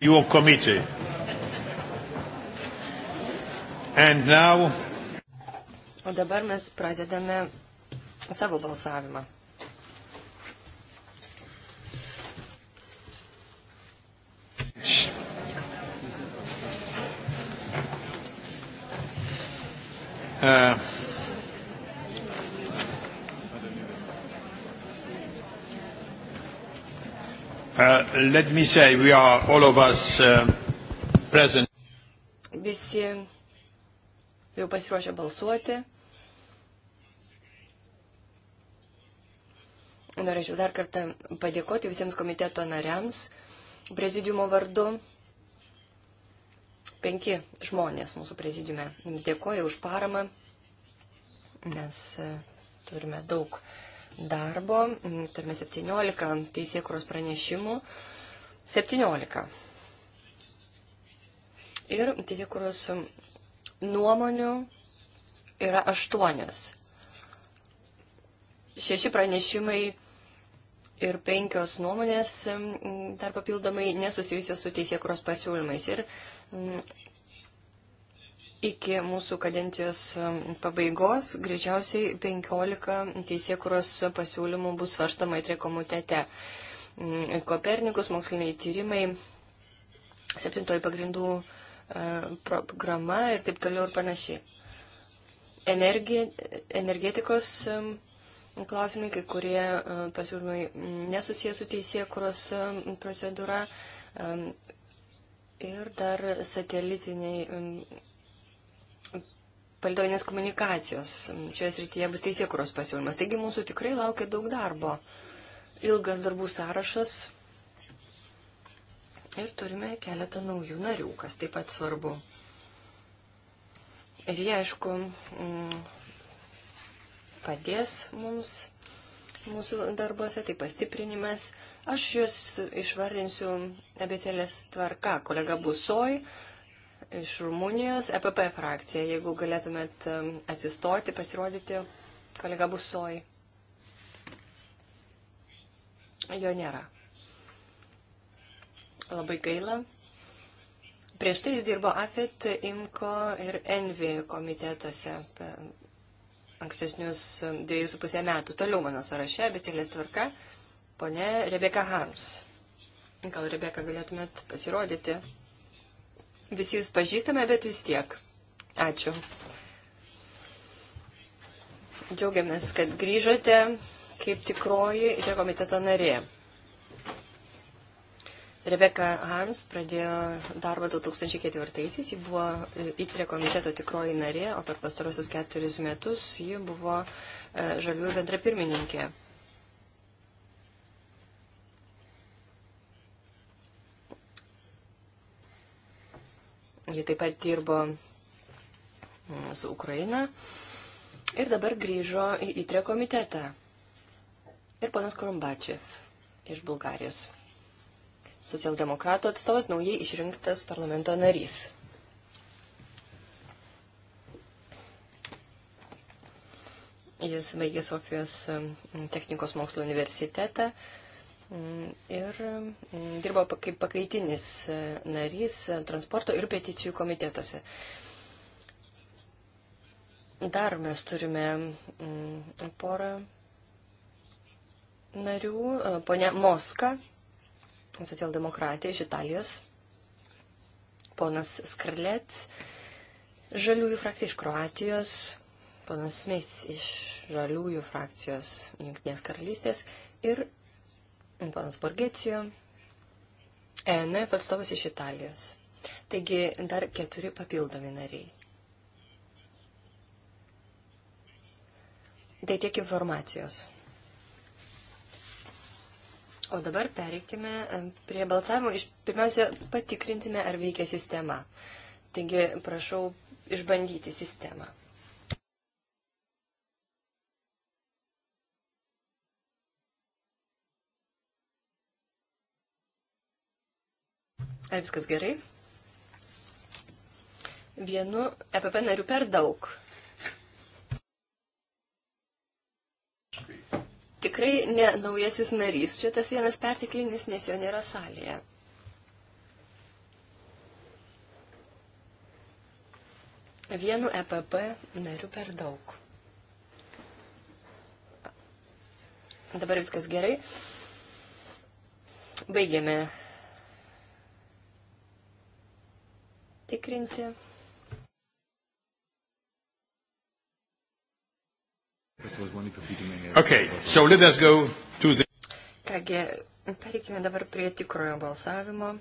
your committee. And now... O dabar mes pradedame savo balsavimą. Uh, Uh, let me say, we are all of us uh, present. Visi jau pasiruošę balsuoti. Norėčiau dar kartą padėkoti visiems komiteto nariams prezidiumo vardu. Penki žmonės mūsų prezidiume jums dėkoja už paramą, nes uh, turime daug uh, darbo. Turime 17 teisėkuros pranešimų. 17. Ir teisėkuros nuomonių yra 8. Šeši pranešimai ir penkios nuomonės dar papildomai nesusijusios su teisėkuros pasiūlymais. Ir Iki mūsų kadencijos um, pabaigos greičiausiai 15 teisėkuros pasiūlymų bus svarstama į trekomitete. Mm, Kopernikus, moksliniai tyrimai, septintoji pagrindų e, programa ir taip toliau ir panašiai. Energi, energetikos um, klausimai, kai kurie e, pasiūlymai nesusijęs su teisėkuros um, procedūra ir dar satelitiniai palidovinės komunikacijos. Šioje srityje bus teisėkuros pasiūlymas. Taigi mūsų tikrai laukia daug darbo. Ilgas darbų sąrašas. Ir turime keletą naujų narių, kas taip pat svarbu. Ir jie, aišku, mm, padės mums mūsų darbuose, tai pastiprinimas. Aš jūs išvardinsiu abecelės tvarka. Kolega Busoj iš Rumunijos, EPP frakcija. Jeigu galėtumėt atsistoti, pasirodyti, kolega Busoj. Jo nėra. Labai gaila. Prieš tai jis dirbo AFET, IMCO ir ENVI komitetuose ankstesnius dviejus su pusė metų. Toliau mano sąraše, bet eilės tvarka, ponė Rebeka Harms. Gal Rebeka galėtumėt pasirodyti? Visi jūs pažįstame, bet vis tiek. Ačiū. Džiaugiamės, kad grįžote kaip tikroji ir komiteto narė. Rebeka Harms pradėjo darbą 2004-aisiais, ji buvo įtrė e, komiteto tikroji narė, o per pastarosius keturis metus ji buvo e, žaliųjų bendrapirmininkė. pirmininkė. Ji taip pat dirbo mm, su Ukraina ir dabar grįžo į ITRE komitetą. Ir ponas Korumbačiev iš Bulgarijos. Socialdemokratų atstovas naujai išrinktas parlamento narys. Jis baigė Sofijos mm, technikos mokslo universitetą Mm, ir mm, dirbo kaip pakaitinis e, narys e, transporto ir peticijų komitetuose. Dar mes turime mm, porą narių. E, Pone Moska, socialdemokratė iš Italijos. Ponas Skarlets, žaliųjų frakcija iš Kroatijos. Ponas Smith iš žaliųjų frakcijos Junktinės karalystės. Ir ponas Borgecijo, ENF atstovas iš Italijos. Taigi dar keturi papildomi nariai. Tai tiek informacijos. O dabar pereikime e, prie balsavimo. Iš, pirmiausia, patikrinsime, ar veikia sistema. Taigi, prašau išbandyti sistemą. Ar viskas gerai? Vienu EPP nariu per daug. Tikrai ne naujasis narys, čia tas vienas pertiklinis, nes jo nėra salėje. Vienu EPP nariu per daug. Dabar viskas gerai. Baigėme patikrinti. Okay, so let us go to the... Kągi, pereikime dabar prie tikrojo balsavimo.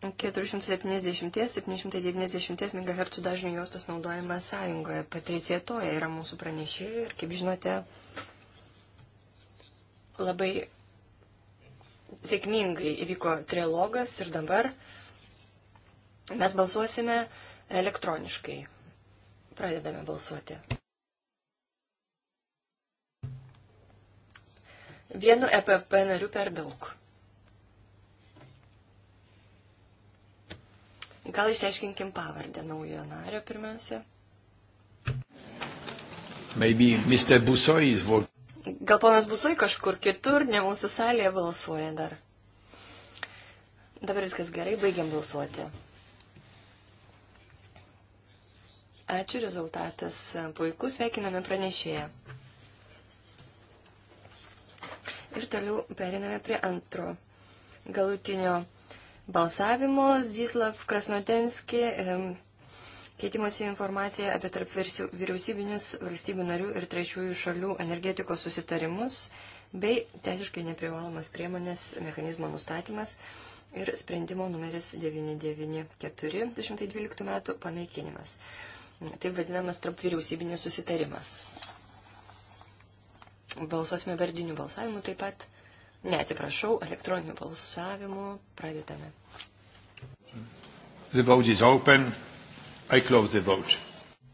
470-790 MHz dažnių juostos naudojimas sąjungoje. Patricija Toja yra mūsų pranešėja ir, kaip žinote, labai sėkmingai įvyko trilogas ir dabar mes balsuosime elektroniškai. Pradedame balsuoti. Vienu EPP nariu per daug. Gal išsiaiškinkim pavardę naujo nario pirmiausia. Maybe Mr. Busoi is working. Gal ponas Busui kažkur kitur, ne mūsų salėje balsuoja dar. Dabar viskas gerai, baigiam balsuoti. Ačiū, rezultatas puikus, sveikiname pranešėją. Ir toliau periname prie antro galutinio balsavimo. Zdislav Krasnodenski Keitimuose informacija apie tarp vyriausybinius valstybių narių ir trečiųjų šalių energetikos susitarimus bei teisiškai neprivalomas priemonės mechanizmo nustatymas ir sprendimo numeris 994 212 metų panaikinimas. Taip vadinamas tarp vyriausybinis susitarimas. Balsuosime vardiniu balsavimu taip pat. Ne, atsiprašau, elektroniniu balsavimu pradedame. The vote is open. I close the vote.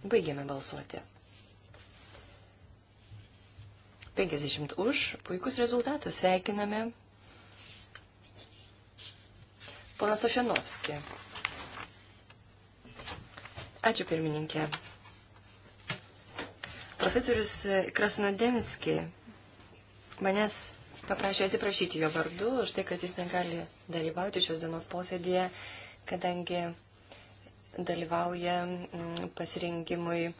Baigiame balsuoti. 50 už, puikus rezultatas, sveikiname. Ponas Ošenovski. Ačiū pirmininkė. Profesorius Krasnodenski manęs paprašė atsiprašyti jo vardu už tai, kad jis negali dalyvauti šios dienos posėdėje, kadangi dalyvauja mm, pasirinkimui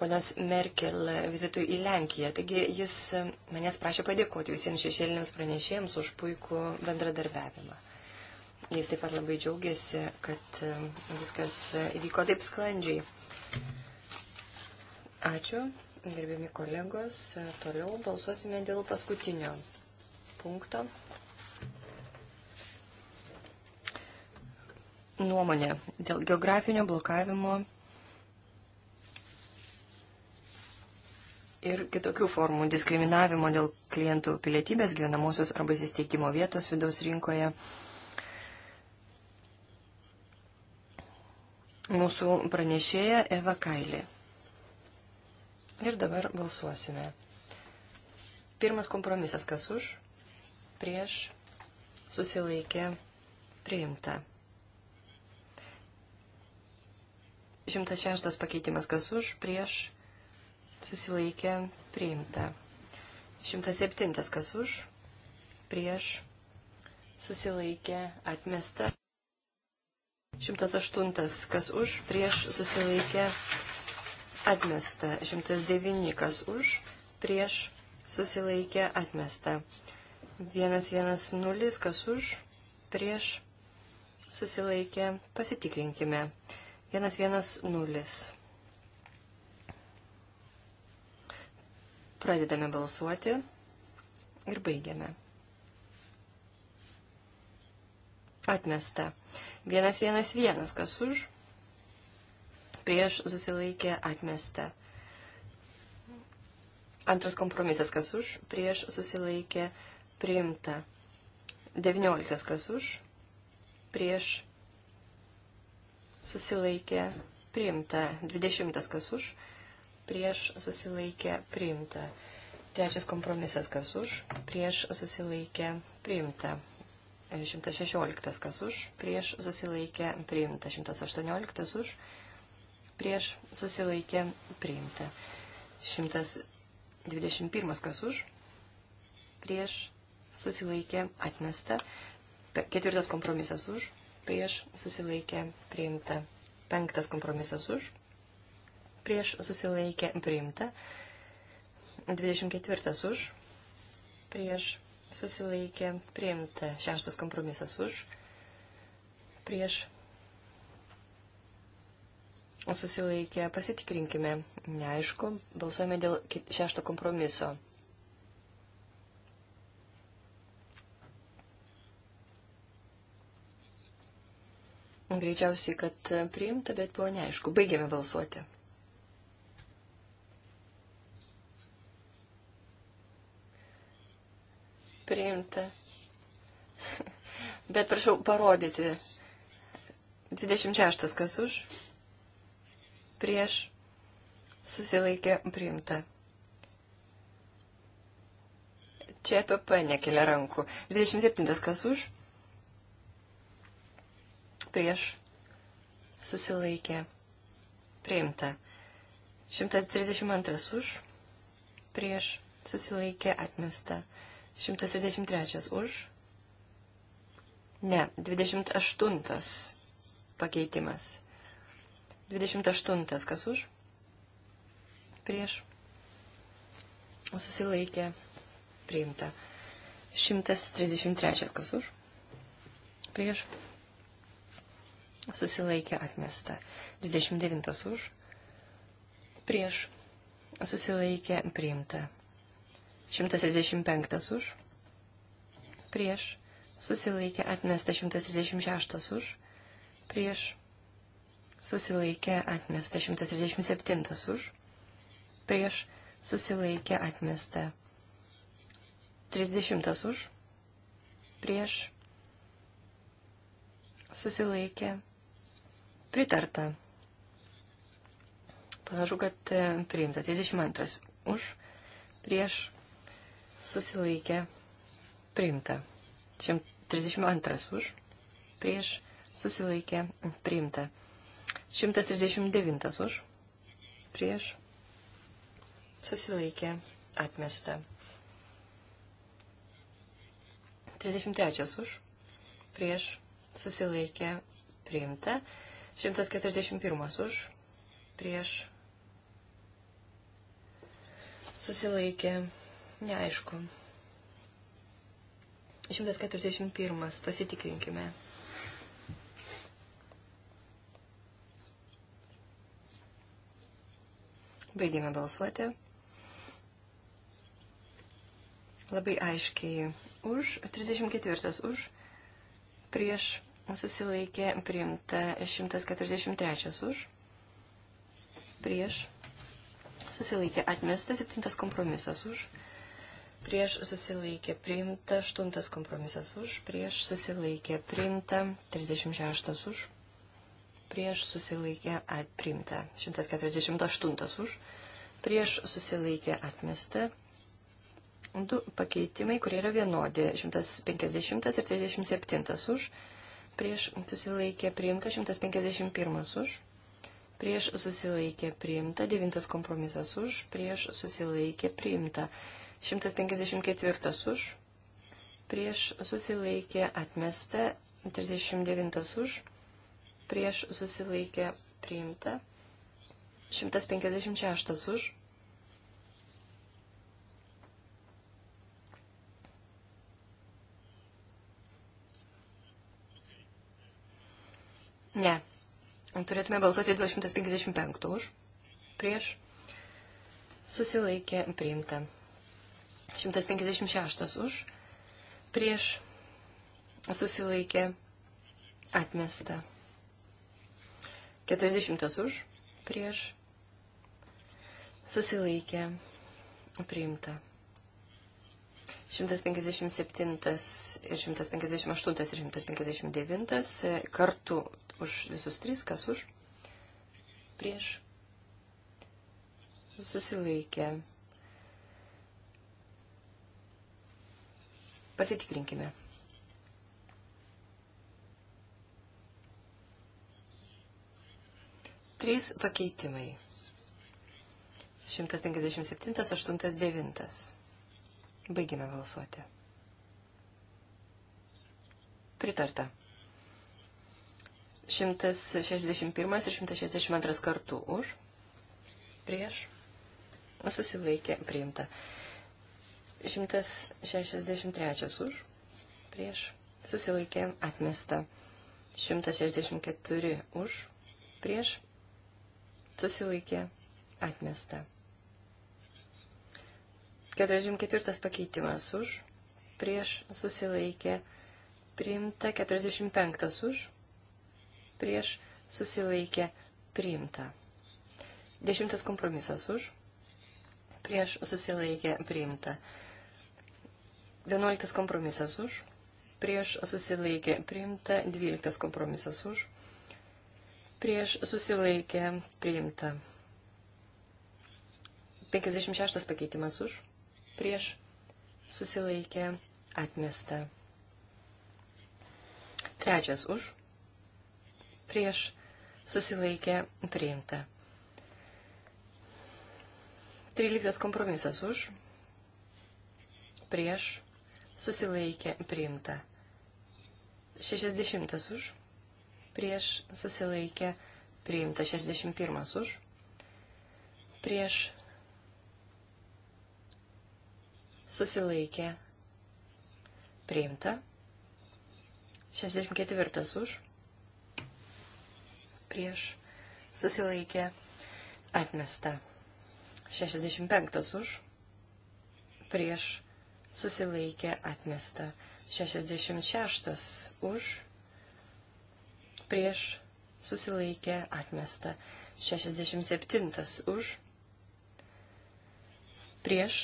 ponios Merkel vizitui į Lenkiją. Taigi jis mm, manęs prašė padėkoti visiems šešėliniams pranešėjams už puikų bendradarbiavimą. Jis taip pat labai džiaugiasi, kad mm, viskas įvyko taip sklandžiai. Ačiū, gerbiami kolegos. Toliau balsuosime dėl paskutinio punkto. nuomonė dėl geografinio blokavimo ir kitokių formų diskriminavimo dėl klientų pilietybės gyvenamosios arba įsisteigimo vietos vidaus rinkoje. Mūsų pranešėja Eva Kailė. Ir dabar balsuosime. Pirmas kompromisas, kas už, prieš, susilaikė, priimta. 106 pakeitimas kas už, prieš, susilaikė, priimta. 107 kas už, prieš, susilaikė, atmesta. 108 kas už, prieš, susilaikė, atmesta. 109 kas už, prieš, susilaikė, atmesta. 110 kas už, prieš, susilaikė, pasitikrinkime. 110. Pradedame balsuoti ir baigiame. Atmesta. 111, kas už, prieš susilaikė atmesta. Antras kompromisas, kas už, prieš susilaikė priimta. 19, kas už, prieš susilaikė priimta. 20 kas už, prieš susilaikė priimta. Trečias kompromisas kas už, prieš susilaikė priimta. 116 kas už, prieš susilaikė priimta. 118 už, prieš susilaikė priimta. 121 kas už, prieš susilaikė atmesta. Ketvirtas kompromisas už, prieš susilaikė priimta. Penktas kompromisas už, prieš susilaikė priimta. 24 už, prieš susilaikė priimta. Šeštas kompromisas už, prieš susilaikė pasitikrinkime. Neaišku, balsuojame dėl šešto kompromiso. Greičiausiai, kad priimta, bet buvo neaišku. Baigėme balsuoti. Priimta. Bet prašau parodyti. 26 kas už. Prieš. Susilaikė priimta. Čia PP e nekelia rankų. 27 kas už prieš susilaikė priimta. 132 už prieš susilaikė atmesta. 133 už. Ne, 28 pakeitimas. 28 kas už? Prieš. Susilaikė. Priimta. 133 kas už? Prieš susilaikė atmesta. 29 už, prieš, susilaikė priimta. 135 už, prieš, susilaikė atmesta. 136 už, prieš, susilaikė atmesta. 137 už, prieš, susilaikė atmesta. 30 už, prieš, susilaikė atmesta Pritarta. Panašu, kad e, priimta. 32. Už, prieš, susilaikė, priimta. 32. Už, prieš, susilaikė, priimta. 139. Už, prieš, susilaikė, atmesta. 33. Už, prieš, susilaikė, priimta. 141 už, prieš, susilaikė, neaišku. 141, pasitikrinkime. Baigėme balsuoti. Labai aiškiai už, 34 už, prieš susilaikė priimta 143 už, prieš susilaikė atmesta 7 kompromisas už, prieš susilaikė priimta 8 kompromisas už, prieš susilaikė priimta 36 už, prieš susilaikė atprimta 148 už, prieš susilaikė atmesta du pakeitimai, kurie yra vienodi 150 ir 37 už prieš susilaikė priimta, 151 už, prieš susilaikė priimta, 9 kompromisas už, prieš susilaikė priimta, 154 už, prieš susilaikė atmesta, 39 už, prieš susilaikė priimta, 156 už, Ne. Turėtume balsuoti 255 už. Prieš. Susilaikė priimta. 156 už. Prieš. Susilaikė atmesta. 40 už. Prieš. Susilaikė priimta. 157 ir 158 ir 159 kartu už visus tris, kas už, prieš, susilaikė. Pasitikrinkime. Trys pakeitimai. 157, 8, 9. Baigime balsuoti. Pritarta. 161 ir 162 kartų už, prieš, nu, susilaikė, priimta. 163 už, prieš, susilaikė, atmesta. 164 už, prieš, susilaikė, atmesta. 44 pakeitimas už, prieš, susilaikė, priimta. 45 už, prieš susilaikė priimta. Dešimtas kompromisas už, prieš susilaikė priimta. Vienuoliktas kompromisas už, prieš susilaikė priimta. Dvyliktas kompromisas už, prieš susilaikė priimta. 56 pakeitimas už, prieš susilaikė atmesta. Trečias už, prieš susilaikė priimta. 13 kompromisas už, prieš susilaikė priimta. 60 už, prieš susilaikė priimta. 61 už, prieš susilaikė priimta. 64 už prieš susilaikė atmesta. 65 už prieš susilaikė atmesta. 66 už prieš susilaikė atmesta. 67 už prieš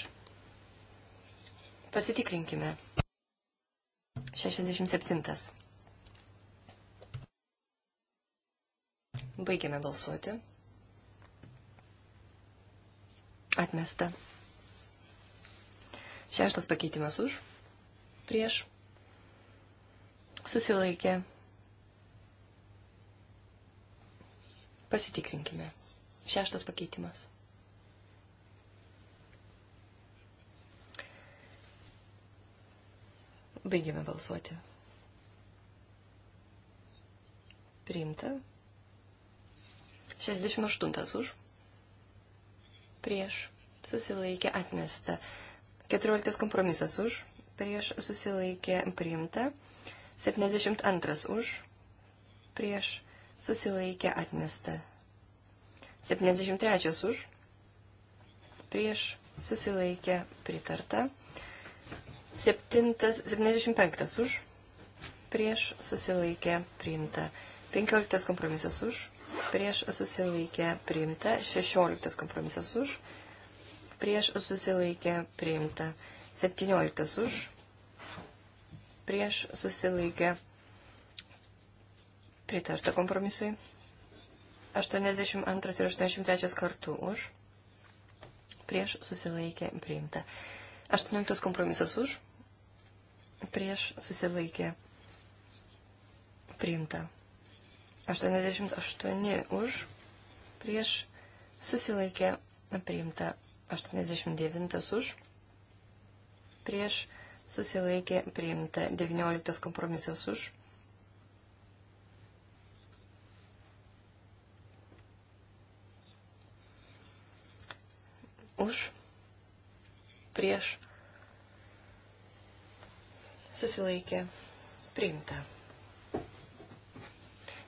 pasitikrinkime. 67. Baigiame balsuoti. Atmesta. Šeštas pakeitimas už. Prieš. Susilaikė. Pasitikrinkime. Šeštas pakeitimas. Baigiame balsuoti. Priimta. 68 už. Prieš susilaikė atmesta. 14 kompromisas už. Prieš susilaikė priimta. 72 už. Prieš susilaikė atmesta. 73 už. Prieš susilaikė pritarta. 75 už. Prieš susilaikė priimta. 15 kompromisas už prieš susilaikę priimta, 16 kompromisas už, prieš susilaikę priimta, 17 už, prieš susilaikę pritarta kompromisui, 82 ir 83 kartų už, prieš susilaikę priimta, 18 kompromisas už, prieš susilaikę priimta. 88 už, prieš susilaikė priimta 89 už, prieš susilaikė priimta 19 kompromisas už. Už, prieš, susilaikė, priimta.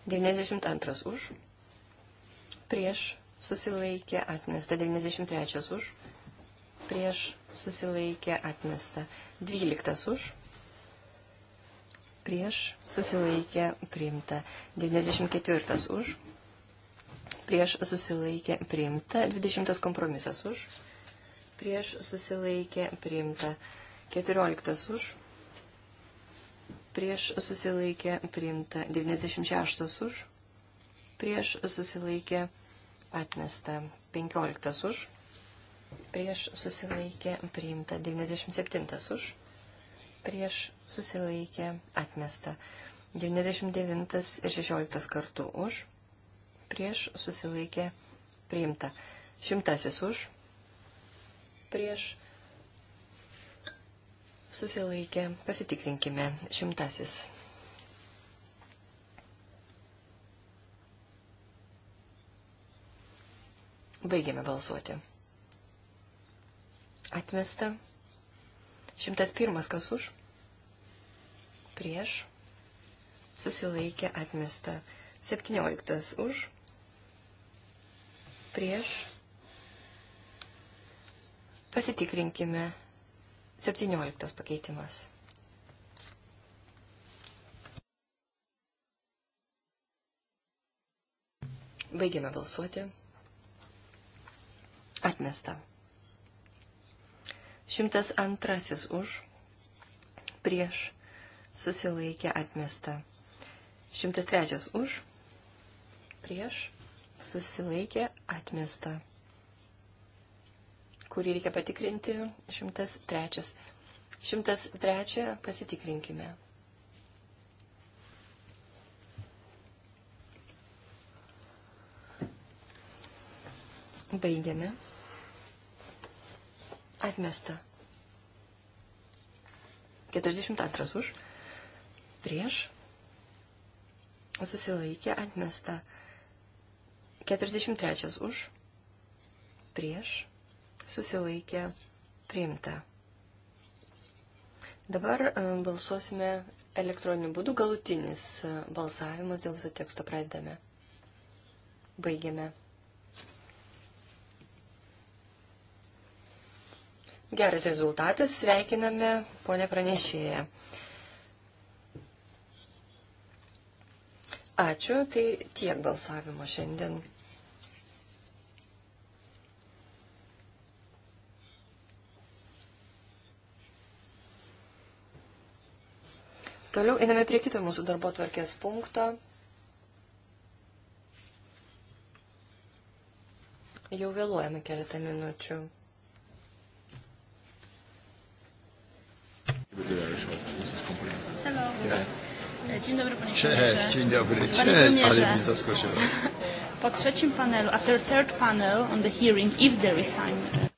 92 už, prieš susilaikė atmesta, 93 už, prieš susilaikė atmesta, 12 už, prieš susilaikė priimta, 94 už, prieš susilaikė priimta, 20 kompromisas už, prieš susilaikė priimta, 14 už, prieš susilaikė priimta, 96 už, prieš susilaikė atmesta, 15 už, prieš susilaikė priimta, 97 už, prieš susilaikė atmesta, 99 ir 16 kartų už, prieš susilaikė priimta, 100 už, prieš susilaikė, pasitikrinkime, šimtasis. Baigėme balsuoti. Atmesta. Šimtas pirmas kas už? Prieš. Susilaikė atmesta. Septynioliktas už. Prieš. Pasitikrinkime 17 pakeitimas. Baigiame balsuoti. Atmesta. 102 už. Prieš. Susilaikė atmesta. 103 už. Prieš. Susilaikė atmesta kurį reikia patikrinti, 103. 103 pasitikrinkime. Baigiame. Atmesta. 42 už. Prieš. Susilaikė. Atmesta. 43 už. Prieš susilaikė priimta. Dabar e, balsuosime elektroniniu būdu galutinis e, balsavimas dėl viso teksto pradedame. Baigiame. Geras rezultatas, sveikiname ponę pranešėją. Ačiū, tai tiek balsavimo šiandien. Toliau einame prie kito mūsų darbo tvarkės punkto. Jau vėluojame keletą minučių. Hello. Dzień dobry, panie Cześć, dzień dobry. Cześć, ale mi zaskoczyło. Po trzecim panelu, after third panel on the hearing, if there is time,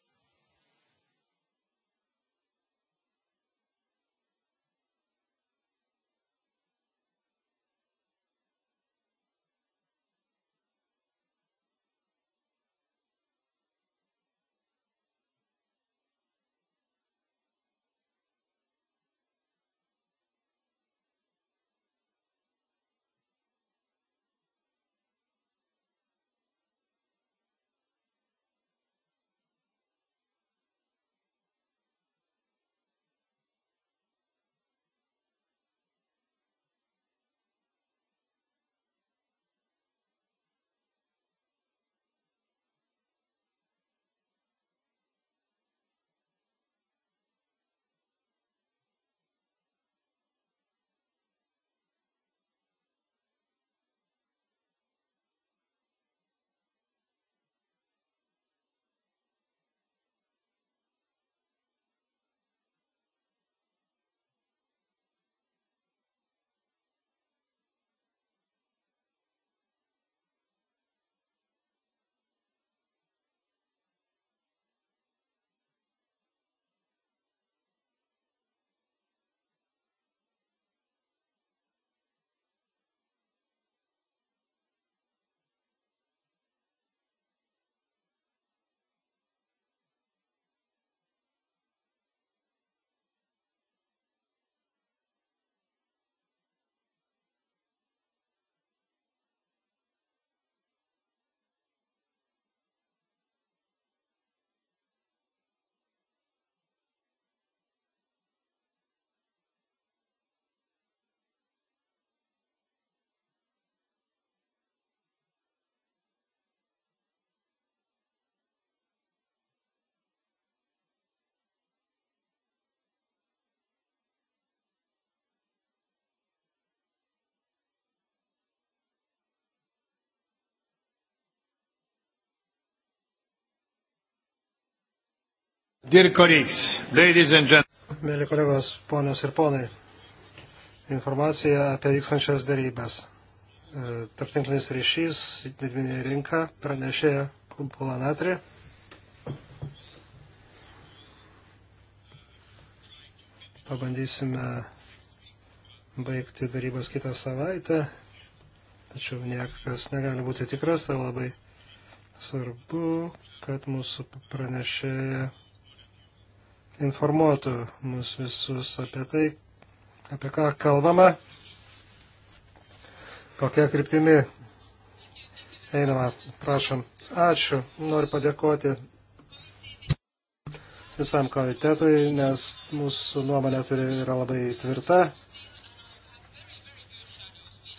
Dear colleagues, ladies and gentlemen. Mėly kolegos, ponios ir ponai, informacija apie vykstančias darybas. E, tarptinklinis ryšys, didminė rinka, pranešė Kumpulanatri. Pabandysime baigti darybas kitą savaitę, tačiau niekas negali būti tikras, tai labai svarbu, kad mūsų pranešėja informuotų mus visus apie tai, apie ką kalbama, kokia kryptimi einama. Prašom. Ačiū. Noriu padėkoti visam komitetui, nes mūsų nuomonė turi, yra labai tvirta.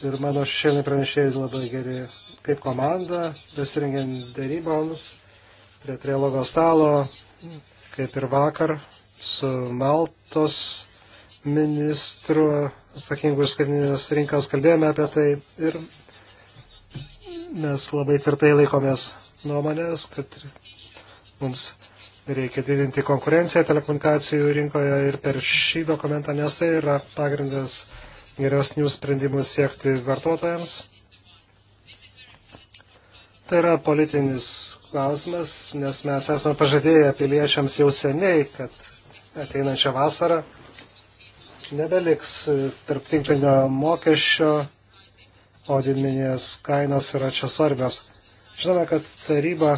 Ir mano šiandien pranešėjai labai geri kaip komanda, besirengiant daryboms prie trilogo stalo, kaip ir vakar, su Maltos ministru atsakingu už skaitinės rinkas kalbėjome apie tai ir mes labai tvirtai laikomės nuomonės, kad mums reikia didinti konkurenciją telekomunikacijų rinkoje ir per šį dokumentą, nes tai yra pagrindas geresnių sprendimų siekti vartotojams. Tai yra politinis klausimas, nes mes esame pažadėję piliečiams jau seniai, kad ateinančią vasarą nebeliks tarp tinklinio mokesčio, o didminės kainos yra čia svarbios. Žinome, kad taryba,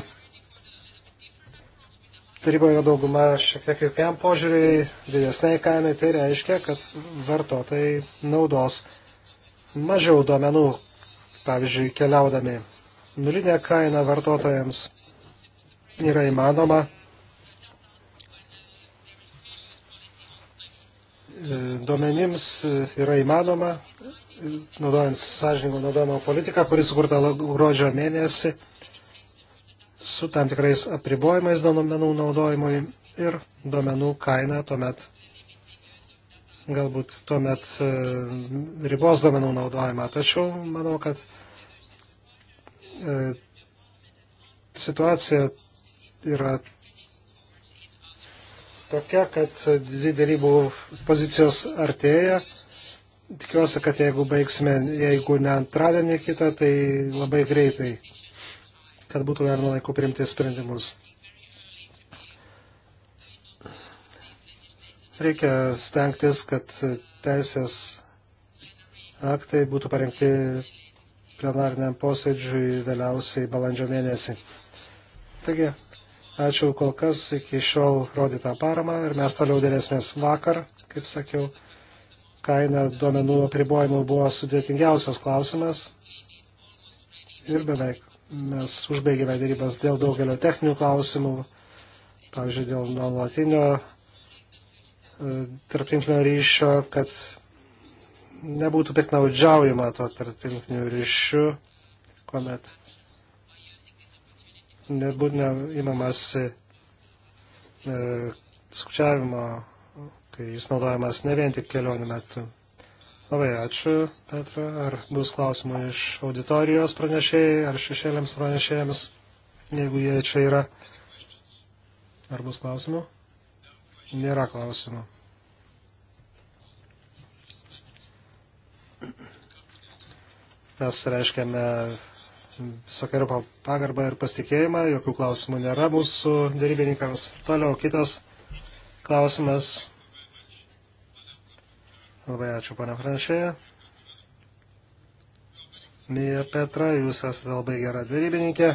taryboje dauguma šiek tiek kitokiam požiūriui, didesniai kainai, tai reiškia, kad vartotojai naudos mažiau duomenų, pavyzdžiui, keliaudami nulinė kaina vartotojams yra įmanoma. E, duomenims yra įmanoma, naudojant sąžininko naudojimo politiką, kuris sukurta gruodžio mėnesį su tam tikrais apribojimais duomenų naudojimui ir duomenų kaina tuomet galbūt tuomet e, ribos duomenų naudojimą. Tačiau manau, kad E, situacija yra tokia, kad dvi darybų pozicijos artėja. Tikiuosi, kad jeigu baigsime, jeigu ne antradienį kitą, tai labai greitai, kad būtų galima laiku priimti sprendimus. Reikia stengtis, kad teisės aktai būtų parengti plenariniam posėdžiui vėliausiai balandžio mėnesį. Taigi, ačiū kol kas iki šiol rodytą paramą ir mes toliau dėlėsimės vakar, kaip sakiau, kaina duomenų apribojimų buvo sudėtingiausias klausimas ir beveik mes užbaigėme dėrybas dėl daugelio techninių klausimų, pavyzdžiui, dėl nuolatinio e, tarptinklinio ryšio, kad nebūtų piknaudžiaujama to tarptinklinių ryšių, kuomet nebūtų įmamas e, skučiavimo, kai jis naudojamas ne vien tik kelionių metu. Labai ačiū, Petra. Ar bus klausimų iš auditorijos pranešėjai ar šešėliams pranešėjams, jeigu jie čia yra? Ar bus klausimų? Nėra klausimų. mes reiškiame visokiojo pagarbą ir pasitikėjimą, jokių klausimų nėra mūsų darybininkams. Toliau kitas klausimas. Labai ačiū, pana Franšėja. Mija Petra, jūs esate labai gera darybininkė.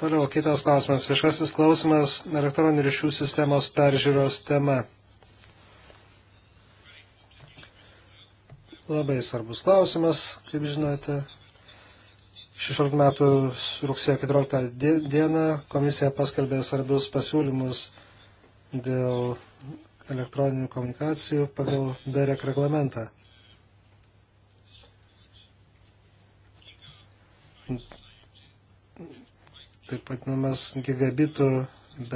Toliau kitas klausimas. Viešasis klausimas elektroninių ryšių sistemos peržiūros tema. Labai svarbus klausimas, kaip žinote. 16 metų rugsėjo 14 dieną komisija paskelbė svarbius pasiūlymus dėl elektroninių komunikacijų pagal BEREK reglamentą. Taip pat namas gigabitų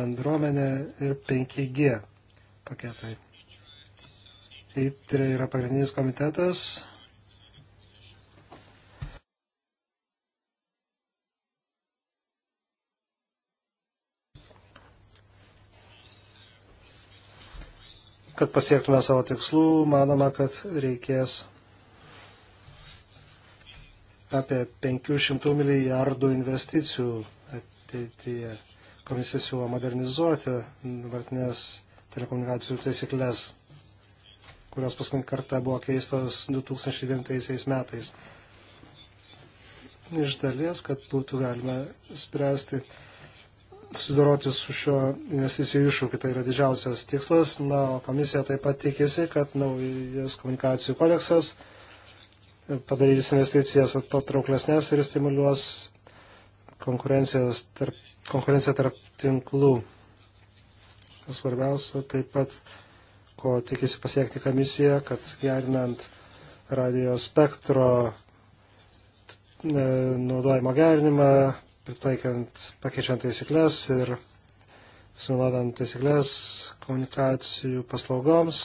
bendruomenė ir 5G paketai. ITRE yra pagrindinis komitetas. Kad pasiektume savo tikslų, manoma, kad reikės apie 500 milijardų investicijų ateityje. Komisija siūlo modernizuoti dabartinės telekomunikacijų taisyklės kurios paskutinį kartą buvo keistos 2009 metais. Iš dalies, kad būtų galima spręsti, susidoroti su šio investicijų iššūkiu, tai yra didžiausias tikslas. Na, o komisija taip pat tikisi, kad naujas komunikacijų kodeksas padarys investicijas patrauklesnės ir stimuliuos konkurencijos tarp, konkurenciją tarp tinklų. Svarbiausia taip pat ko tikisi pasiekti komisija, kad gerinant radio spektro e, naudojimo gerinimą, pritaikant, pakeičiant taisyklės ir sunodant taisyklės komunikacijų paslaugoms,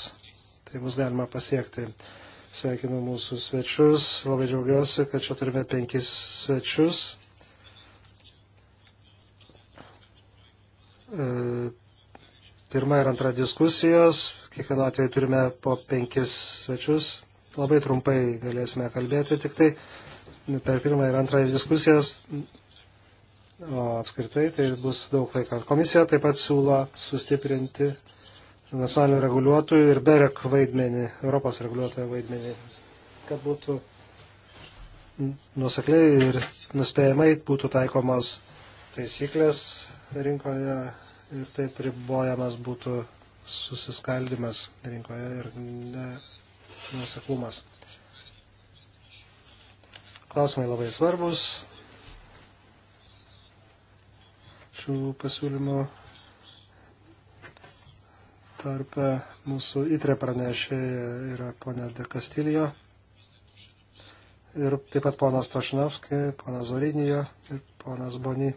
tai bus galima pasiekti. Sveikinu mūsų svečius, labai džiaugiuosi, kad čia turime penkis svečius. E, pirma ir antra diskusijos. Kiekvienu atveju turime po penkis svečius. Labai trumpai galėsime kalbėti, tik tai per pirmą ir antrą diskusijas. O apskritai tai bus daug laiko. Komisija taip pat siūlo sustiprinti nacionalinių reguliuotojų ir BEREK vaidmenį, Europos reguliuotojų vaidmenį, kad būtų nusekliai ir nuspėjamai būtų taikomos taisyklės rinkoje ir taip ribojamas būtų susiskaldimas rinkoje ir nenuseklumas. Klausimai labai svarbus. Šių pasiūlymų tarp mūsų įtrė pranešė yra ponė De Castillo ir taip pat ponas Tošinovski, ponas Zorinijo ir ponas Boni.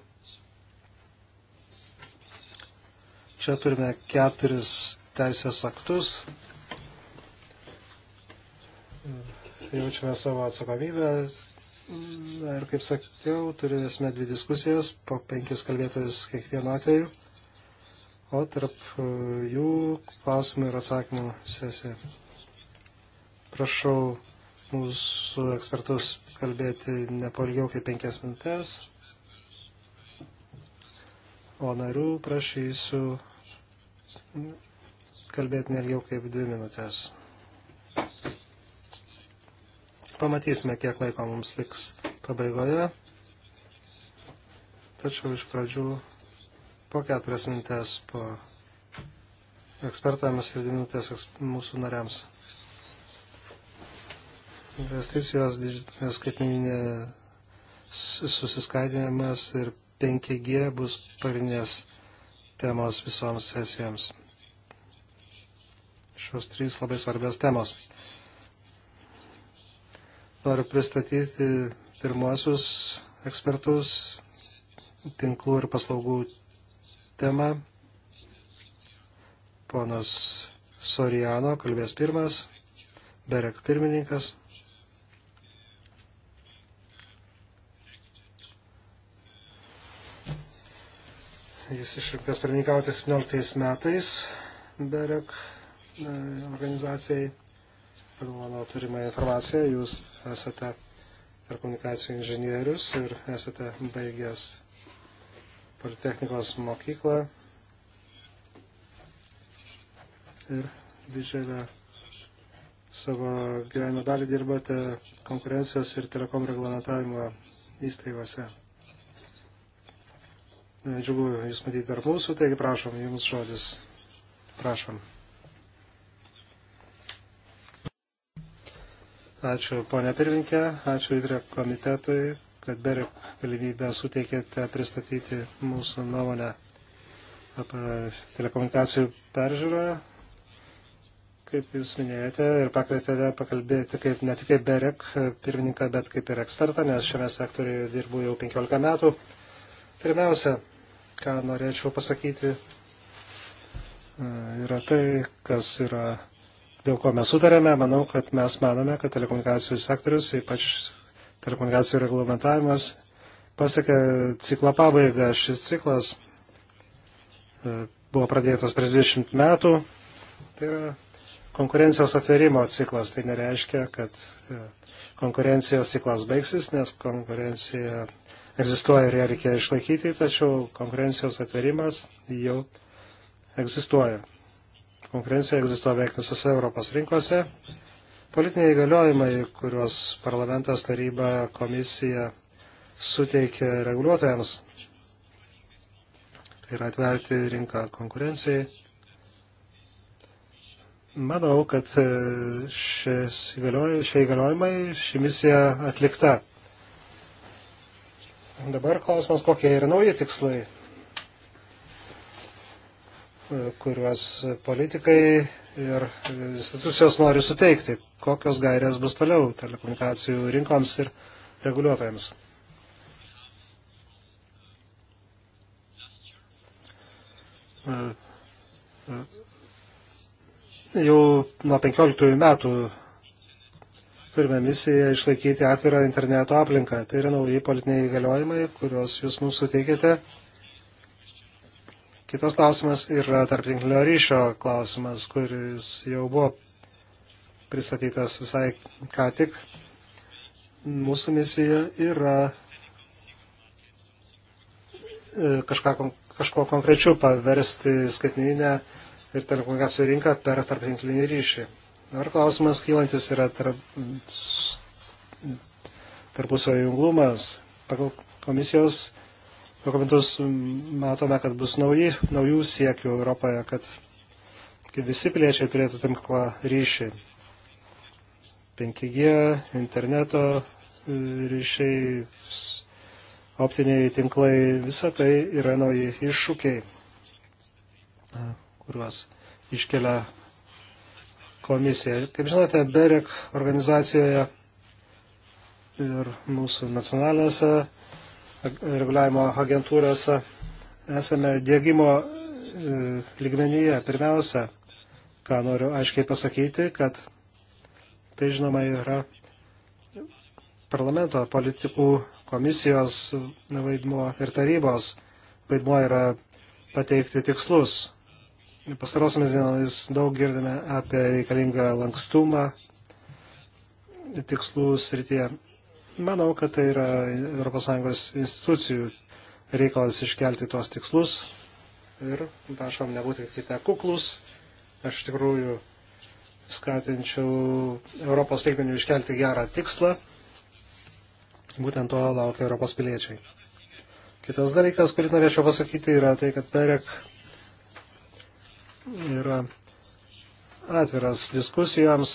Čia turime keturis teisės aktus. Jaučiame savo atsakomybę. Na ir kaip sakiau, turėsime dvi diskusijas, po penkis kalbėtojus kiekvienu atveju. O tarp e, jų klausimų ir atsakymų sesija. Prašau mūsų ekspertus kalbėti ne polgiau kaip penkias minutės. O narių prašysiu kalbėti nelgiau kaip dvi minutės. Pamatysime, kiek laiko mums liks pabaigoje. Tačiau iš pradžių po keturias minutės po ekspertams ir dvi minutės mūsų nariams. Investicijos skaitmininė susiskaidinimas ir 5G bus pagrindinės temos visoms sesijoms. Šios trys labai svarbios temos. Noriu pristatyti pirmuosius ekspertus tinklų ir paslaugų temą. Ponas Soriano kalbės pirmas, Berek pirmininkas. Jis išrinktas pirmininkauti 17 metais BEREK e, organizacijai. Pagal mano turimą informaciją, jūs esate ir komunikacijų inžinierius ir esate baigęs Politechnikos mokyklą ir didžiulę savo gyvenimo dalį dirbate konkurencijos ir telekom reglamentavimo įstaigose. Džiugu, jūs matyti dar klausų, taigi prašom, jums žodis. Prašom. Ačiū, ponia pirminkė, ačiū įdrė komitetui, kad beri galimybę suteikėte pristatyti mūsų nuomonę apie telekomunikacijų peržiūrą, kaip jūs minėjote, ir pakvietėte pakalbėti kaip ne tik kaip berek pirmininką, bet kaip ir ekspertą, nes šiame sektoriuje dirbu jau 15 metų. Pirmiausia, ką norėčiau pasakyti, e, yra tai, kas yra, dėl ko mes sutarėme. Manau, kad mes manome, kad telekomunikacijų sektorius, ypač telekomunikacijų reglamentavimas, pasiekė ciklo pabaigą. Šis ciklas e, buvo pradėtas prieš 20 metų. Tai yra konkurencijos atverimo ciklas. Tai nereiškia, kad e, konkurencijos ciklas baigsis, nes konkurencija egzistuoja ir ją reikia išlaikyti, tačiau konkurencijos atverimas jau egzistuoja. Konkurencija egzistuoja beveik visose Europos rinkose. Politiniai įgaliojimai, kuriuos parlamentas, taryba, komisija suteikia reguliuotojams, tai yra atverti rinką konkurencijai. Manau, kad šie įgaliojimai, ši misija atlikta. Dabar klausimas, kokie yra nauji tikslai, e, kuriuos politikai ir institucijos nori suteikti, kokios gairės bus toliau telekomunikacijų rinkoms ir reguliuotojams. E, e, jau nuo 15 metų turime misiją išlaikyti atvirą interneto aplinką. Tai yra nauji politiniai įgaliojimai, kuriuos jūs mums suteikėte. Kitas klausimas yra tarptinklinio ryšio klausimas, kuris jau buvo pristatytas visai ką tik. Mūsų misija yra e, kažką, kažko konkrečiu paversti skaitmininę ir telekomunikacijų rinką per tarptinklinį ryšį. Ar klausimas kylantis yra tarp, tarpusavio junglumas? Pagal komisijos dokumentus matome, kad bus nauji, naujų siekių Europoje, kad, kad visi piliečiai turėtų tinklą ryšį. 5G, interneto e, ryšiai, optiniai tinklai, visa tai yra nauji iššūkiai, kuriuos iškelia komisija. Kaip žinote, BEREK organizacijoje ir mūsų nacionalinėse reguliavimo agentūrose esame dėgymo e, lygmenyje. Pirmiausia, ką noriu aiškiai pasakyti, kad tai žinoma yra parlamento politikų komisijos vaidmuo ir tarybos vaidmuo yra pateikti tikslus pastarosiamis dienomis daug girdime apie reikalingą lankstumą tikslų srityje. Manau, kad tai yra ES institucijų reikalas iškelti tuos tikslus ir prašom nebūti kite kuklus. Aš tikrųjų skatinčiau Europos lygmenių iškelti gerą tikslą. Būtent to laukia Europos piliečiai. Kitas dalykas, kurį norėčiau pasakyti, yra tai, kad PEREK yra atviras diskusijams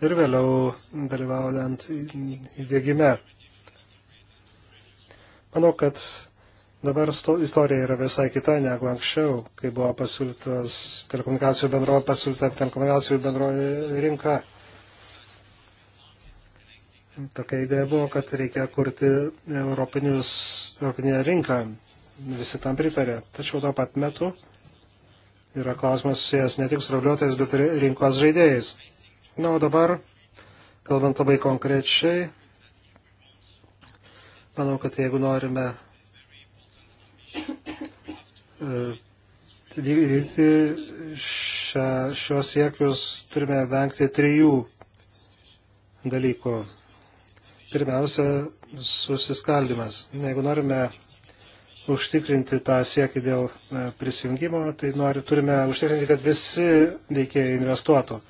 ir vėliau dalyvaujant įdėgyme. Manau, kad dabar istorija yra visai kita negu anksčiau, kai buvo pasiūlytas telekomunikacijų bendrovė, pasiūlyta telekomunikacijų bendrovė rinka. Tokia idėja buvo, kad reikia kurti europinę rinką visi tam pritarė. Tačiau tuo pat metu yra klausimas susijęs ne tik su reguliuotojais, bet ir rinkos žaidėjais. Na, o dabar, kalbant labai konkrečiai, manau, kad jeigu norime e, vykdyti šios siekius, turime vengti trijų dalykų. Pirmiausia, susiskaldimas. Jeigu norime užtikrinti tą siekį dėl e, prisijungimo, tai nori, turime užtikrinti, kad visi veikėjai investuotų.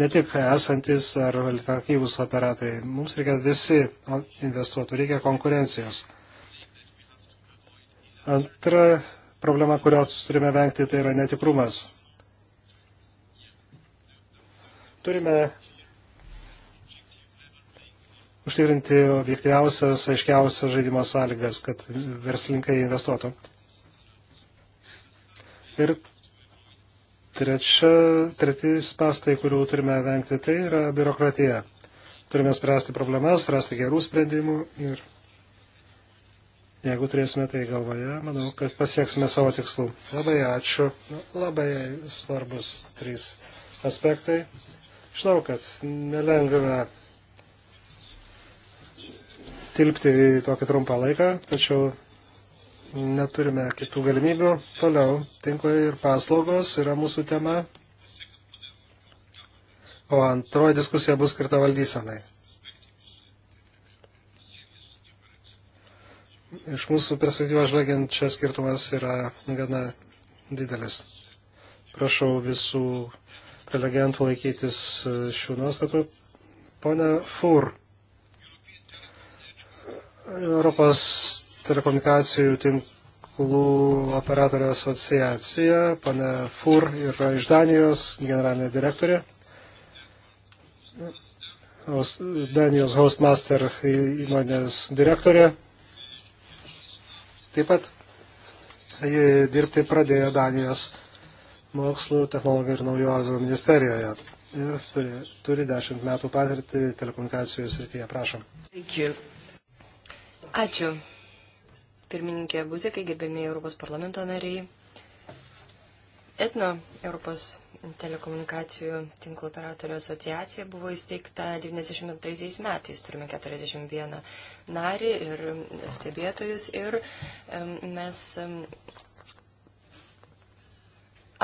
Ne tik esantis ar alternatyvus operatoriai. Mums reikia visi investuotų, reikia konkurencijos. Antra problema, kurios turime vengti, tai yra netikrumas. Turime užtikrinti objektyviausias, aiškiausias žaidimo sąlygas, kad verslininkai investuotų. Ir trečia, treti spastai, kurių turime vengti, tai yra biurokratija. Turime spręsti problemas, rasti gerų sprendimų ir jeigu turėsime tai galvoje, manau, kad pasieksime savo tikslų. Labai ačiū. Labai svarbus trys aspektai. Žinau, kad nelengva tilpti į tokį trumpą laiką, tačiau neturime kitų galimybių. Toliau, tinklai ir paslaugos yra mūsų tema. O antroji diskusija bus skirta valdysenai. Iš mūsų perspektyvos žvelgiant, čia skirtumas yra gana didelis. Prašau visų prelegentų laikytis šių nuostatų. Pone Fur. Europos telekomunikacijų tinklų operatorių asociacija, pane Fur yra iš Danijos, generalinė direktorė. Danijos Hostmaster įmonės direktorė. Taip pat ji dirbti pradėjo Danijos mokslo, technologijų ir naujovių ministerijoje ir turi, turi dešimt metų patirtį telekomunikacijų srityje. Prašom. Thank you. Ačiū. Pirmininkė Buzikai, gerbėmiai Europos parlamento nariai. Etno Europos telekomunikacijų tinklo operatorių asociacija buvo įsteigta 92 metais. Turime 41 narį ir stebėtojus ir mes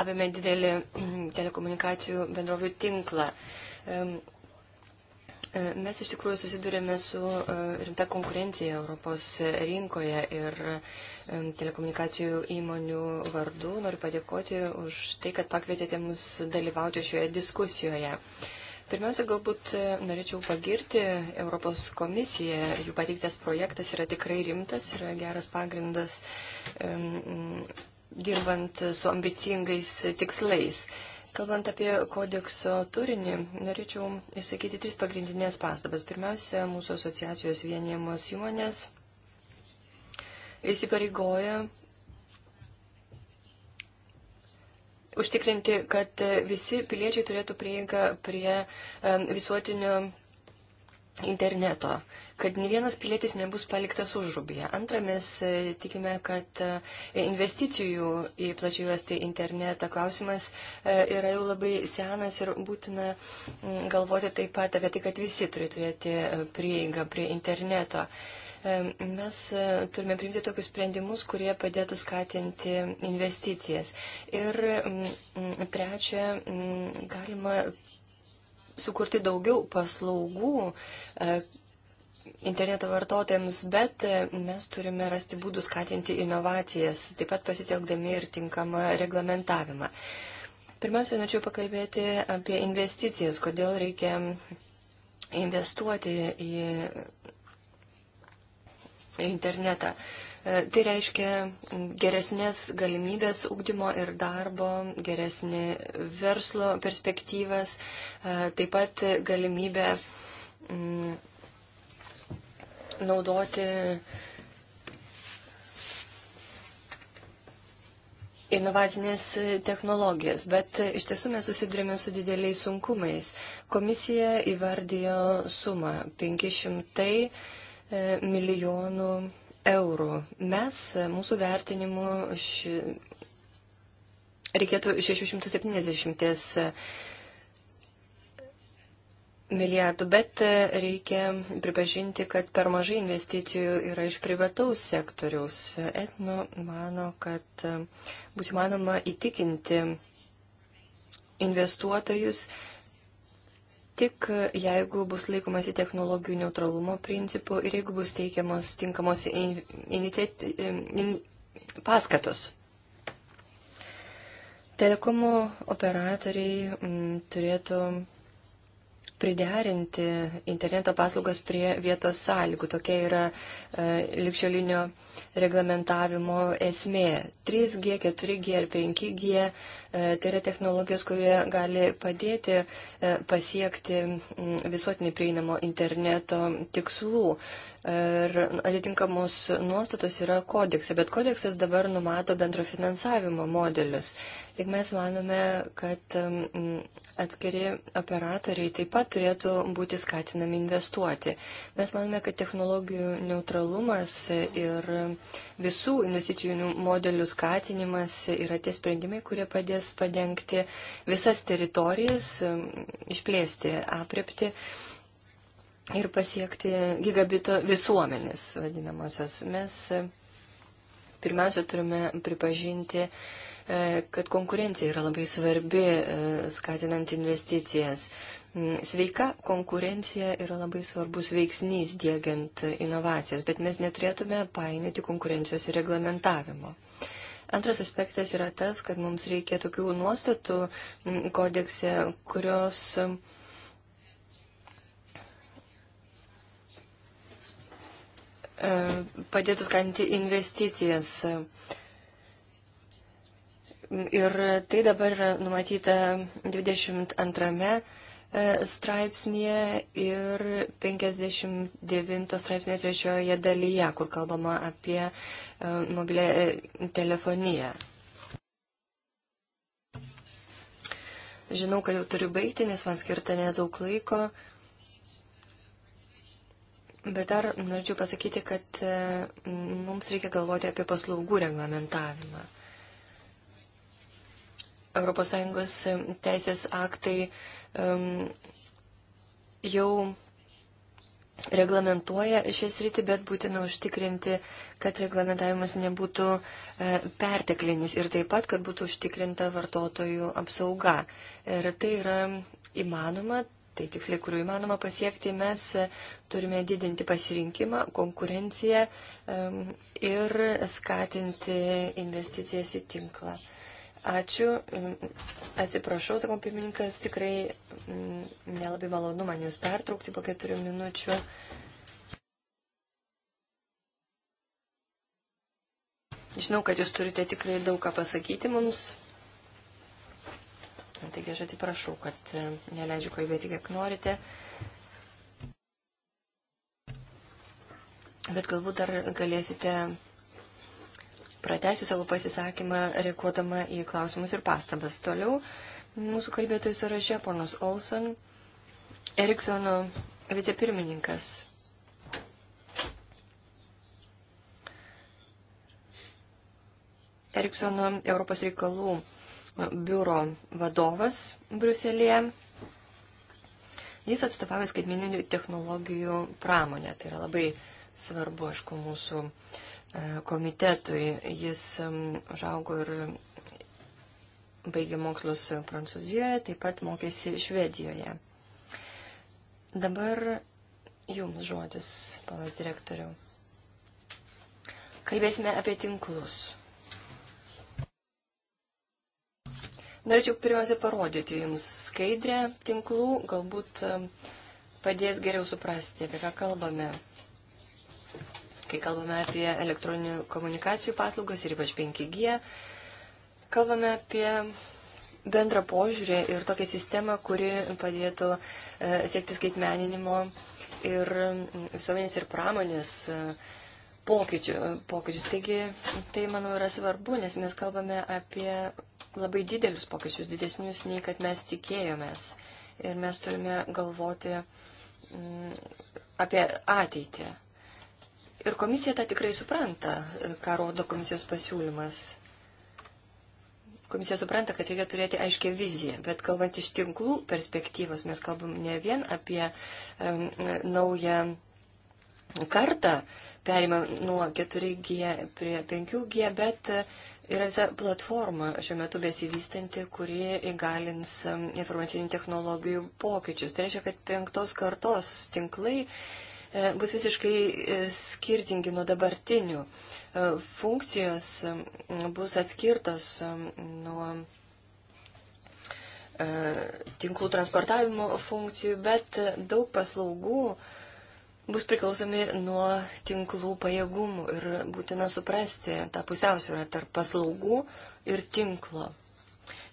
apėmė didelį telekomunikacijų bendrovių tinklą. E, mes iš tikrųjų susidurėme su e, rimta konkurencija Europos rinkoje ir e, telekomunikacijų įmonių vardu noriu padėkoti už tai, kad pakvietėte mus dalyvauti šioje diskusijoje. Pirmiausia, galbūt norėčiau pagirti Europos komisiją. Jų pateiktas projektas yra tikrai rimtas, yra geras pagrindas um, dirbant su ambicingais tikslais. Uh, Kalbant apie kodekso turinį, norėčiau išsakyti tris pagrindinės pastabas. Pirmiausia, mūsų asociacijos vienijamos įmonės įsipareigoja užtikrinti, kad visi piliečiai turėtų prieigą prie visuotinio interneto kad ne vienas pilietis nebus paliktas užrubėje. Antra, mes e, tikime, kad e, investicijų į plačiuostį internetą klausimas e, yra jau labai senas ir būtina galvoti taip pat apie tai, kad visi turi turėti prieigą prie interneto. Mes turime priimti tokius sprendimus, kurie padėtų skatinti investicijas. Ir trečia, galima sukurti daugiau paslaugų, interneto vartotojams, bet e, mes turime rasti būdų skatinti inovacijas, taip pat pasitelkdami ir tinkamą reglamentavimą. Pirmiausia, norėčiau pakalbėti apie investicijas, kodėl reikia investuoti į internetą. E, tai reiškia geresnės galimybės ugdymo ir darbo, geresnį verslo perspektyvas, e, taip pat galimybę mm, naudoti inovacinės technologijas, bet iš tiesų mes susidurime su dideliais sunkumais. Komisija įvardijo sumą 500 e, milijonų eurų. Mes, mūsų vertinimu, ši... reikėtų 670 milijardų, bet e, reikia pripažinti, kad per mažai investicijų yra iš privataus sektoriaus. Etno mano, kad e, bus įmanoma įtikinti investuotojus tik e, jeigu bus laikomasi technologijų neutralumo principų ir jeigu bus teikiamos tinkamos iniciat... in... paskatos. Telekomo operatoriai m, turėtų priderinti interneto paslaugas prie vietos sąlygų. Tokia yra e, likščiolinio reglamentavimo esmė. 3G, 4G ir 5G e, tai yra technologijos, kurie gali padėti e, pasiekti m, visuotinį prieinamo interneto tikslų. Ir atitinkamos nuostatos yra kodekse, bet kodeksas dabar numato bendro finansavimo modelius. Ir mes manome, kad m, atskiri operatoriai taip pat turėtų būti skatinami investuoti. Mes manome, kad technologijų neutralumas ir visų investicijų modelių skatinimas yra tie sprendimai, kurie padės padengti visas teritorijas, išplėsti aprepti. Ir pasiekti gigabito visuomenės vadinamosios. Mes pirmiausia turime pripažinti uh, E, kad konkurencija yra labai svarbi, e, skatinant investicijas. Mm, sveika konkurencija yra labai svarbus veiksnys dėgiant inovacijas, bet mes neturėtume painioti konkurencijos ir reglamentavimo. Antras aspektas yra tas, kad mums reikia tokių nuostatų mm, kodekse, kurios mm, e, padėtų skatinti investicijas. Ir tai dabar yra numatyta 22 e, straipsnėje ir 59 straipsnėje trečioje dalyje, kur kalbama apie e, mobilę e, telefoniją. Žinau, kad jau turiu baigti, nes man skirta nedaug laiko. Bet dar norėčiau pasakyti, kad mums reikia galvoti apie paslaugų reglamentavimą. ES teisės aktai um, jau reglamentuoja šias rytį, bet būtina užtikrinti, kad reglamentavimas nebūtų e, perteklinis ir taip pat, kad būtų užtikrinta vartotojų apsauga. Ir tai yra įmanoma, tai tiksliai, kurių įmanoma pasiekti, mes turime didinti pasirinkimą, konkurenciją ir skatinti investicijas į tinklą. Ačiū. Atsiprašau, sakau, pirmininkas, tikrai mm, nelabai malonu man jūs pertraukti po keturių minučių. Žinau, kad jūs turite tikrai daug ką pasakyti mums. Taigi aš atsiprašau, kad e, neleidžiu kalbėti, kiek norite. Bet galbūt dar galėsite pratesi savo pasisakymą, reaguodama į klausimus ir pastabas. Toliau mūsų kalbėtojų sąraše ponas Olson, Eriksono vicepirmininkas. Eriksono Europos reikalų biuro vadovas Bruselėje. Jis atstovauja skaitmeninių technologijų pramonę. Tai yra labai svarbu, aišku, mūsų uh, komitetui. Jis užaugo ir baigė mokslus Prancūzijoje, taip pat mokėsi Švedijoje. Dabar jums žodis, panas direktoriau. Kalbėsime apie tinklus. Norėčiau pirmiausia parodyti jums skaidrę tinklų, galbūt padės geriau suprasti, apie ką kalbame kai kalbame apie elektroninių komunikacijų paslaugas ir ypač 5G, kalbame apie bendrą požiūrį ir tokią sistemą, kuri padėtų e, siekti skaitmeninimo ir mm, visuomenės ir pramonės e, pokyčių, e, pokyčius. Taigi tai, manau, yra svarbu, nes mes kalbame apie labai didelius pokyčius, didesnius nei kad mes tikėjomės. Ir mes turime galvoti mm, apie ateitį. Ir komisija tą tikrai supranta, e, ką rodo komisijos pasiūlymas. Komisija supranta, kad reikia turėti aiškę viziją, bet kalbant iš tinklų perspektyvos, mes kalbam ne vien apie um, naują kartą, perimam nuo 4G prie 5G, bet e, yra visa platforma šiuo metu besivystanti, kuri įgalins informacinių technologijų pokyčius. Tai reiškia, kad penktos kartos tinklai E, bus visiškai e, skirtingi nuo dabartinių. E, funkcijos bus atskirtos nuo tinklų transportavimo funkcijų, bet daug paslaugų bus priklausomi nuo tinklų pajėgumų ir būtina suprasti tą pusiausvyrą tarp paslaugų ir tinklo.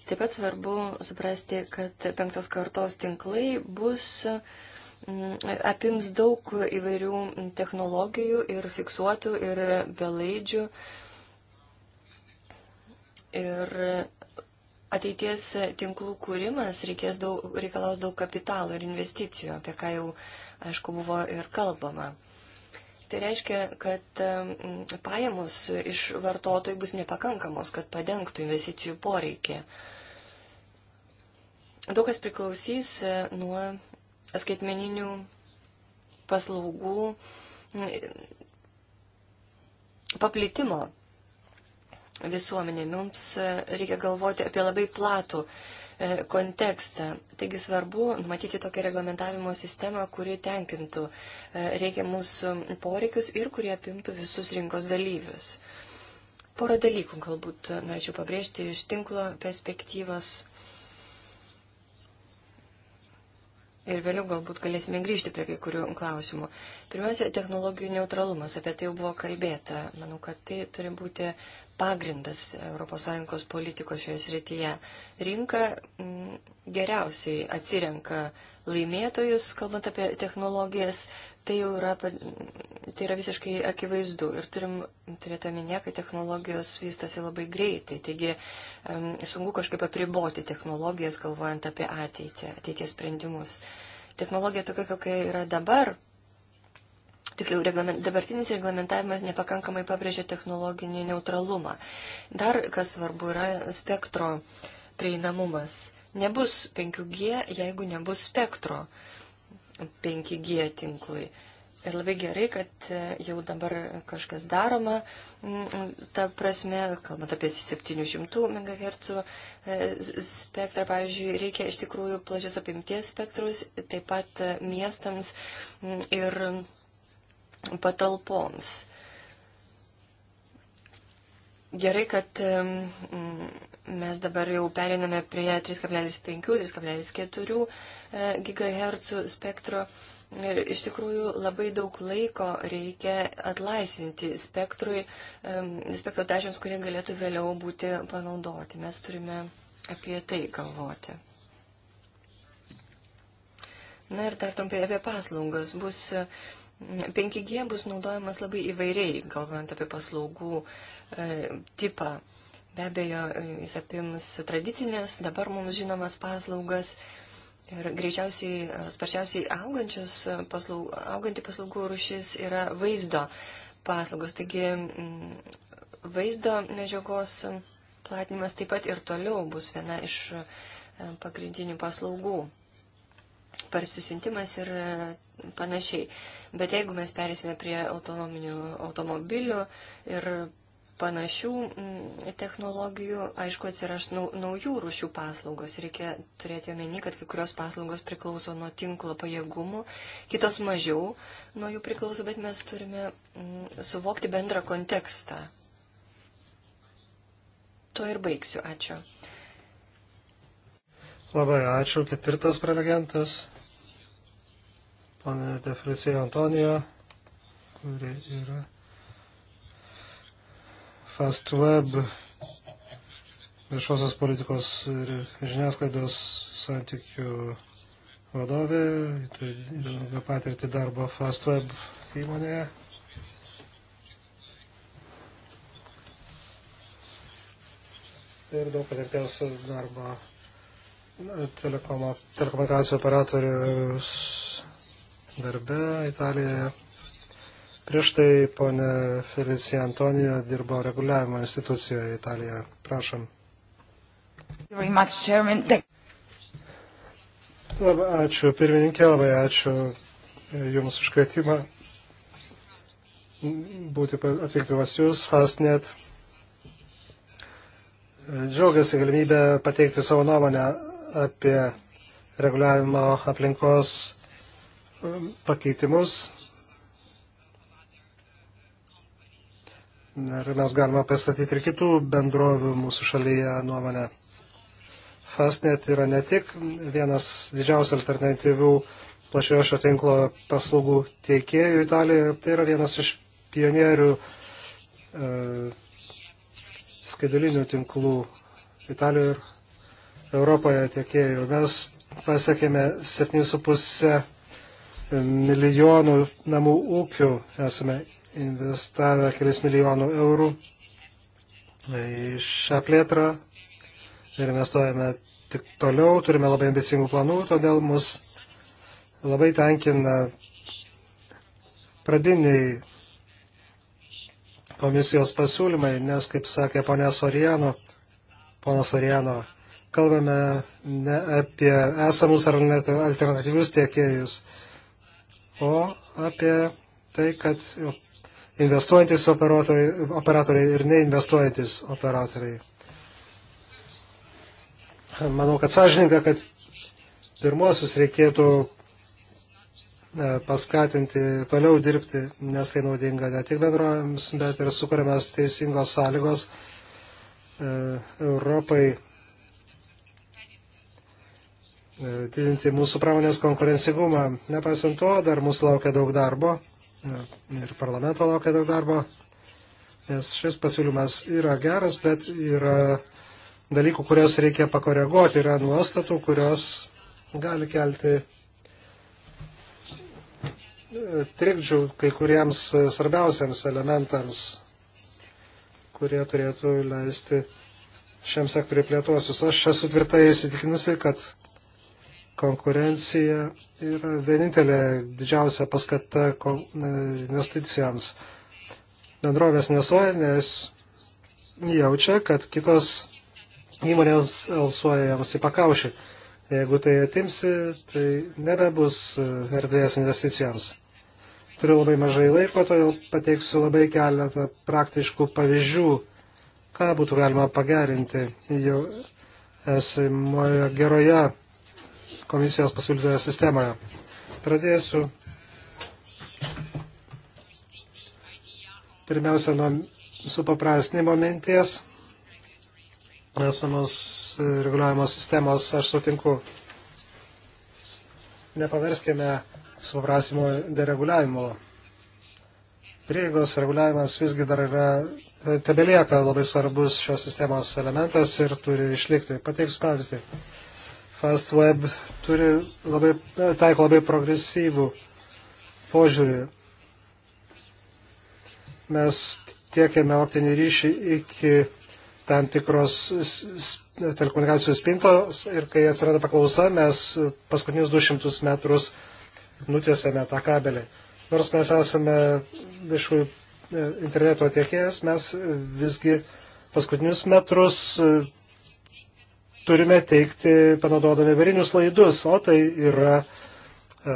Taip pat svarbu suprasti, kad penktos kartos tinklai bus uh, apims daug įvairių technologijų ir fiksuotų, ir belaidžių. Ir ateities tinklų kūrimas reikės daug, reikalaus daug kapitalo ir investicijų, apie ką jau, aišku, buvo ir kalbama. Tai reiškia, kad mm, pajamos iš vartotojų bus nepakankamos, kad padengtų investicijų poreikį. Daug kas priklausys e, nuo skaitmeninių paslaugų mm, paplitimo visuomenė. Mums e, reikia galvoti apie labai platų e, kontekstą. Taigi svarbu numatyti tokią reglamentavimo sistemą, kuri tenkintų e, reikiamus mm, poreikius ir kurie apimtų visus rinkos dalyvius. Porą dalykų galbūt norėčiau pabrėžti iš tinklo perspektyvos. ir vėliau galbūt galėsime grįžti prie kai kurių klausimų. Pirmiausia, technologijų neutralumas, apie tai jau buvo kalbėta. Manau, kad tai turi būti pagrindas ES politikos šioje srityje. Rinka mm, geriausiai atsirenka laimėtojus, kalbant apie technologijas, tai jau yra, tai yra visiškai akivaizdu. Ir turim turėti omenyje, kad technologijos vystosi labai greitai, taigi sunku kažkaip apriboti technologijas, galvojant apie ateitį, ateities sprendimus. Technologija tokia, kokia yra dabar, tiksliau, reglament, dabartinis reglamentavimas nepakankamai pabrėžia technologinį neutralumą. Dar kas svarbu yra spektro prieinamumas. Nebus 5G, jeigu nebus spektro 5G tinklui. Ir labai gerai, kad e, jau dabar kažkas daroma, ta prasme, kalbant apie 700 MHz e, spektrą, pavyzdžiui, reikia iš tikrųjų plačios apimties spektrus, taip pat e, miestams ir patalpoms. Gerai, kad mes dabar jau periname prie 3,5-3,4 e, GHz spektro. Ir iš tikrųjų labai daug laiko reikia atlaisvinti spektrui, spektro dažniams, kurie galėtų vėliau būti panaudoti. Mes turime apie tai galvoti. Na ir dar trumpai apie paslaugas. Bus uh, 5G bus naudojamas labai įvairiai, galvojant apie paslaugų e, tipą. Be abejo, e, jis apims tradicinės, dabar mums žinomas paslaugas ir greičiausiai ar sparčiausiai paslaug, auganti paslaugų rušis yra vaizdo paslaugos. Taigi m, mm, vaizdo medžiagos platinimas taip pat ir toliau bus viena iš e, pagrindinių paslaugų parsisintimas ir e, panašiai. Bet jeigu mes perėsime prie autonominių automobilių ir panašių mm, technologijų, aišku, atsiras naujų rūšių paslaugos. Reikia turėti omeny, kad kai kurios paslaugos priklauso nuo tinklo pajėgumų, kitos mažiau nuo jų priklauso, bet mes turime mm, suvokti bendrą kontekstą. Tuo ir baigsiu. Ačiū. Labai ačiū. Ketvirtas prelegentas, ponė Defricija Antonijo, kuri yra FastWeb viešosios politikos ir žiniasklaidos santykių vadovė, turi ilgą patirtį darbo FastWeb įmonėje. Ir daug patirties darbo telekomo, telekomunikacijų operatorius darbe Italijoje. Prieš tai ponė Felicija Antonijo dirbo reguliavimo institucijoje Italijoje. Prašom. Labai ačiū pirmininkė, labai ačiū Jums už kvietimą būti atvykti pas Jūs, Fastnet. Džiaugiasi galimybę pateikti savo nuomonę apie reguliavimo aplinkos um, pakeitimus. Ir mes galime pastatyti ir kitų bendrovių mūsų šalyje nuomonę. Fastnet yra ne tik vienas didžiausių alternatyvių plačiojo šio tinklo paslaugų teikėjų Italijoje, tai yra vienas iš pionierių e, skaidulinių tinklų Italijoje ir Europoje tiekėjų. Mes pasiekėme 7,5 milijonų namų ūkių, esame investavę kelis milijonų eurų į šią plėtrą ir investuojame tik toliau, turime labai ambicingų planų, todėl mus labai tenkina pradiniai komisijos pasiūlymai, nes, kaip sakė ponė Soriano, ponas Soriano, kalbame ne apie esamus ar alternatyvius tiekėjus, o apie tai, kad investuojantis operatoriai, operatoriai ir neinvestuojantis operatoriai. Manau, kad sąžininka, kad pirmosius reikėtų e, paskatinti toliau dirbti, nes tai naudinga ne tik bendrovėms, bet ir sukūriamas teisingos sąlygos e, Europai E, didinti mūsų pramonės konkurencingumą. Nepaisant to, dar mūsų laukia daug darbo e, ir parlamento laukia daug darbo, nes šis pasiūlymas yra geras, bet yra dalykų, kurios reikia pakoreguoti, yra nuostatų, kurios gali kelti e, trikdžių kai kuriems svarbiausiams elementams, kurie turėtų leisti šiam sektoriu plėtuosius. Aš esu tvirtai įsitikinusi, kad konkurencija yra vienintelė didžiausia paskata investicijoms. Bendrovės nesuoja, nes jaučia, kad kitos įmonės elsuoja jiems į pakaušį. Jeigu tai atimsi, tai nebebus e, erdvės investicijoms. Turiu labai mažai laiko, todėl pateiksiu labai keletą praktiškų pavyzdžių, ką būtų galima pagerinti jau esimoje geroje komisijos pasiūlytoje sistemoje. Pradėsiu pirmiausia nuo supaprastinimo minties. Esamos e, reguliavimo sistemos aš sutinku. Nepaverskime supaprastinimo dereguliavimo. Prieigos reguliavimas visgi dar yra e, tebelieka labai svarbus šios sistemos elementas ir turi išlikti. Pateiksiu pavyzdį. FastWeb turi labai, taiko labai progresyvų požiūrį. Mes tiekėme optinį ryšį iki tam tikros telekomunikacijų spintos ir kai atsiranda paklausa, mes paskutinius 200 metrus nutiesėme tą kabelį. Nors mes esame viešųjų e, interneto tiekėjas, mes visgi paskutinius metrus turime teikti panaudodami verinius laidus, o tai yra e,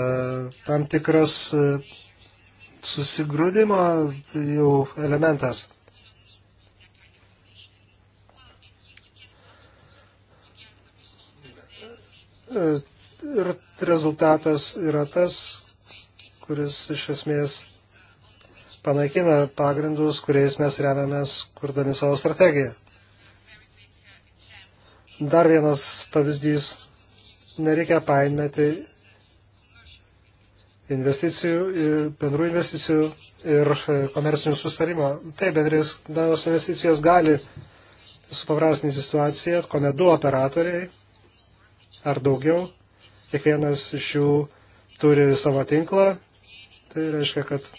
tam tikras e, susigrūdimo jau elementas. E, ir rezultatas yra tas, kuris iš esmės panaikina pagrindus, kuriais mes remiamės, kurdami savo strategiją. Dar vienas pavyzdys. Nereikia painmėti investicijų, bendrų investicijų ir e, komercinių sustarimo. Taip, bendros investicijos gali supaprastinti situaciją, kuomet du operatoriai ar daugiau, kiekvienas iš jų turi savo tinklą. Tai reiškia, kad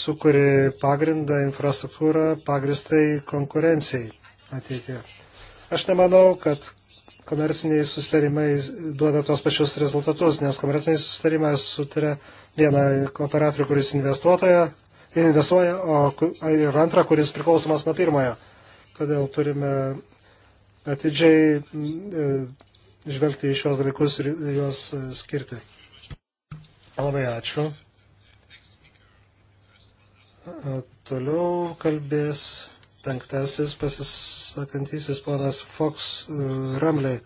sukuri pagrindą, infrastruktūrą pagristai konkurencijai ateityje. Aš nemanau, kad komerciniai sustarimai duoda tos pačius rezultatus, nes komerciniai sustarimai sutaria vieną operatorių, kuris investuotoja, investuoja, o ir antrą, kuris priklausomas nuo pirmojo. Todėl turime atidžiai mm, e, žvelgti į šios dalykus ir juos e, skirti. Labai ačiū. Toliau kalbės penktasis pasisakantysis ponas Fox e, Ramley,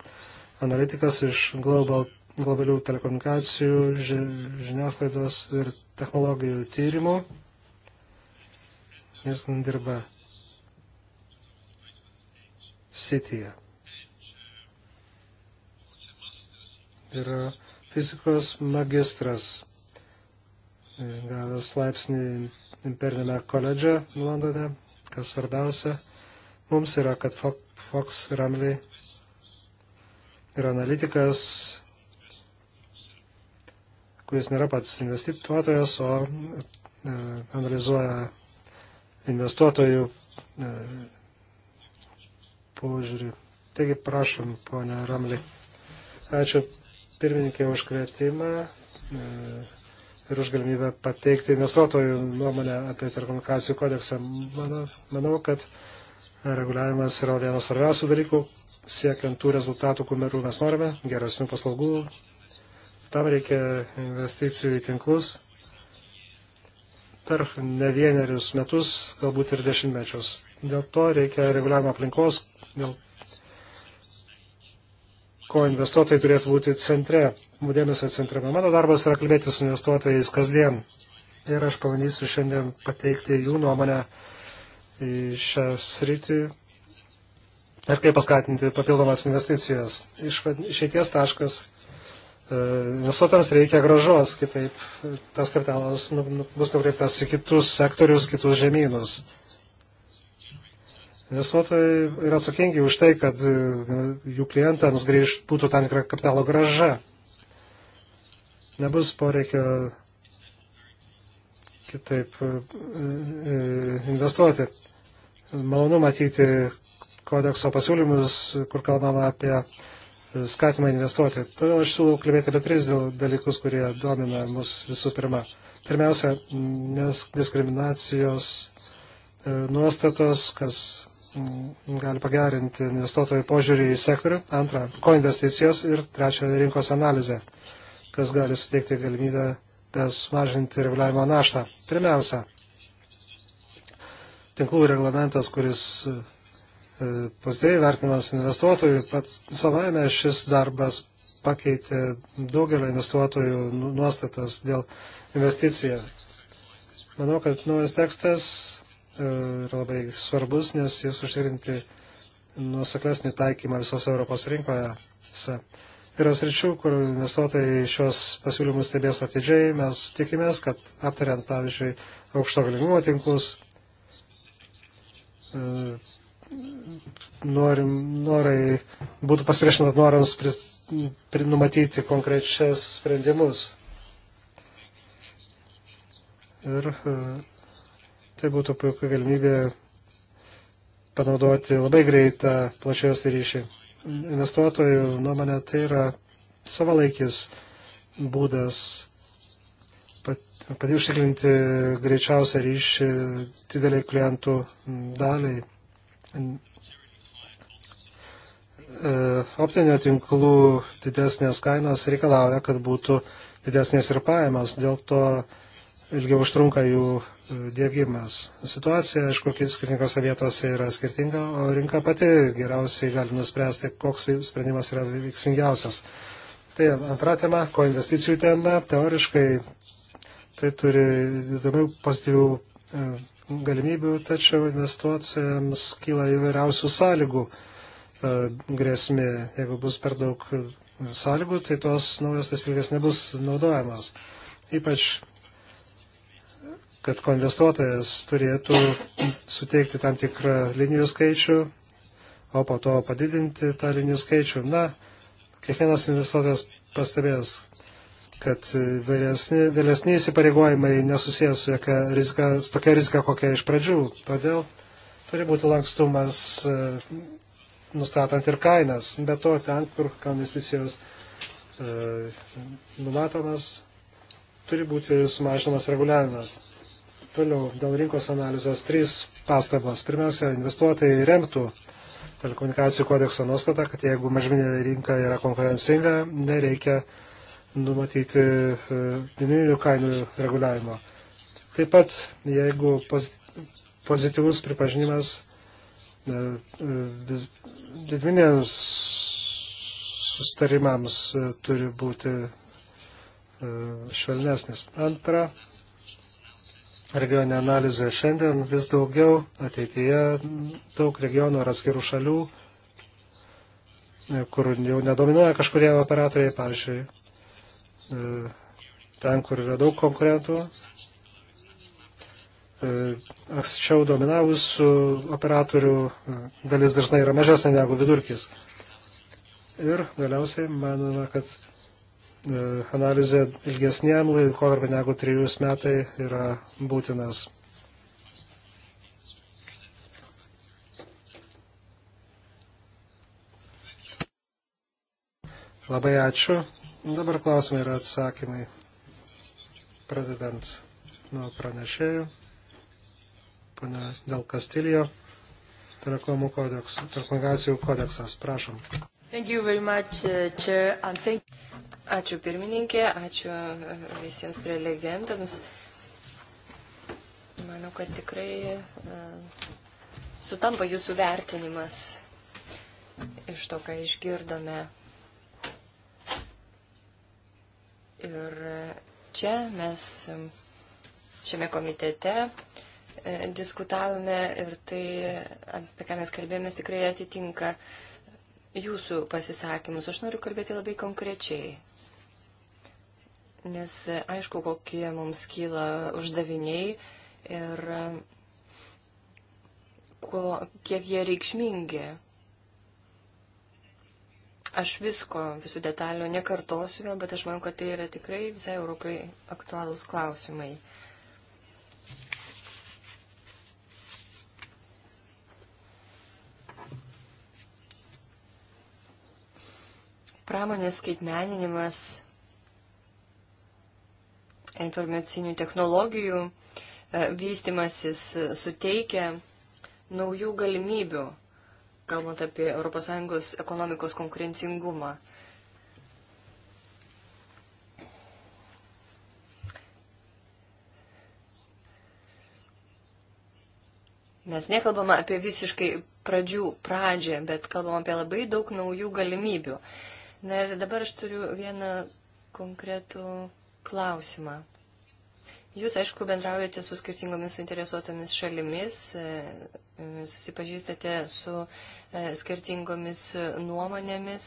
analitikas iš Global, globalių telekomunikacijų, ži, žiniasklaidos ir technologijų tyrimų. Jis dirba Cityje. Yra fizikos magistras, e, gavęs laipsnį imperinėme koledže Londone kas svarbiausia mums yra, kad Fox Ramley yra analitikas, kuris nėra pats investuotojas, o e, analizuoja investuotojų e, požiūrį. Taigi prašom, ponia Ramley. Ačiū pirmininkė už kvietimą. E, ir už galimybę pateikti investuotojų nuomonę apie telekomunikacijų kodeksą. Manau, manau kad reguliavimas yra vienas svarbiausių dalykų, siekiant tų rezultatų, kurių mes norime, geresnių paslaugų. Tam reikia investicijų į tinklus per ne vienerius metus, galbūt ir dešimtmečius. Dėl to reikia reguliavimo aplinkos, dėl ko investuotojai turėtų būti centre, dėmesio centre. Mano darbas yra kalbėti su investuotojais kasdien. Ir aš pabandysiu šiandien pateikti jų nuomonę į šią sritį ir kaip paskatinti papildomas investicijas. Išeities taškas. E, Investuotams reikia gražos, kitaip tas kapitalas nu, nu, bus nukreiptas į kitus sektorius, kitus žemynus. Investuotojai yra atsakingi už tai, kad e, jų klientams grįž, būtų tam tikra kapitalo graža. Nebus poreikio kitaip e, e, investuoti. Malonu matyti kodekso pasiūlymus, kur kalbama apie skatimą investuoti. Todėl aš siūlau kalbėti apie tris dalykus, kurie domina mus visų pirma. Pirmiausia, diskriminacijos nuostatos, kas gali pagerinti investuotojų požiūrį į sektorių. Antra, koinvesticijos ir trečia, rinkos analizė, kas gali suteikti galimybę e, sumažinti reguliavimo naštą. Pirmiausia, tinklų reglamentas, kuris e, pozityviai vertinamas investuotojų, pats savaime šis darbas pakeitė daugelio investuotojų nu, nuostatas dėl investicijų. Manau, kad naujas tekstas E, yra labai svarbus, nes jis užtikrinti nuoseklesnį taikymą visos Europos rinkoje. Yra sričių, kur investuotojai šios pasiūlymus stebės atidžiai. Mes tikimės, kad aptariant, pavyzdžiui, aukšto galingumo tinklus, e, norim, norai būtų pasipriešinat norams pri, pri, numatyti konkrečias sprendimus. Ir e, Tai būtų puikia galimybė panaudoti labai greitą plačios ryšį. Investuotojų nuomonė tai yra savalaikis būdas pati užtikrinti greičiausią ryšį dideliai klientų daliai. E, Optinio tinklų didesnės kainos reikalauja, kad būtų didesnės ir pajamos, dėl to ilgiau užtrunka jų dėgymas. Situacija, aišku, skirtingose vietose yra skirtinga, o rinka pati geriausiai gali nuspręsti, koks sprendimas yra veiksmingiausias. Tai antra tema, ko investicijų tema, teoriškai tai turi įdomių pozityvių e, galimybių, tačiau investuotojams kyla įvairiausių sąlygų e, grėsmė. Jeigu bus per daug sąlygų, tai tos naujas taisyklės nebus naudojamos. Ypač kad investuotojas turėtų suteikti tam tikrą linijų skaičių, o po to padidinti tą linijų skaičių. Na, kiekvienas investuotojas pastebės, kad vėlesni, vėlesni įsipareigojimai nesusijęs su jokia rizika, su tokia rizika, kokia iš pradžių. Todėl turi būti lankstumas e, nustatant ir kainas. Be to, ten, kur investicijos e, numatomas, turi būti sumažinamas reguliavimas. Toliau, dėl rinkos analizės trys pastabos. Pirmiausia, investuotojai remtų telekomunikacijų kodekso nuostatą, kad jeigu mažminė rinka yra konkurencinga, nereikia numatyti e, didinių kainų reguliavimo. Taip pat, jeigu pozityvus pripažinimas e, e, didminėms sustarimams turi būti švelnesnis. Antra, regioninė analizė šiandien vis daugiau, ateityje daug regionų ar atskirų šalių, kur jau nedominuoja kažkurie operatoriai, pavyzdžiui, e, ten, kur yra daug konkurentų, e, anksčiau dominavusių operatorių e, dalis dažnai yra mažesnė negu vidurkis. Ir galiausiai manome, kad E, analizė ilgesniem laikotarpiu negu trijus metai yra būtinas. Labai ačiū. Dabar klausimai yra atsakymai. Pradedant nuo pranešėjų. Pane Del Castillo, telekomų kodeksų, telekomunikacijų kodeksas. Prašom. Thank you very much, uh, Chair, and thank you. Ačiū pirmininkė, ačiū e, visiems prelegentams. Manau, kad tikrai e, sutampa jūsų vertinimas iš to, ką išgirdome. Ir čia mes šiame komitete e, diskutavome ir tai, apie ką mes kalbėjomės, tikrai atitinka jūsų pasisakymus. Aš noriu kalbėti labai konkrečiai nes e, aišku, kokie mums kyla uždaviniai ir e, ko, kiek jie reikšmingi. Aš visko, visų detalių nekartosiu vėl, bet aš manau, kad tai yra tikrai visai Europai aktualūs klausimai. Pramonės skaitmeninimas informacinių technologijų e, vystimasis e, suteikia naujų galimybių, kalbant apie ES ekonomikos konkurencingumą. Mes nekalbame apie visiškai pradžių pradžią, bet kalbame apie labai daug naujų galimybių. Na ir dabar aš turiu vieną konkretų klausimą. Jūs, aišku, bendraujate su skirtingomis suinteresuotomis šalimis, e, e, susipažįstate su e, skirtingomis nuomonėmis.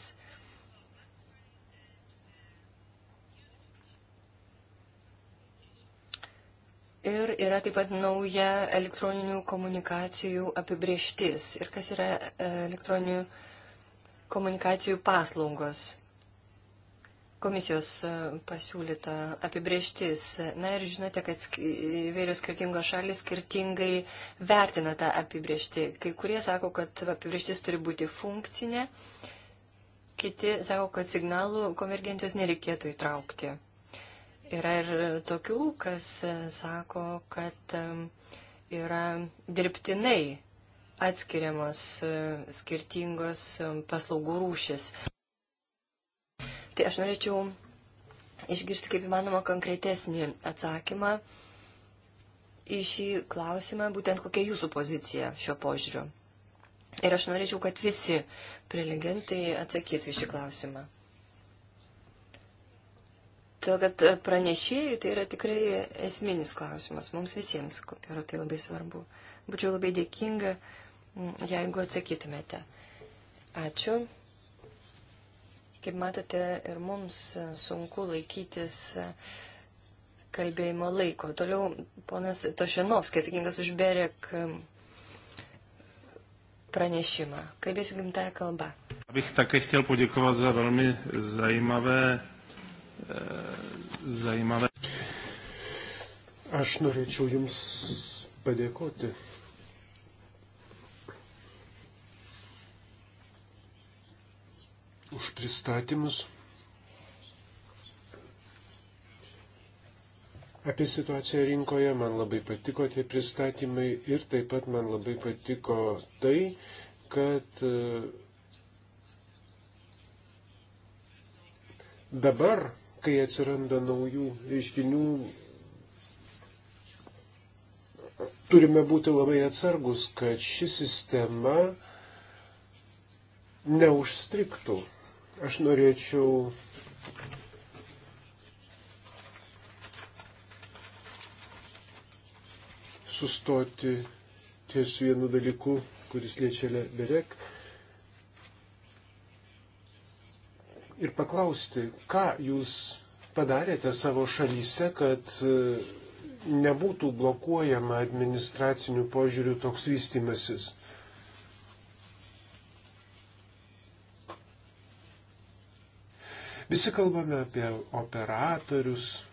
Ir yra taip pat nauja elektroninių komunikacijų apibrieštis ir kas yra elektroninių komunikacijų paslaugos komisijos e, pasiūlyta apibrieštis. Na ir žinote, kad įvairios skirtingos šalis skirtingai vertina tą apibriešti. Kai kurie sako, kad apibrieštis turi būti funkcinė, kiti sako, kad signalų konvergencijos nereikėtų įtraukti. Yra ir tokių, kas e, sako, kad e, yra dirbtinai atskiriamos skirtingos paslaugų rūšis. Tai aš norėčiau išgirsti kaip įmanoma konkretesnį atsakymą į šį klausimą, būtent kokia jūsų pozicija šiuo požiūriu. Ir aš norėčiau, kad visi prelegentai atsakytų į šį klausimą. Todėl, kad pranešėjų tai yra tikrai esminis klausimas mums visiems, ko gero tai labai svarbu. Būčiau labai dėkinga, mm, jeigu atsakytumėte. Ačiū. Kaip matote, ir mums sunku laikytis kalbėjimo laiko. Toliau ponas Tošinovskis, atsakingas už Berek um, pranešimą. Kalbėsiu gimtają kalbą. Abych také chtěl poděkovat za velmi zajímavé, e, zajímavé. Aš norėčiau Jums padėkoti už pristatymus apie situaciją rinkoje. Man labai patiko tie pristatymai ir taip pat man labai patiko tai, kad e, dabar, kai atsiranda naujų reiškinių, turime būti labai atsargus, kad ši sistema neužstriktų. Aš norėčiau sustoti ties vienu dalyku, kuris liečia Berek. Ir paklausti, ką jūs padarėte savo šalyse, kad e, nebūtų blokuojama administracinių požiūrių toks vystimasis. Visi kalbame apie operatorius,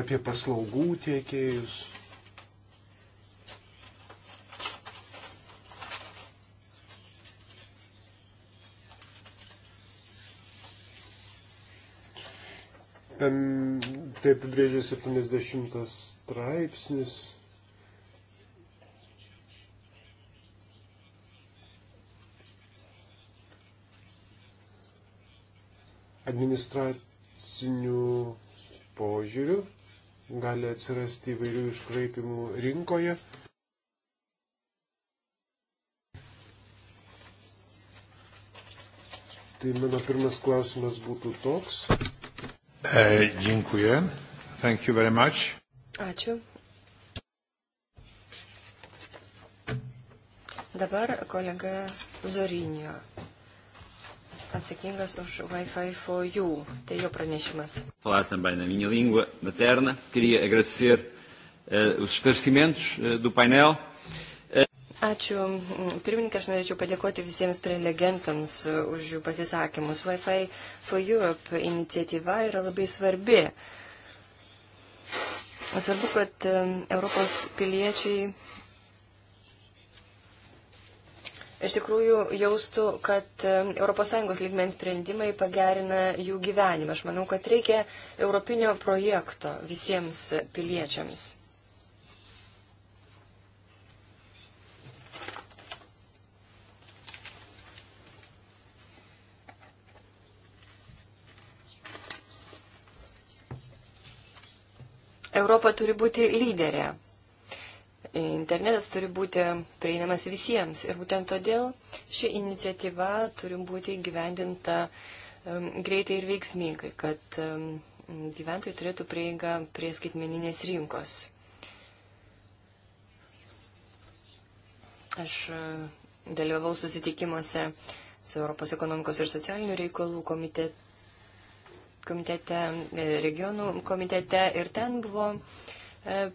apie paslaugų tiekėjus. Tam taip brėžia 70 straipsnis. administracinių požiūrių, gali atsirasti įvairių iškraipimų rinkoje. Tai mano pirmas klausimas būtų toks. E, dziękuję. Thank you very much. Ačiū. Dabar kolega Zorinio atsakingas už Wi-Fi for You. Tai jo pranešimas. Falar também na minha língua materna. Queria agradecer uh, os esclarecimentos uh, do painel. Eh, Ačiū. Pirmininkė, aš norėčiau padėkoti visiems prelegentams už jų pasisakymus. Wi-Fi for Europe iniciatyva yra labai svarbi. Svarbu, kad Europos piliečiai iš tikrųjų jaustų, kad ES lygmens sprendimai pagerina jų gyvenimą. Aš manau, kad reikia europinio projekto visiems piliečiams. Europa turi būti lyderė internetas turi būti prieinamas visiems. Ir būtent todėl ši iniciatyva turi būti gyvendinta um, greitai ir veiksmingai, kad um, gyventojai turėtų prieigą prie skaitmeninės rinkos. Aš uh, dalyvavau susitikimuose su Europos ekonomikos ir socialinių reikalų komitete, komitete regionų komitete ir ten buvo e,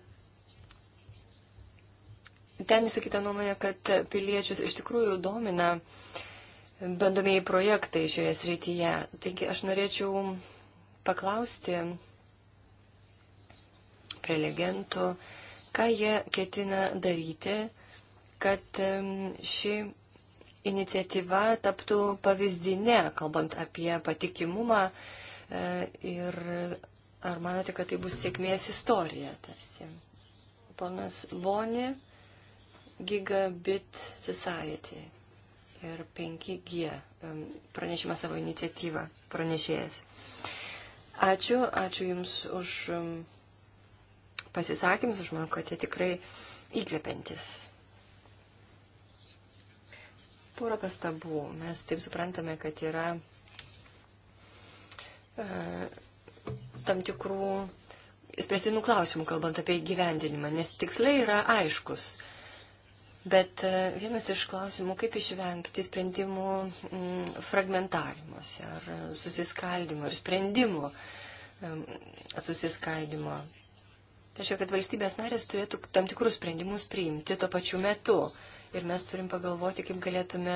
Ten išsakyta nuomonė, kad piliečius iš tikrųjų domina bandomieji projektai šioje srityje. Taigi aš norėčiau paklausti prelegentų, ką jie ketina daryti, kad ši iniciatyva taptų pavyzdinė, kalbant apie patikimumą e, ir ar manote, kad tai bus sėkmės istorija tarsi. Ponas Boni, Gigabit Society ir 5G pranešimą savo iniciatyvą pranešėjas. Ačiū, ačiū Jums už pasisakymus, aš manau, kad jie tikrai įkvepiantis. Pūra pastabų. Mes taip suprantame, kad yra e, tam tikrų spręstinų klausimų, kalbant apie gyvendinimą, nes tikslai yra aiškus. E, Bet e, vienas iš klausimų, kaip išvengti sprendimų fragmentavimuose ar susiskaldimo ir sprendimų susiskaldimo. Tačiau, kad valstybės narės turėtų tam tikrus sprendimus priimti tuo pačiu metu. Ir mes turim pagalvoti, kaip galėtume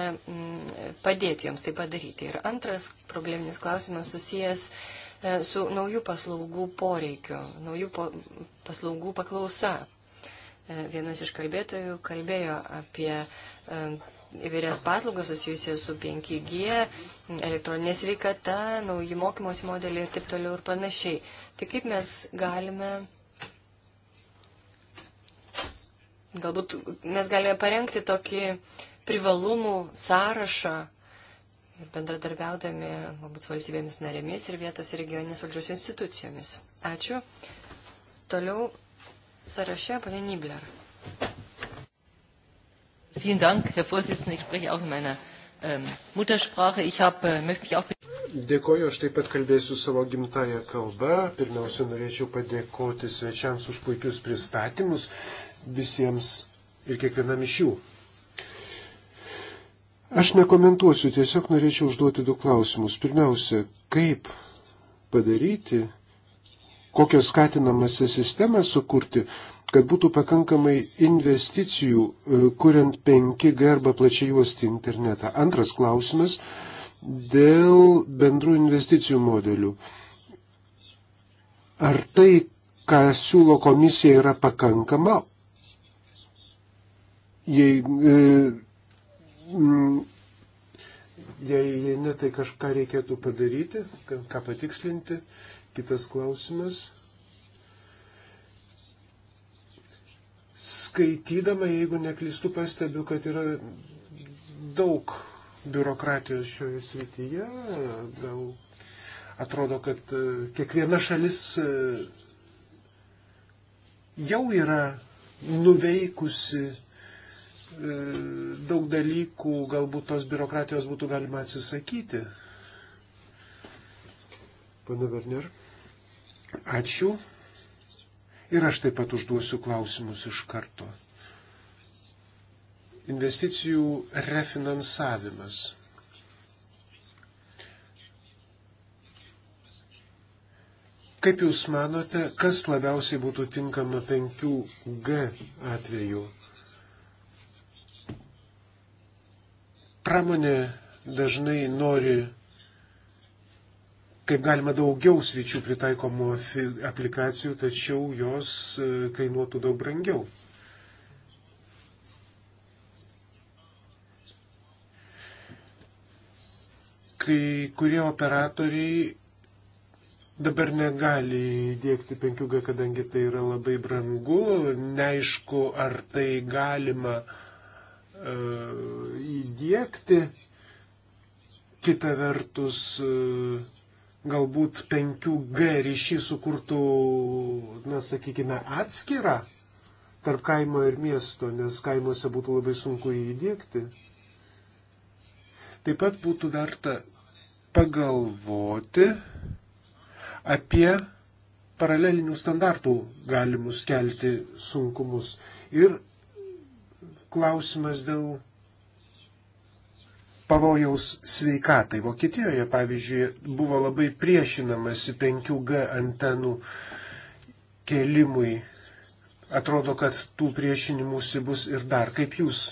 padėti joms tai padaryti. Ir antras probleminis klausimas susijęs e, su naujų paslaugų poreikiu, naujų paslaugų paklausa. E, vienas iš kalbėtojų kalbėjo apie e, įvairias paslaugas susijusias su 5G, elektroninė sveikata, nauji mokymosi modeliai ir taip toliau ir panašiai. Tai kaip mes galime. Galbūt mes galime parengti tokį privalumų sąrašą ir bendradarbiaudami galbūt valstybėmis narėmis ir vietos ir regioninės valdžios institucijomis. Ačiū. Toliau sąraše, ponė Nibler. Vielen Dank, Herr Vorsitzender. Ich spreche auch in meiner ähm, Muttersprache. Ich hab, äh, möchte mich auch Dėkoju, aš taip pat kalbėsiu savo gimtają kalbą. Pirmiausia, norėčiau padėkoti svečiams už puikius pristatymus visiems ir kiekvienam iš jų. Aš nekomentuosiu, tiesiog norėčiau užduoti du klausimus. Pirmiausia, kaip padaryti, kokią skatinamąsią sistemą sukurti, kad būtų pakankamai investicijų, e, kuriant 5G arba plačiai juosti internetą. Antras klausimas dėl bendrų investicijų modelių. Ar tai, ką siūlo komisija, yra pakankama, jei, jei, jei ne, tai kažką reikėtų padaryti, ką patikslinti Kitas klausimas. Skaitydama, jeigu neklystu, pastebiu, kad yra daug biurokratijos šioje srityje. Gal atrodo, kad e, kiekviena šalis e, jau yra nuveikusi e, daug dalykų, galbūt tos biurokratijos būtų galima atsisakyti. Pana Werner. Ačiū. Ir aš taip pat užduosiu klausimus iš karto. Investicijų refinansavimas. Kaip Jūs manote, kas labiausiai būtų tinkama 5G atveju? Pramonė dažnai nori kaip galima daugiau sričių pritaikomų aplikacijų, tačiau jos e, kainuotų daug brangiau. Kai kurie operatoriai dabar negali dėkti 5G, kadangi tai yra labai brangu, neaišku, ar tai galima uh, e, įdėkti. Kita vertus, uh, galbūt 5G ryšį sukurtų, na, sakykime, atskirą tarp kaimo ir miesto, nes kaimuose būtų labai sunku įdėkti. Taip pat būtų verta pagalvoti apie paralelinių standartų galimus kelti sunkumus. Ir klausimas dėl pavojaus sveikatai. Vokietijoje, pavyzdžiui, buvo labai priešinamasi 5G antenų kelimui. Atrodo, kad tų priešinimusi bus ir dar. Kaip jūs?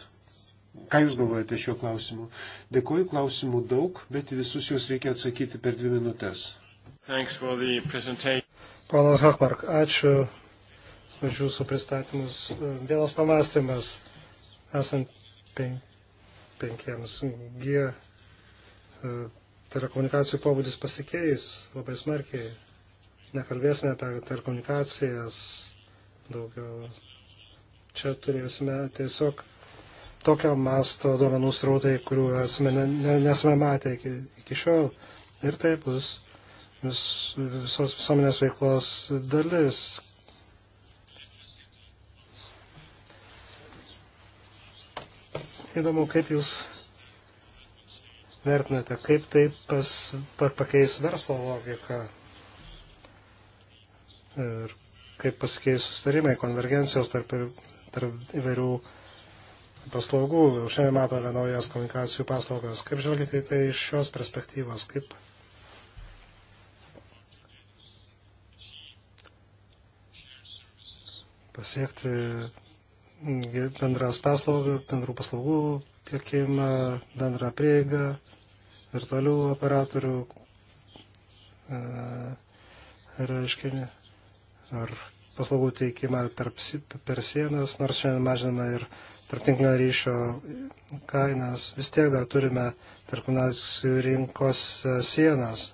Ką jūs galvojate šiuo klausimu? Dėkuoju, klausimų daug, bet visus juos reikia atsakyti per dvi minutės. Ponas Hochmark, ačiū už jūsų pristatymus. Vienas pamastymas, esant 5 5G e, telekomunikacijų tai pobūdis pasikeis labai smarkiai. Nekalbėsime apie telekomunikacijas daugiau. Čia turėsime tiesiog tokio masto duomenų srautai, kurių esame, ne, nesame matę iki, iki šiol. Ir tai bus vis, visos visuomenės veiklos dalis, Įdomu, kaip jūs vertinate, kaip tai pas, pa, pakeis verslo logiką ir kaip pasikeis sustarimai, konvergencijos tarp, tarp įvairių paslaugų. Šiandien matome naujas komunikacijų paslaugas. Kaip žvelgite į tai iš šios perspektyvos? Kaip pasiekti bendras paslaugą, bendrų paslaugų tiekimą, bendrą prieigą, virtualių operatorių e, reiškinį ar paslaugų teikimą tarp, per sienas, nors šiandien mažiname ir tarptinklinio ryšio kainas, vis tiek dar turime tarptautinės rinkos e, sienas.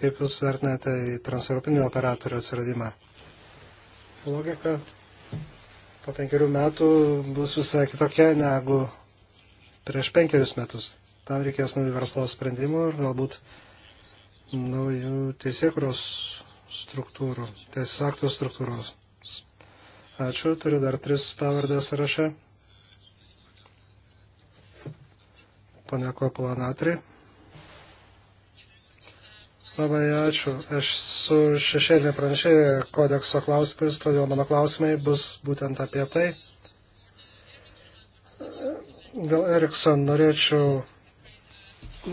Kaip Jūs vertinate į transeuropinių operatorių atsiradimą? Logika po penkerių metų bus visai kitokia negu prieš penkerius metus. Tam reikės naujų verslo sprendimų ir galbūt naujų teisėkuros struktūrų, teisės aktų struktūros. Ačiū, turiu dar tris pavardės sąraše. Pane Koplanatri. Labai ačiū. Aš su šešėlinė pranešėja kodekso klausimais, todėl mano klausimai bus būtent apie tai. Dėl Erikson norėčiau,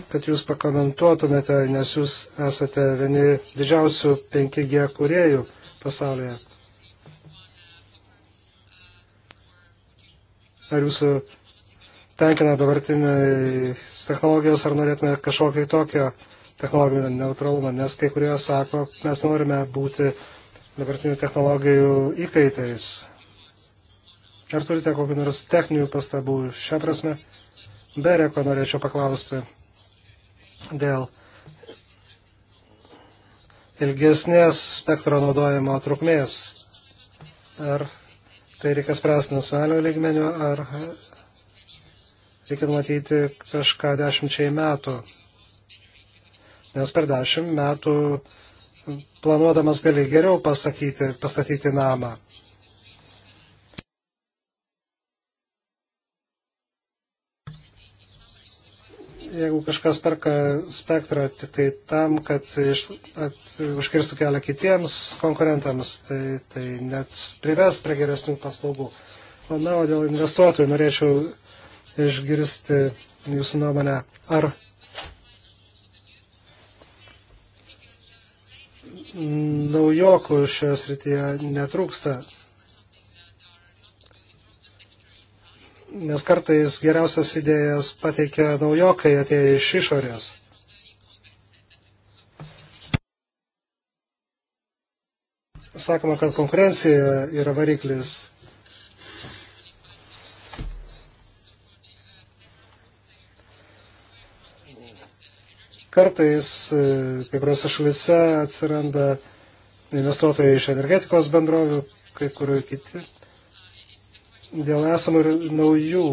kad jūs pakomentuotumėte, nes jūs esate vieni didžiausių 5G kuriejų pasaulyje. Ar jūsų tenkina dabartinės technologijos, ar norėtumėte kažkokio tokio? technologinio neutralumo, nes kai kurie sako, mes norime būti dabartinių technologijų įkaitais. Ar turite kokiu nors techninių pastabų šią prasme? Bereko norėčiau paklausti dėl ilgesnės spektro naudojimo trukmės. Ar tai reikia spręsti nacionalinio lygmenio, ar reikia numatyti kažką dešimčiai metų. Nes per dešimt metų planuodamas gali geriau pasakyti, pastatyti namą. Jeigu kažkas perka spektrą tik tai tam, kad iš, at, užkirstų kelią kitiems konkurentams, tai, tai net prives prie geresnių paslaugų. O na, o dėl investuotojų norėčiau išgirsti jūsų nuomonę, ar naujokų šioje srityje netrūksta. Nes kartais geriausias idėjas pateikia naujokai atėję iš išorės. Sakoma, kad konkurencija yra variklis Kartais e, kai kuriuose šalise atsiranda investuotojai iš energetikos bendrovių, kai kurių kiti, dėl esamų ir naujų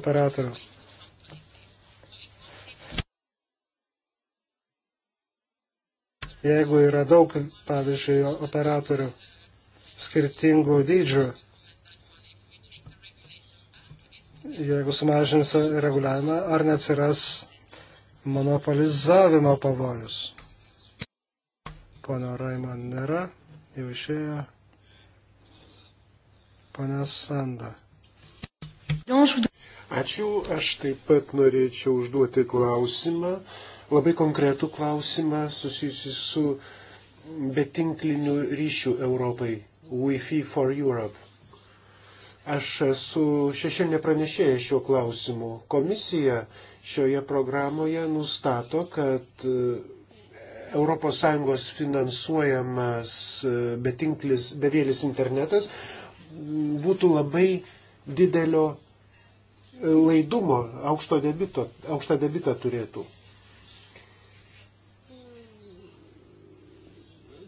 operatorių. Jeigu yra daug, pavyzdžiui, operatorių skirtingų dydžių, jeigu sumažins reguliavimą, ar neatsiras monopolizavimo pavojus. Pono Raiman nėra, jau išėjo. Pane Sanda. Ačiū, aš taip pat norėčiau užduoti klausimą, labai konkretų klausimą susijusi su betinkliniu ryšiu Europai, Wi-Fi for Europe. Aš esu šešėlinė pranešėja šiuo klausimu. Komisija šioje programoje nustato, kad ES finansuojamas e, betinklis, bevėlis internetas būtų labai didelio e, laidumo, aukšto debito, aukštą debitą turėtų.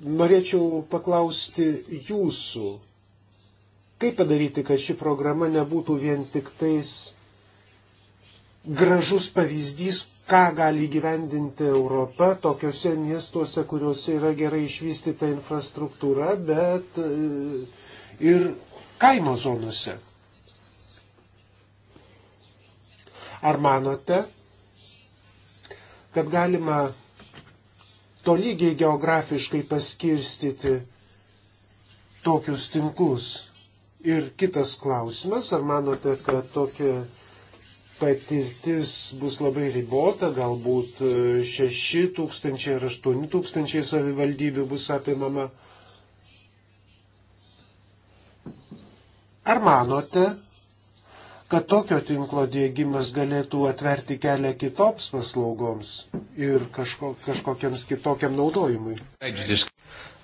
Norėčiau paklausti jūsų, kaip padaryti, kad ši programa nebūtų vien tik tais gražus pavyzdys, ką gali gyvendinti Europa tokiuose miestuose, kuriuose yra gerai išvystyta infrastruktūra, bet e, ir kaimo zonuose. Ar manote, kad galima tolygiai geografiškai paskirstyti tokius tinklus? Ir kitas klausimas, ar manote, kad tokie patirtis bus labai ribota, galbūt 6 e, tūkstančiai ar 8 tūkstančiai savivaldybių bus apimama. Ar manote, kad tokio tinklo dėgymas galėtų atverti kelią kitoms paslaugoms ir kažko, kažkokiams kitokiam naudojimui?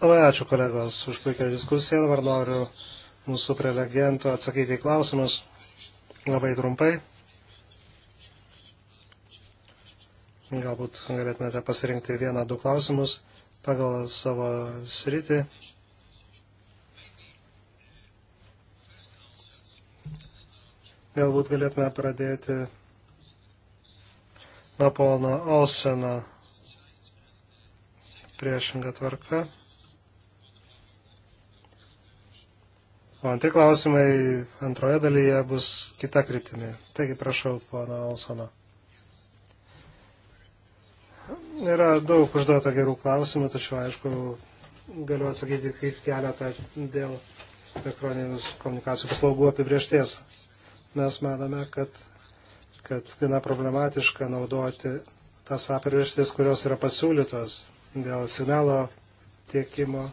Labai ačiū kolegos už puikią diskusiją. Dabar noriu mūsų prelegento atsakyti į klausimus labai trumpai. Galbūt galėtumėte pasirinkti vieną, du klausimus pagal savo sritį. Galbūt galėtume pradėti nuo pono Olseno priešingą tvarką. O antri klausimai antroje dalyje bus kita kryptimi. Taigi prašau, pono Olsono. Yra daug užduota gerų klausimų, tačiau aišku, galiu atsakyti kaip keletą dėl elektroninius komunikacijų paslaugų apibriešties. Mes manome, kad, kad gana problematiška naudoti tas apibrieštis, kurios yra pasiūlytos dėl signalo tiekimo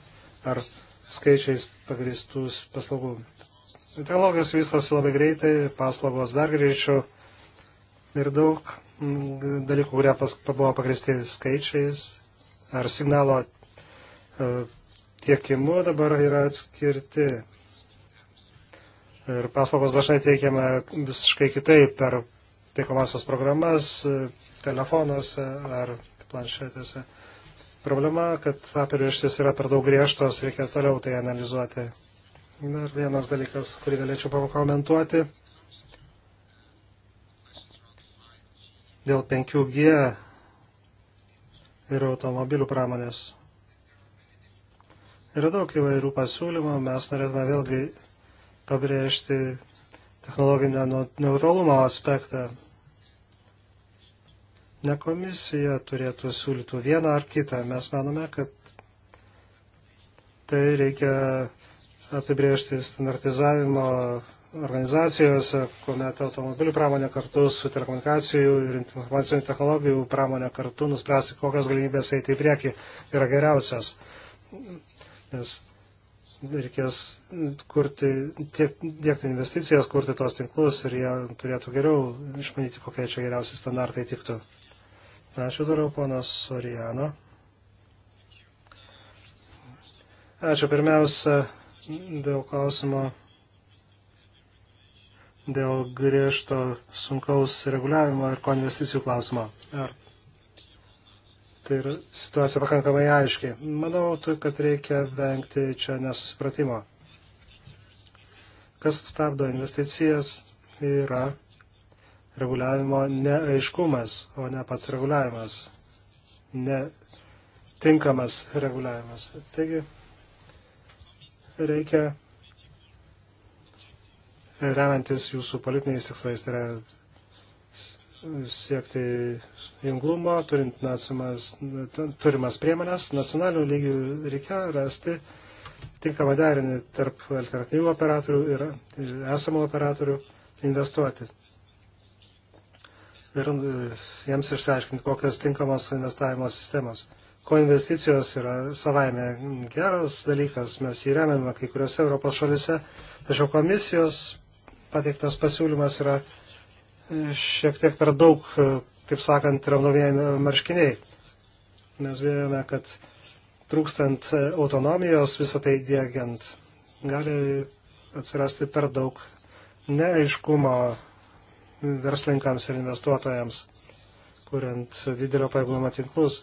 ar skaičiais pagristus paslaugų. Technologijos vystosi labai greitai, paslaugos dar greičiau ir daug dalykų, kurie pas, buvo pagristi skaičiais ar signalo e, tiekimu dabar yra atskirti. Ir paslaugos dažnai teikiame visiškai kitaip per taikomasios programas, e, telefonuose ar planšetėse. Problema, kad apibrieštis yra per daug griežtos, reikia toliau tai analizuoti. Dar vienas dalykas, kurį galėčiau pakomentuoti, dėl 5G ir automobilių pramonės. Yra daug įvairių pasiūlymų, mes norėtume vėlgi pabrėžti technologinio neuralumo aspektą. Ne komisija turėtų siūlyti vieną ar kitą. Mes manome, kad tai reikia apibrėžti standartizavimo organizacijose, kuomet automobilių pramonė kartu su telekomunikacijų ir informacinių technologijų pramonė kartu nuspręsti, kokias galimybės eiti į priekį yra geriausios. Nes reikės kurti, tiek, dėkti investicijas, kurti tos tinklus ir jie turėtų geriau išmanyti, kokie čia geriausi standartai tiktų. Ačiū toliau, ponas Sorijano. Ačiū pirmiausia dėl klausimo dėl griežto sunkaus reguliavimo ir konvesticijų klausimo. Ar tai yra situacija pakankamai aiškiai. Manau, kad reikia vengti čia nesusipratimo. Kas stabdo investicijas yra reguliavimo neaiškumas, o ne pats reguliavimas. Netinkamas reguliavimas. Taigi, reikia remiantis jūsų politiniais tikslais, tai yra siekti junglumo, turint nacimas, turimas priemonės, nacionalių lygių reikia rasti tinkamą derinį tarp alternatyvų operatorių ir esamų operatorių investuoti. Ir e, jiems išsiaiškinti, kokios tinkamos investavimo sistemos. Ko investicijos yra savaime geras dalykas, mes jį remiame kai kuriuose Europos šalise, tačiau komisijos pateiktas pasiūlymas yra e, šiek tiek per daug, kaip e, sakant, raudonieji marškiniai. Mes bijome, kad trūkstant e, autonomijos visą tai dėgiant gali atsirasti per daug neaiškumo verslininkams ir investuotojams, kuriant didelio pajėgumo tinklus.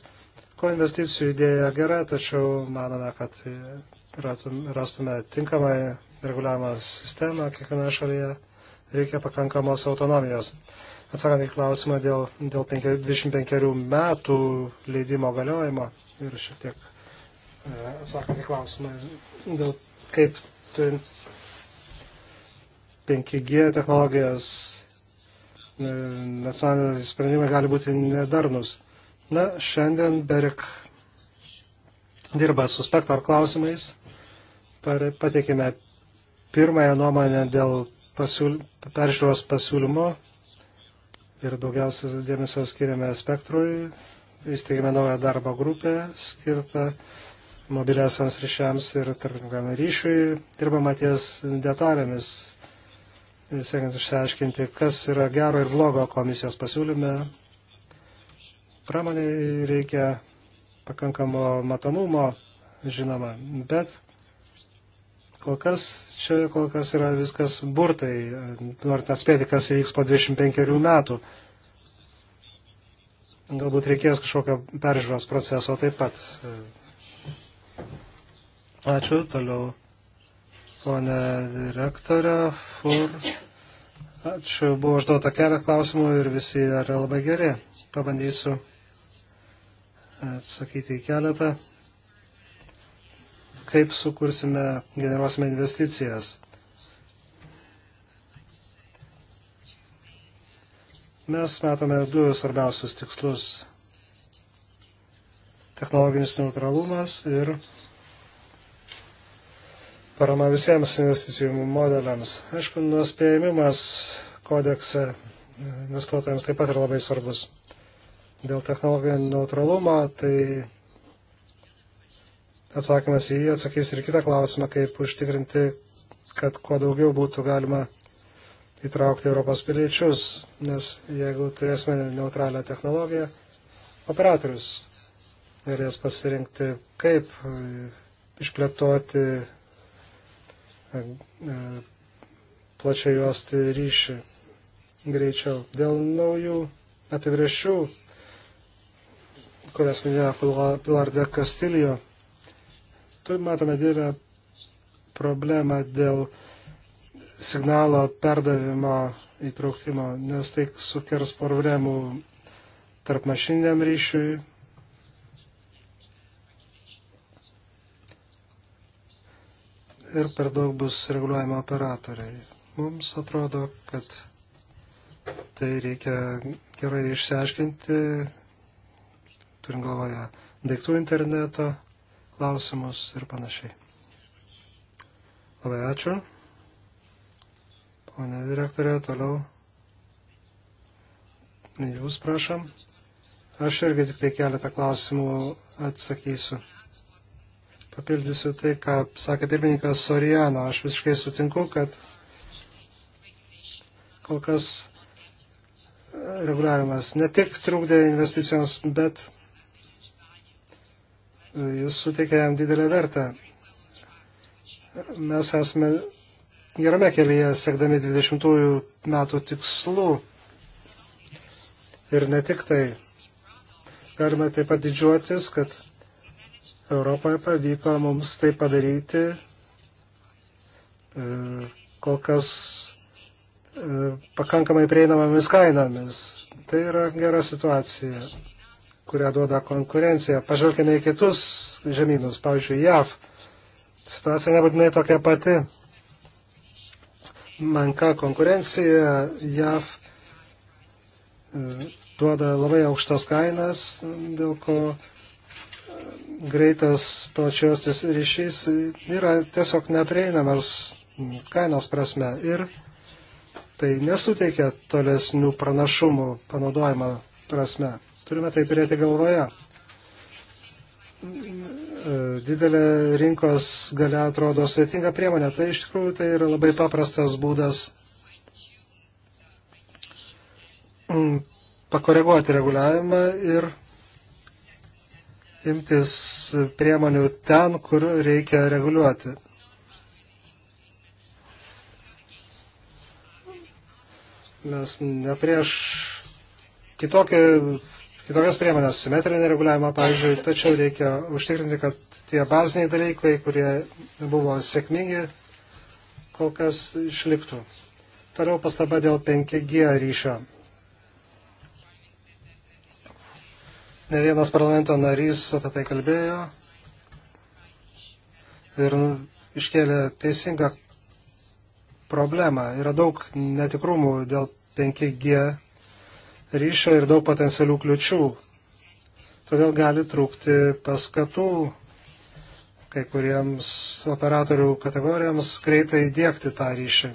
Ko investicijų idėja gera, tačiau manome, kad rastume tinkamą reguliavimo sistemą kiekvienoje šalyje, reikia pakankamos autonomijos. Atsakant į klausimą dėl, dėl 25 metų leidimo galiojimo ir šiek tiek e, atsakant į klausimą dėl kaip turint 5G technologijas e, nacionaliniai sprendimai gali būti nedarnus. Na, šiandien Berik dirba su spektro klausimais, pateikime pirmąją nuomonę dėl pasiūl... peržiūros pasiūlymo ir daugiausia dėmesio skiriame spektrui. Įsteigėme naują darbo grupę skirtą mobiliasiams ryšiams ir tarpininkam ryšiui. Dirbama ties detalėmis, siekiant išsiaiškinti, kas yra gero ir blogo komisijos pasiūlyme. Pramoniai reikia pakankamo matomumo, žinoma, bet Kol kas, čia kol kas yra viskas burtai, norint atspėti, kas įvyks po 25 metų. Galbūt reikės kažkokio peržiūros proceso taip pat. Ačiū, toliau. Pone direktorė, fur. Ačiū, buvo užduota keletą klausimų ir visi yra labai geri. Pabandysiu atsakyti į keletą kaip sukursime, generuosime investicijas. Mes matome du svarbiausius tikslus - technologinis neutralumas ir parama visiems investicijų modeliams. Aišku, nuspėjimas kodekse investuotojams taip pat yra labai svarbus. Dėl technologinio neutralumo, tai Atsakymas į jį atsakys ir kitą klausimą, kaip užtikrinti, kad kuo daugiau būtų galima įtraukti Europos piliečius, nes jeigu turėsime neutralią technologiją, operatorius galės pasirinkti, kaip e, išplėtoti e, e, plačiai juosti ryšį greičiau. Dėl naujų apibrėžčių, kurias minėjo Pilar de Castillo, Tu matome didelę problemą dėl signalo perdavimo įtrauktimo, nes tai sukers problemų tarp mašiniam ryšiui. Ir per daug bus reguliuojama operatoriai. Mums atrodo, kad tai reikia gerai išsiaiškinti, turim galvoje daiktų interneto klausimus ir panašiai. Labai ačiū. Pone direktorė, toliau. Jūs prašom. Aš irgi tik tai keletą klausimų atsakysiu. Papildysiu tai, ką sakė pirmininkas Soriano. Aš visiškai sutinku, kad kol kas reguliavimas ne tik trukdė investicijoms, bet jis suteikia jam didelę vertę. Mes esame gerame kelyje, siekdami 20-ųjų metų tikslų. Ir ne tik tai. Galime taip pat didžiuotis, kad Europoje pavyko mums tai padaryti. E, kol kas e, pakankamai prieinamomis kainomis. Tai yra gera situacija kurią duoda konkurencija. Pažvelkime į kitus žemynus, pavyzdžiui, JAV. Situacija nebūtinai tokia pati. Manka konkurencija JAV e, duoda labai aukštas kainas, dėl ko e, greitas plačios ryšys yra tiesiog neprieinamas kainos prasme ir tai nesuteikia tolesnių pranašumų panaudojimo prasme. Turime tai turėti galvoje. E, didelė rinkos galia atrodo sveitinga priemonė. Tai iš tikrųjų tai yra labai paprastas būdas mm, pakoreguoti reguliavimą ir imtis priemonių ten, kur reikia reguliuoti. Mes ne prieš kitokį kitokias priemonės, simetrinį reguliavimą, pavyzdžiui, tačiau reikia užtikrinti, kad tie baziniai dalykai, kurie buvo sėkmingi, kol kas išliktų. Toliau pastaba dėl 5G ryšio. Ne vienas parlamento narys apie tai kalbėjo ir iškėlė teisingą problemą. Yra daug netikrumų dėl 5G ryšio ir daug potencialių kliučių. Todėl gali trūkti paskatų kai kuriems operatorių kategorijams greitai dėkti tą ryšį.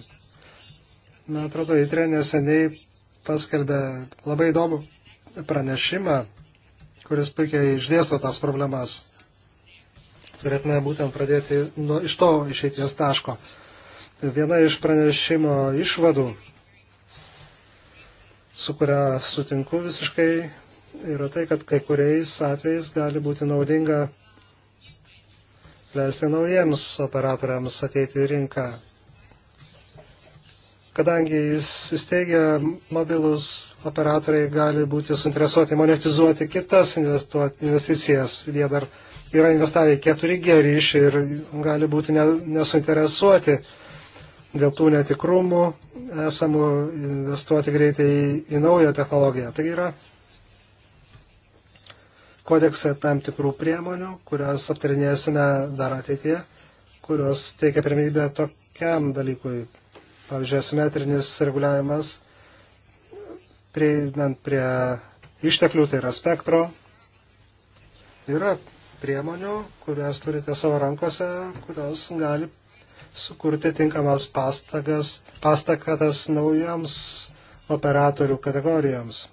Man atrodo, įtrė neseniai paskelbė labai įdomų pranešimą, kuris puikiai išdėsto tas problemas. Turėtume būtent pradėti nuo, iš to išeities taško. Viena iš pranešimo išvadų su kuria sutinku visiškai, yra tai, kad kai kuriais atvejais gali būti naudinga leisti naujiems operatoriams ateiti į rinką. Kadangi jis įsteigia mobilus operatoriai, gali būti suinteresuoti monetizuoti kitas investicijas. Jie dar yra investavę 4G ryšį ir gali būti nesuinteresuoti dėl tų netikrumų esamų investuoti greitai į, į naują technologiją. Tai yra kodekse tam tikrų priemonių, kurias aptarinėsime dar ateityje, kurios teikia pirmybę tokiam dalykui. Pavyzdžiui, asimetrinis reguliavimas, prieinant prie išteklių, tai yra spektro. Yra priemonių, kurias turite savo rankose, kurios gali sukurti tinkamas pastagas, pastakatas naujams operatorių kategorijoms.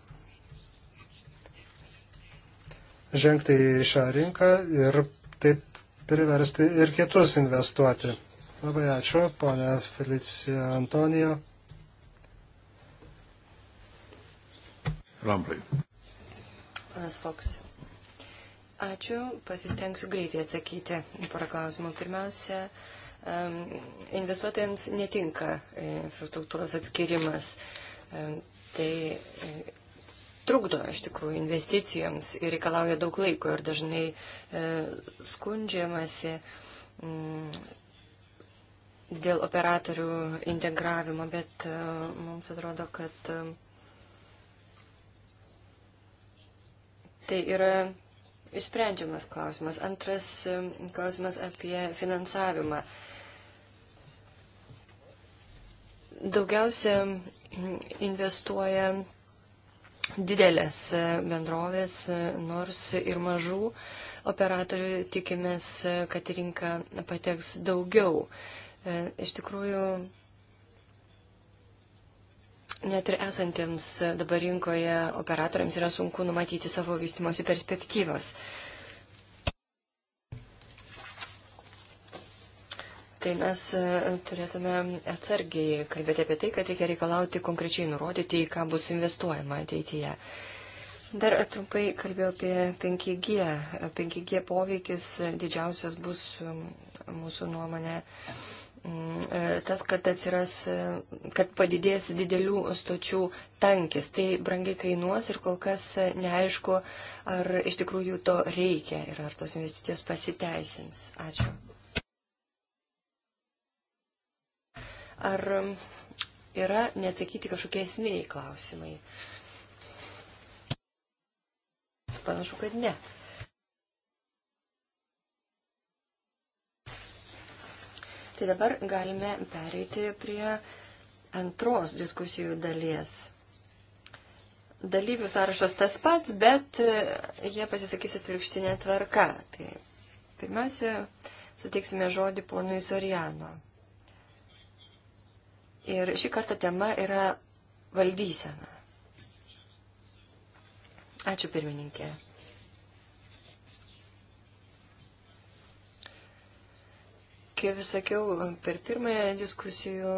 Žengti į šią rinką ir taip priversti ir kitus investuoti. Labai ačiū, ponė Felicija Antonijo. Ramblai. Panas Foks. Ačiū, pasistengsiu greitai atsakyti į porą klausimų. Pirmiausia, uh, investuotojams netinka infrastruktūros atskirimas. Tai e, trukdo iš tikrųjų investicijoms ir reikalauja daug laiko ir dažnai e, skundžiamasi mm, dėl operatorių integravimo, bet e, mums atrodo, kad tai yra išsprendžiamas klausimas. Antras klausimas apie finansavimą. Daugiausia investuoja didelės bendrovės, nors ir mažų operatorių tikimės, kad rinka pateks daugiau. E, iš tikrųjų, net ir esantiems dabar rinkoje operatoriams yra sunku numatyti savo vystimosi perspektyvas. Tai mes e, turėtume atsargiai kalbėti apie tai, kad reikia reikalauti konkrečiai nurodyti, į ką bus investuojama ateityje. Dar trumpai kalbėjau apie 5G. 5G poveikis didžiausias bus mūsų nuomonė e, tas, kad atsiras, e, kad padidės didelių stočių tankis. Tai brangiai kainuos ir kol kas neaišku, ar iš tikrųjų to reikia ir ar tos investicijos pasiteisins. Ačiū. Ar um, yra neatsakyti kažkokie esminiai klausimai? Panašu, kad ne. Tai dabar galime pereiti prie antros diskusijų dalies. Dalyvių sąrašas tas pats, bet e, jie pasisakys atvirkštinė tvarka. Tai pirmiausia, suteiksime žodį ponui Soriano. Ir šį kartą tema yra valdysena. Ačiū pirmininkė. Kaip sakiau, per pirmąją diskusijų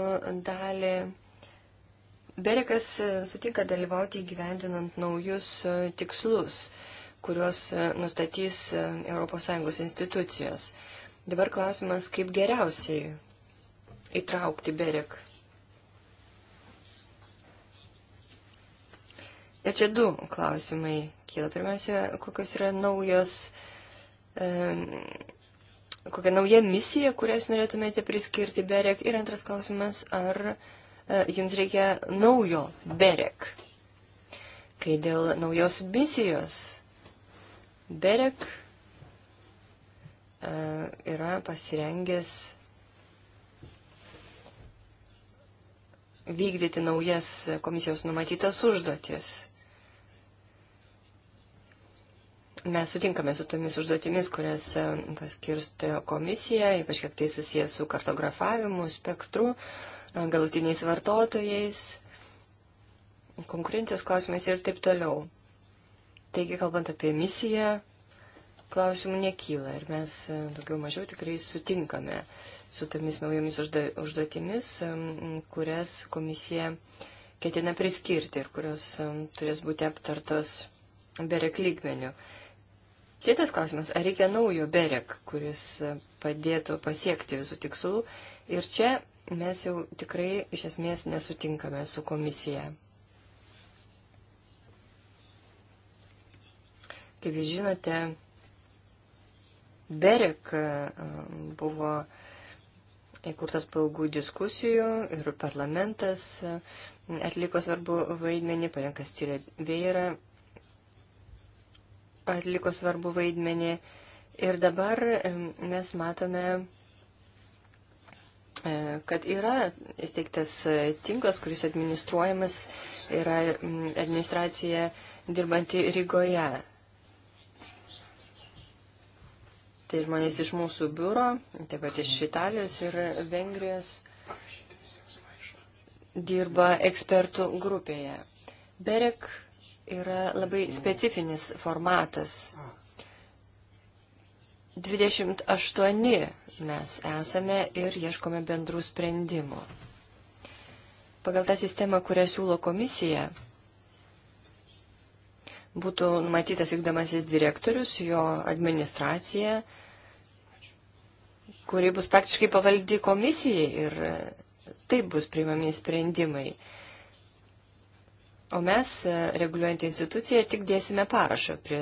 dalį Berikas sutinka dalyvauti įgyvendinant naujus tikslus, kuriuos nustatys ES institucijos. Dabar klausimas, kaip geriausiai įtraukti Berik Ir čia du klausimai kyla. Pirmiausia, kokios yra naujos, e, kokia nauja misija, kurią jūs norėtumėte priskirti Berek. Ir antras klausimas, ar e, jums reikia naujo Berek. Kai dėl naujos misijos Berek e, yra pasirengęs vykdyti naujas komisijos numatytas užduotis. Mes sutinkame su tomis užduotimis, kurias e, paskirsti komisija, ypač kiek tai susijęs su kartografavimu, spektru, e, galutiniais vartotojais, konkurencijos klausimais ir taip toliau. Taigi, kalbant apie misiją, klausimų nekyla ir mes e, daugiau mažiau tikrai sutinkame su tomis naujomis užduotimis, kurias komisija ketina priskirti ir kurios turės būti aptartos berek lygmenių. Kitas klausimas, ar reikia naujo berek, kuris padėtų pasiekti visų tikslų? Ir čia mes jau tikrai iš esmės nesutinkame su komisija. Kaip jūs žinote, berek um, buvo įkurtas palgų diskusijų ir parlamentas um, atliko svarbu vaidmenį, palenkas Tilė Veira atliko svarbu vaidmenį. Ir dabar mes matome, e, kad yra įsteigtas e, tinklas, kuris administruojamas, yra administracija dirbanti Rygoje. Tai žmonės iš mūsų biuro, taip pat iš Italijos ir Vengrijos dirba ekspertų grupėje. Berek yra labai specifinis formatas. 28 mes esame ir ieškome bendrų sprendimų. Pagal tą sistemą, kurią siūlo komisija, būtų numatytas vykdomasis direktorius, jo administracija, kuri bus praktiškai pavaldi komisijai ir taip bus priimami sprendimai. O mes, e, reguliuojant instituciją, tik dėsime parašą prie,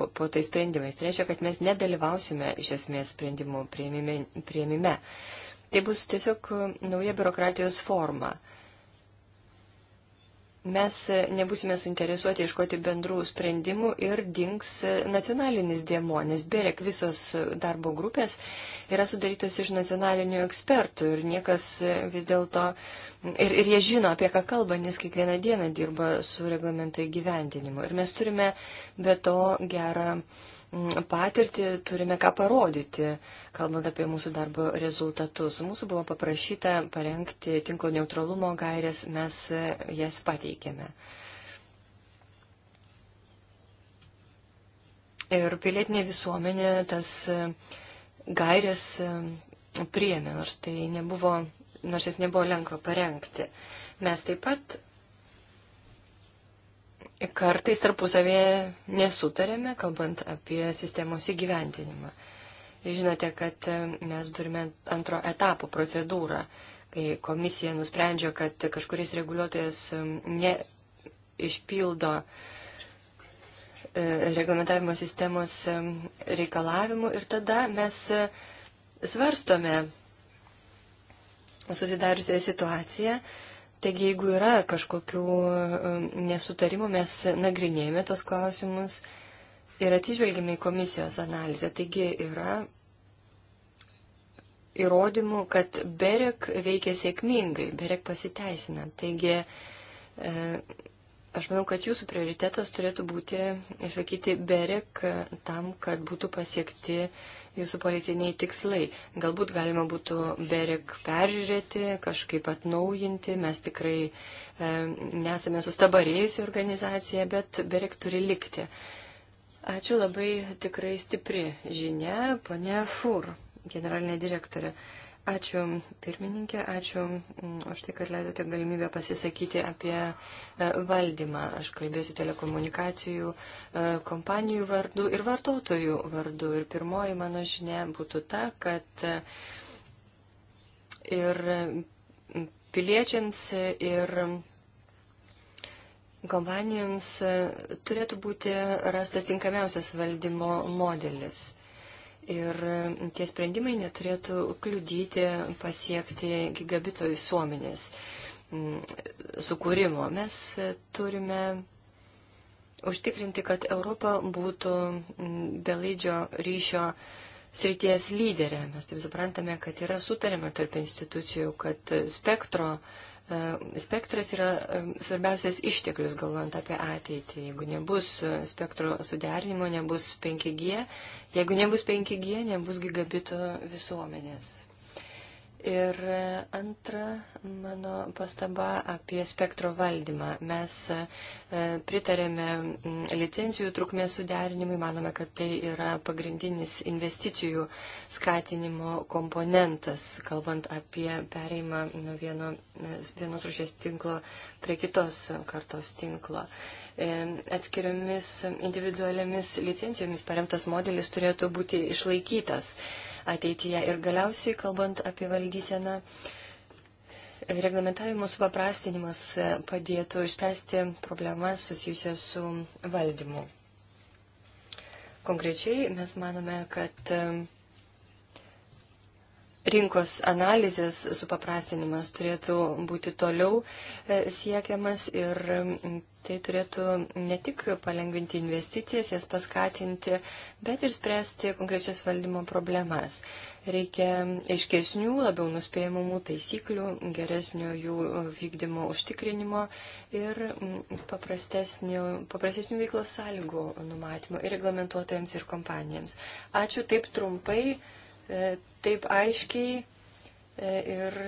po, po tai sprendimais. Tai reiškia, kad mes nedalyvausime iš esmės sprendimų prieimime. prieimime. Tai bus tiesiog e, nauja biurokratijos forma. Uh, mes e, nebusime suinteresuoti iškoti bendrų sprendimų ir dinks e, nacionalinis dėmo, nes berek visos e, darbo grupės yra sudarytos iš nacionalinių ekspertų ir niekas vis dėlto, ir, ir jie žino, apie ką kalba, nes kiekvieną dieną dirba su reglamento įgyvendinimu. Ir mes turime be to gerą patirtį turime ką parodyti, kalbant apie mūsų darbo rezultatus. Mūsų buvo paprašyta parengti tinklo neutralumo gairės, mes jas pateikėme. Ir pilietinė visuomenė tas gairės priėmė, nors tai nebuvo, nors jis nebuvo lengva parengti. Mes taip pat kartais tarpusavėje nesutarėme, kalbant apie sistemos įgyvendinimą. Žinote, kad e, mes turime antro etapo procedūrą, kai komisija nusprendžia, kad kažkuris reguliuotojas e, neišpildo e, reglamentavimo sistemos reikalavimų ir tada mes svarstome susidariusią situaciją Taigi, jeigu yra kažkokių um, nesutarimų, mes nagrinėjame tos klausimus ir atsižvelgime į komisijos analizę. Taigi, yra įrodymų, kad Berek veikia sėkmingai, Berek pasiteisina. Taigi, e, Aš manau, kad jūsų prioritetas turėtų būti išlaikyti berek tam, kad būtų pasiekti jūsų politiniai tikslai. Galbūt galima būtų berek peržiūrėti, kažkaip atnaujinti. Mes tikrai e, nesame sustabarėjusi organizacija, bet berek turi likti. Ačiū labai tikrai stipri žinia, ponia Fur, generalinė direktorė. E, Ačiū pirmininkė, ačiū mm, už tai, kad leidote galimybę pasisakyti apie e, valdymą. Aš kalbėsiu telekomunikacijų e, kompanijų vardu ir vartotojų vardu. Ir pirmoji mano žinia būtų ta, kad e, ir piliečiams, ir kompanijoms turėtų būti rastas tinkamiausias valdymo modelis. Ir tie sprendimai neturėtų kliudyti pasiekti gigabito visuomenės mm, sukūrimo. Mes turime užtikrinti, kad Europa būtų mm, belaidžio ryšio srities lyderė. Mes taip suprantame, kad yra sutarima tarp institucijų, kad spektro E, spektras yra e, svarbiausias išteklius, galvojant apie ateitį. Jeigu nebus e, spektro suderinimo, nebus 5G, jeigu nebus 5G, nebus gigabito visuomenės. Ir antra mano pastaba apie spektro valdymą. Mes e, pritarėme licencijų trukmės suderinimui, manome, kad tai yra pagrindinis investicijų skatinimo komponentas, kalbant apie pereimą nuo vieno, e, vienos rušės tinklo prie kitos kartos tinklo. E, atskiriomis individualiamis licencijomis paremtas modelis turėtų būti išlaikytas ateityje. Ir galiausiai, kalbant apie valdyseną, reglamentavimo supaprastinimas padėtų išspręsti problemas susijusias su valdymu. Konkrečiai mes manome, kad e, rinkos analizės supaprastinimas turėtų būti toliau e, siekiamas ir Tai turėtų ne tik palengvinti investicijas, jas paskatinti, bet ir spręsti konkrečias valdymo problemas. Reikia aiškesnių, labiau nuspėjimų taisyklių, geresnio jų vykdymo užtikrinimo ir mm, paprastesnių veiklos sąlygų numatymo ir reglamentuotojams ir kompanijams. Ačiū taip trumpai, e, taip aiškiai e, ir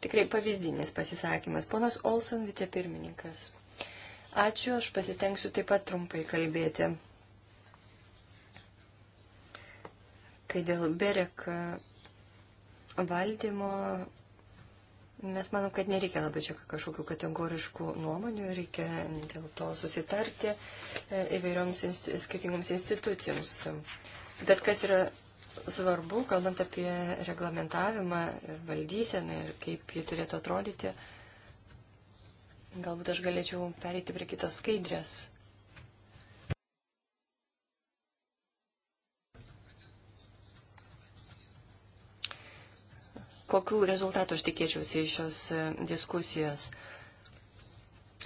Tikrai pavyzdinis pasisakymas. Ponas Olson, vicepirmininkas. Ačiū, aš pasistengsiu taip pat trumpai kalbėti. Kai dėl Berek valdymo Mes manom, kad nereikia labai čia kažkokių kategoriškų nuomonių, reikia dėl to susitarti e, įvairioms insti skirtingoms institucijoms. Bet kas yra svarbu, kalbant apie reglamentavimą ir valdyseną ir kaip ji turėtų atrodyti, Galbūt aš galėčiau pereiti prie kitos skaidrės. Kokių rezultatų aš tikėčiausi iš šios e, diskusijos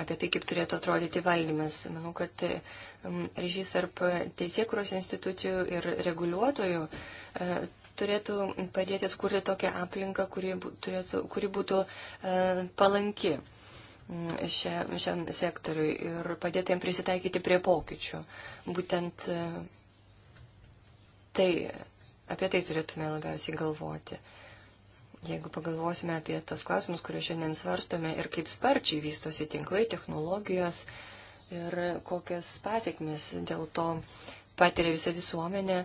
apie tai, kaip turėtų atrodyti valdymas? Manau, kad e, ryšys tarp teisėkuros institucijų ir reguliuotojų e, turėtų padėti skurti tokią aplinką, kuri, turėtų, kuri būtų palanki Mm, šia, šiam sektoriui ir padėti jam prisitaikyti prie pokyčių. Būtent e, tai, apie tai turėtume labiausiai galvoti. Jeigu pagalvosime apie tos klausimus, kuriuos šiandien svarstome ir kaip sparčiai vystosi tinklai, technologijos ir kokias pasiekmes dėl to patiria visa visuomenė,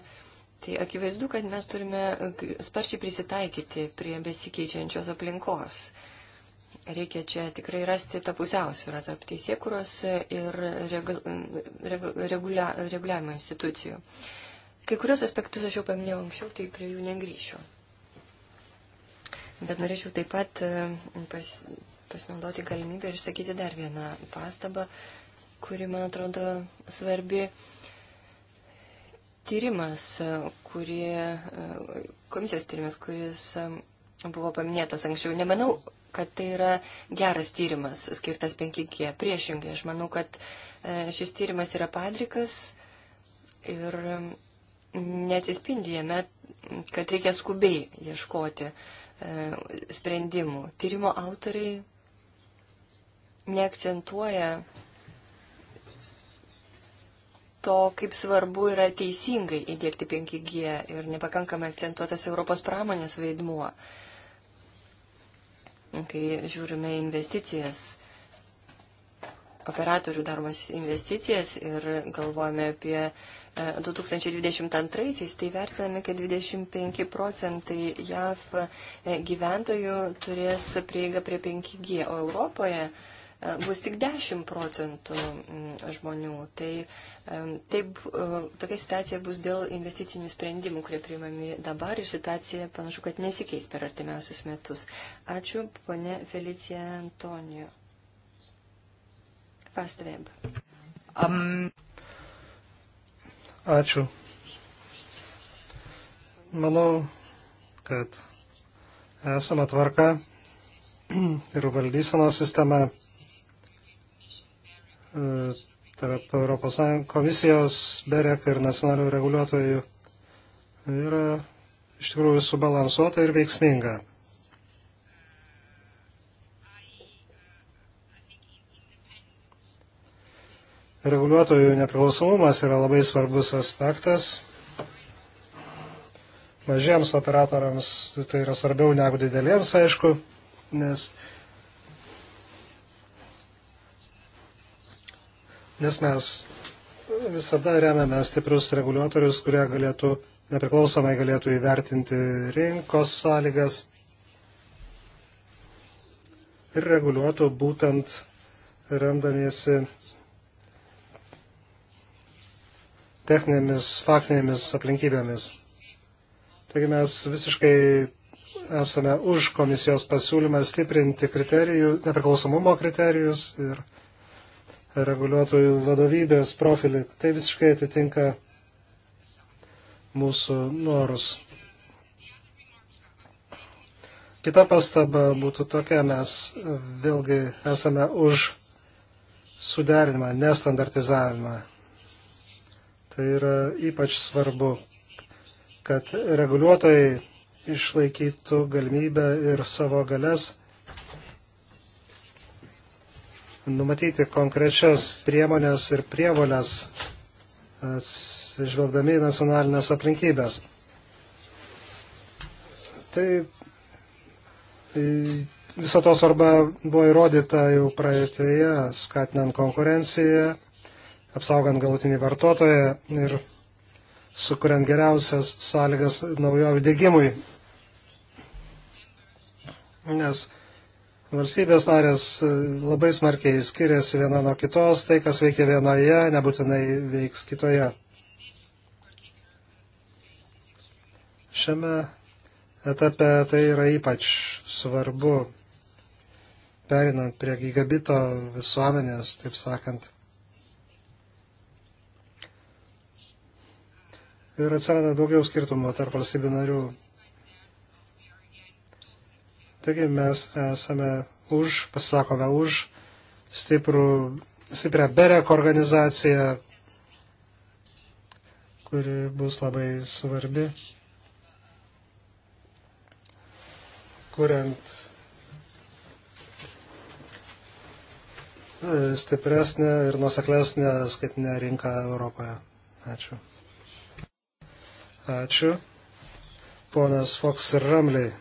tai akivaizdu, kad mes turime sparčiai prisitaikyti prie besikeičiančios aplinkos. Uh, Reikia čia tikrai rasti tą pusiausvyrą tarp teisėkuros ir regul, regul, regulia, reguliavimo institucijų. Kai kurios aspektus aš jau paminėjau anksčiau, tai prie jų negryšiu. Bet norėčiau taip pat e, pas, pasinaudoti galimybę ir sakyti dar vieną pastabą, kuri, man atrodo, svarbi tyrimas, e, kurie, e, komisijos tyrimas, kuris buvo paminėtas anksčiau. Nemanau, kad tai yra geras tyrimas skirtas 5G. Priešingai, aš manau, kad e, šis tyrimas yra padrikas ir neatsispindi jame, kad reikia skubiai ieškoti e, sprendimų. Tyrimo autoriai neakcentuoja to, kaip svarbu yra teisingai įdėkti 5G ir nepakankamai akcentuotas Europos pramonės vaidmuo. Uh, kai žiūrime investicijas, operatorių daromas investicijas ir galvojame apie 2022-aisiais, e, tai vertiname, kad 25 procentai JAV e, gyventojų turės prieigą prie 5G, o Europoje E, bus tik 10 procentų mm, žmonių. Tai e, taip, e, tokia situacija bus dėl investicinių sprendimų, kurie priimami dabar ir situacija panašu, kad nesikeis per artimiausius metus. Ačiū, ponė Felicija Antonijo. Fastveb. Um. Ačiū. Manau, kad esama tvarka ir valdysenos sistema E, tarp Europos komisijos, BEREK ir nacionalių reguliuotojų yra iš tikrųjų subalansuota ir veiksminga. Reguliuotojų nepriklausomumas yra labai svarbus aspektas. Mažiems operatoriams tai yra svarbiau negu dideliems, aišku, nes uh, nes mes visada remiame stiprius reguliuotorius, kurie galėtų nepriklausomai galėtų įvertinti rinkos sąlygas ir reguliuotų būtent remdamiesi techninėmis, faktinėmis aplinkybėmis. Taigi mes visiškai esame už komisijos pasiūlymą stiprinti kriterijų, nepriklausomumo kriterijus ir kriterijus reguliuotojų vadovybės profilį. Tai visiškai atitinka mūsų norus. Kita pastaba būtų tokia, mes vėlgi esame už suderinimą, nestandartizavimą. Tai yra ypač svarbu, kad reguliuotojai išlaikytų galimybę ir savo galės numatyti konkrečias priemonės ir prievolės, žvelgdami į nacionalinės aplinkybės. Tai e, viso to svarba buvo įrodyta jau praeitėje, skatinant konkurenciją, apsaugant galutinį vartotoją ir sukuriant geriausias sąlygas naujovių dėgymui. Nes Valstybės narės e, labai smarkiai skiriasi viena nuo kitos, tai kas veikia vienoje, nebūtinai veiks kitoje. Šiame etape tai yra ypač svarbu, perinant prie gigabito visuomenės, taip sakant. Ir atsiranda daugiau skirtumų tarp valstybių narių. Taigi mes esame už, pasakome už stiprų, stiprią BEREK organizaciją, kuri bus labai svarbi, kuriant e, stipresnę ir nuseklesnę skaitinę rinką Europoje. Ačiū. Ačiū. Ponas Fox Ramley.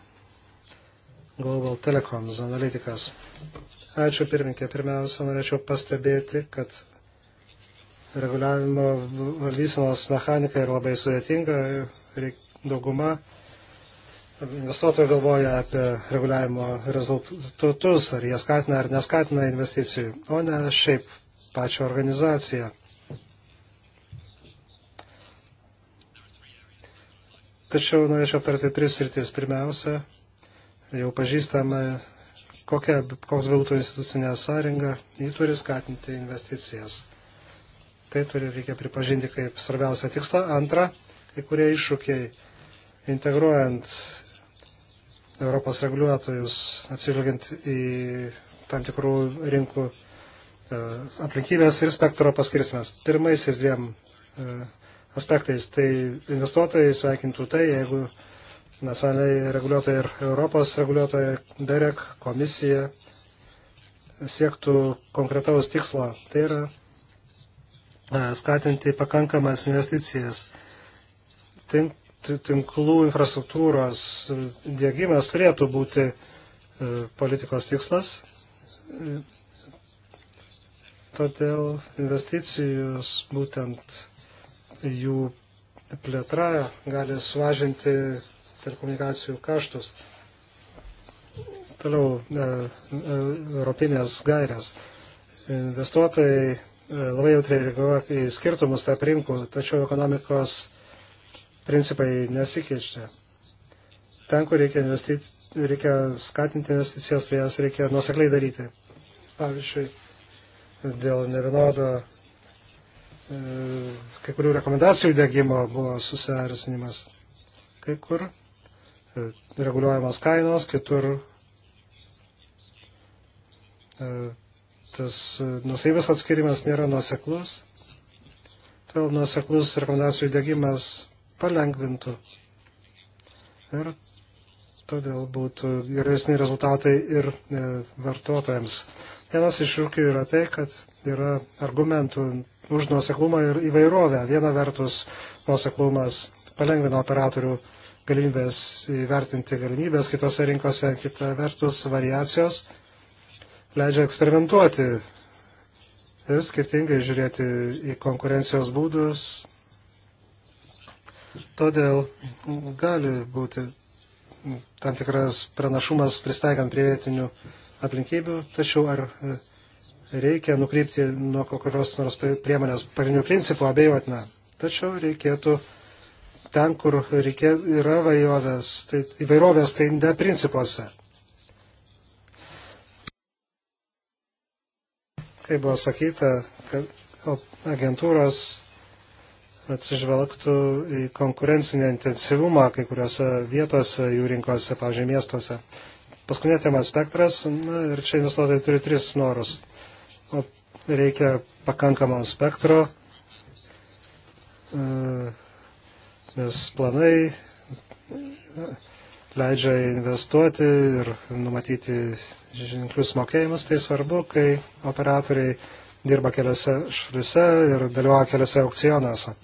Global Telecoms analitikas. Ačiū pirmininkė. Pirmiausia, norėčiau pastebėti, kad reguliavimo valdysenos mechanika yra labai sudėtinga. Dauguma investuotojų galvoja apie reguliavimo rezultatus, ar jie skatina ar neskatina investicijų, o ne šiaip pačią organizaciją. Tačiau norėčiau aptarti tris rytis. Pirmiausia, jau pažįstama, kokia, koks būtų institucinė sąringa, ji turi skatinti investicijas. Tai turi reikia pripažinti kaip svarbiausią tikslą. Antra, kai kurie iššūkiai integruojant Europos reguliuotojus, atsižvelgiant į tam tikrų rinkų e, aplinkybės ir spektro paskirstimas. Pirmaisiais dviem e, aspektais, tai investuotojai sveikintų tai, jeigu nacionaliai reguliuotojai ir Europos reguliuotojai, BEREK, komisija siektų konkretaus tikslo. Tai yra e, skatinti pakankamas investicijas. Tinklų infrastruktūros dėgymas turėtų būti e, politikos tikslas. Todėl investicijos būtent jų plėtra gali suvažinti telekomunikacijų kaštus. Toliau e, e, europinės gairės. Investuotojai e, labai jautriai reaguoja į skirtumus tarp rinkų, tačiau ekonomikos principai nesikeičia. Ten, kur reikia, investic... reikia skatinti investicijas, tai jas reikia nusekliai daryti. Pavyzdžiui, dėl nevienodo e, kai kurių rekomendacijų dėgymo buvo susierzinimas. Kai kur E, reguliuojamas kainos, kitur e, tas nusaivės atskirimas nėra nuoseklus. Todėl nuoseklus rekomendacijų dėgymas palengvintų. Ir todėl būtų geresni rezultatai ir e, vartotojams. Vienas iš iššūkių yra tai, kad yra argumentų už nuoseklumą ir įvairovę. Viena vertus nuoseklumas palengvina operatorių galimybės įvertinti galimybės kitose rinkose, kita vertus variacijos leidžia eksperimentuoti ir skirtingai žiūrėti į konkurencijos būdus. Todėl gali būti tam tikras pranašumas pristaikant prie vietinių aplinkybių, tačiau ar e, reikia nukrypti nuo kokios nors priemonės pagrindinių principų abejotina. Tačiau reikėtų ten, kur reikia, yra vajovės, tai, įvairovės, tai ne principuose. Kaip buvo sakyta, kad agentūros atsižvelgtų į konkurencinę intensyvumą kai kuriuose vietose, jų rinkose, pavyzdžiui, miestuose. Paskutinė tema spektras na, ir čia investuotojai turi tris norus. O reikia pakankamo spektro. E, nes planai leidžia investuoti ir numatyti ženklius mokėjimus, tai svarbu, kai operatoriai dirba keliose šalise ir dalyvauja keliose aukcionuose.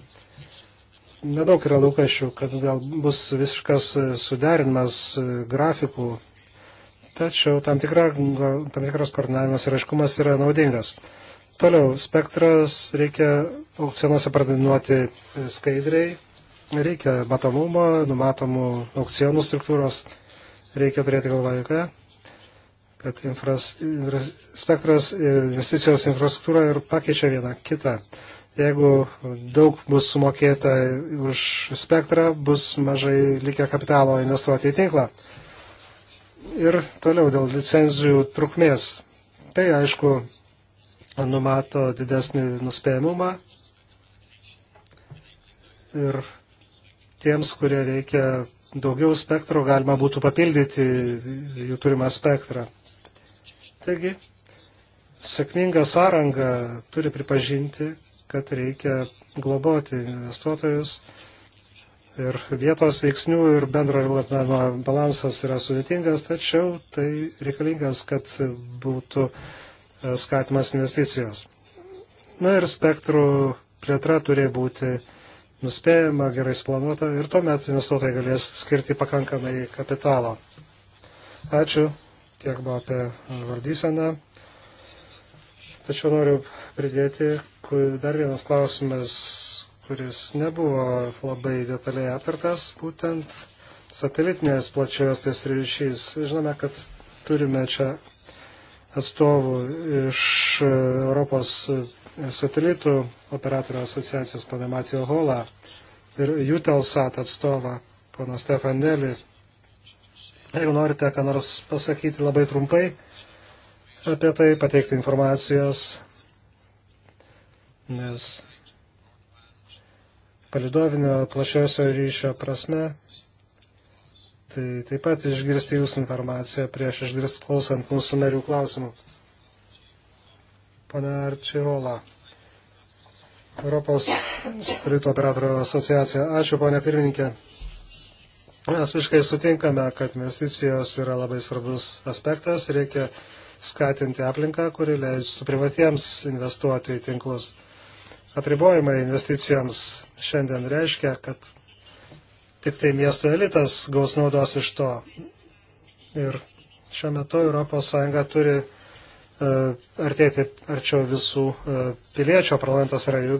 Nedaug yra lūkesčių, kad gal bus visiškas suderinimas grafikų, tačiau tam, tikra, tam tikras koordinavimas ir aiškumas yra naudingas. Toliau, spektras reikia aukcionuose pradainuoti skaidriai, Reikia matomumo, numatomų aukcionų struktūros, reikia turėti galvoje, kad infras, spektras investicijos infrastruktūra ir pakeičia vieną kitą. Jeigu daug bus sumokėta už spektrą, bus mažai likę kapitalo investuoti į tinklą. Ir toliau dėl licenzijų trukmės. Tai aišku, numato didesnį nuspėjimumą ir tiems, kurie reikia daugiau spektro, galima būtų papildyti jų turimą spektrą. Taigi, sėkminga sąranga turi pripažinti, kad reikia globoti investuotojus ir vietos veiksnių ir bendro reglamentavimo balansas yra sudėtingas, tačiau tai reikalingas, kad būtų e, skatimas investicijos. Na ir spektrų plėtra turi būti nuspėjama, gerai suplanuota ir tuomet investuotojai galės skirti pakankamai kapitalo. Ačiū, tiek buvo apie valdyseną. Tačiau noriu pridėti dar vienas klausimas, kuris nebuvo labai detaliai aptartas, būtent satelitinės plačios ties ryšys. Žinome, kad turime čia atstovų iš Europos satelitų operatorių asociacijos pana Matijo Holą ir Jutelsat atstovą pana Stefanelį. Jeigu norite, ką nors pasakyti labai trumpai apie tai, pateikti informacijos, nes palidovinio plačiosio ryšio prasme, tai taip pat išgirsti jūsų informaciją prieš išgirst klausant mūsų narių klausimų pana Arčiola. Europos spirito operatorių asociacija. Ačiū, ponė pirmininkė. Mes visiškai sutinkame, kad investicijos yra labai svarbus aspektas. Reikia skatinti aplinką, kuri leistų privatiems investuoti į tinklus. Apribojimai investicijoms šiandien reiškia, kad tik tai miesto elitas gaus naudos iš to. Ir šiuo metu ES turi E, artėti arčiau visų e, piliečio, parlamentas yra jų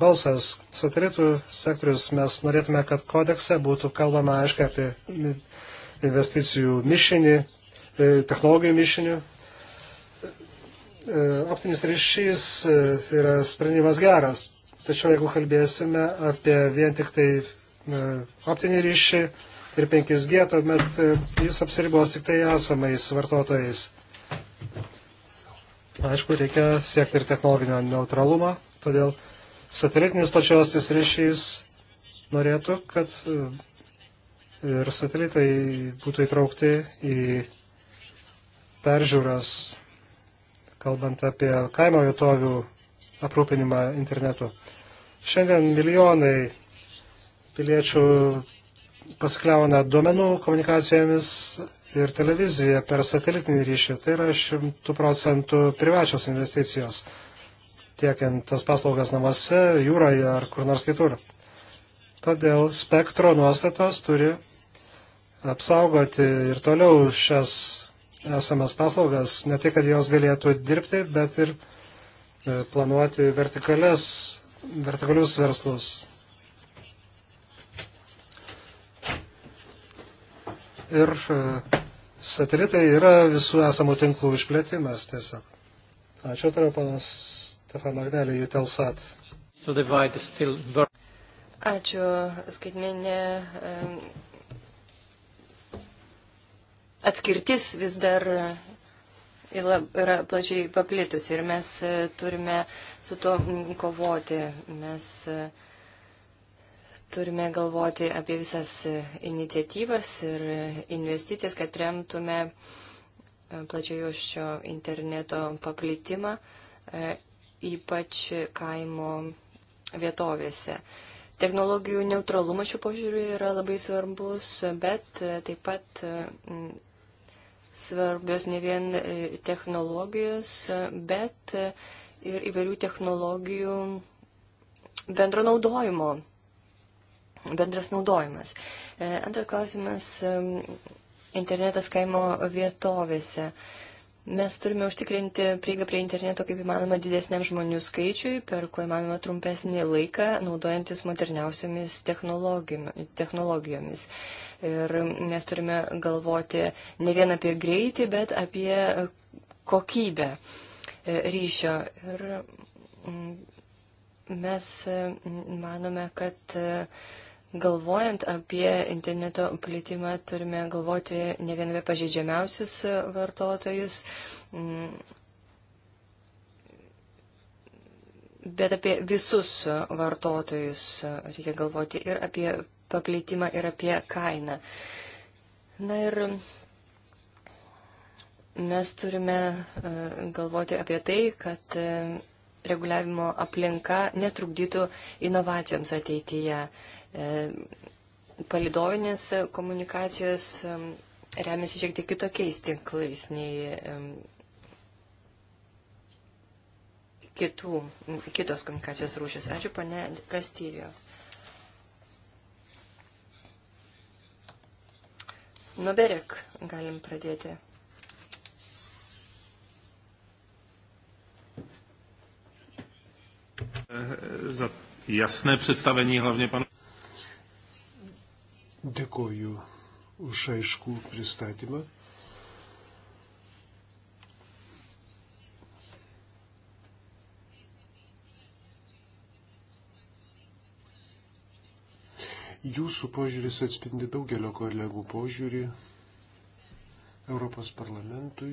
balsas. Satelitų sektorius mes norėtume, kad kodekse būtų kalbama aiškiai apie investicijų mišinį, e, technologijų mišinį. Optinis ryšys yra sprendimas geras, tačiau jeigu kalbėsime apie vien tik tai optinį ryšį ir 5G, tuomet jis apsiribos tik tai esamais vartotojais Aišku, reikia siekti ir technologinio neutralumą, todėl satelitinis plačiostis ryšys norėtų, kad e, ir satelitai būtų įtraukti į peržiūras, kalbant apie kaimo vietovių aprūpinimą internetu. Šiandien milijonai piliečių pasikliauna duomenų komunikacijomis ir televizija per satelitinį ryšį. Tai yra šimtų procentų privačios investicijos, tiekiant tas paslaugas namuose, jūroje ar kur nors kitur. Todėl spektro nuostatos turi apsaugoti ir toliau šias esamas paslaugas, ne tik, kad jos galėtų dirbti, bet ir e, planuoti vertikalius verslus, ir e, Satelitai yra visų esamų tinklų išplėtimas tiesiog. Ačiū toliau, panas Stefano Agnelį, Jutelsat. Ačiū, skaitmenė. Atskirtis vis dar yra plačiai paplitusi ir mes e, turime su tuo kovoti. Mes uh, Turime galvoti apie visas iniciatyvas ir investicijas, kad remtume e, plačiojošio interneto paplitimą, e, ypač kaimo vietovėse. Technologijų neutralumas šių požiūrių yra labai svarbus, bet e, taip pat svarbios ne vien technologijos, bet ir įvairių technologijų bendro naudojimo bendras naudojimas. E, antras klausimas - internetas kaimo vietovėse. Mes turime užtikrinti prieigą prie interneto kaip įmanoma didesniam žmonių skaičiui, per kuo įmanoma trumpesnį laiką, naudojantis moderniausiamis technologijomis. Ir mes turime galvoti ne vien apie greitį, bet apie kokybę e, ryšio. Ir mm, mes e, manome, kad Galvojant apie interneto plitimą, turime galvoti ne vien apie pažeidžiamiausius vartotojus, mm, bet apie visus vartotojus. Reikia galvoti ir apie paplitimą, ir apie kainą. Na ir mes turime e, galvoti apie tai, kad e, reguliavimo aplinka netrukdytų inovacijoms ateityje. E, palidovinės komunikacijos e, remiasi šiek tiek kitokiais tinklais nei e, kitų, kitos komunikacijos rūšis. Ačiū, pane Kastyrijo. Nuo berek galim pradėti. Za jasné představení hlavně panu. Dėkoju už aiškų pristatymą. Jūsų požiūris atspindi daugelio kolegų požiūrį Europos parlamentui.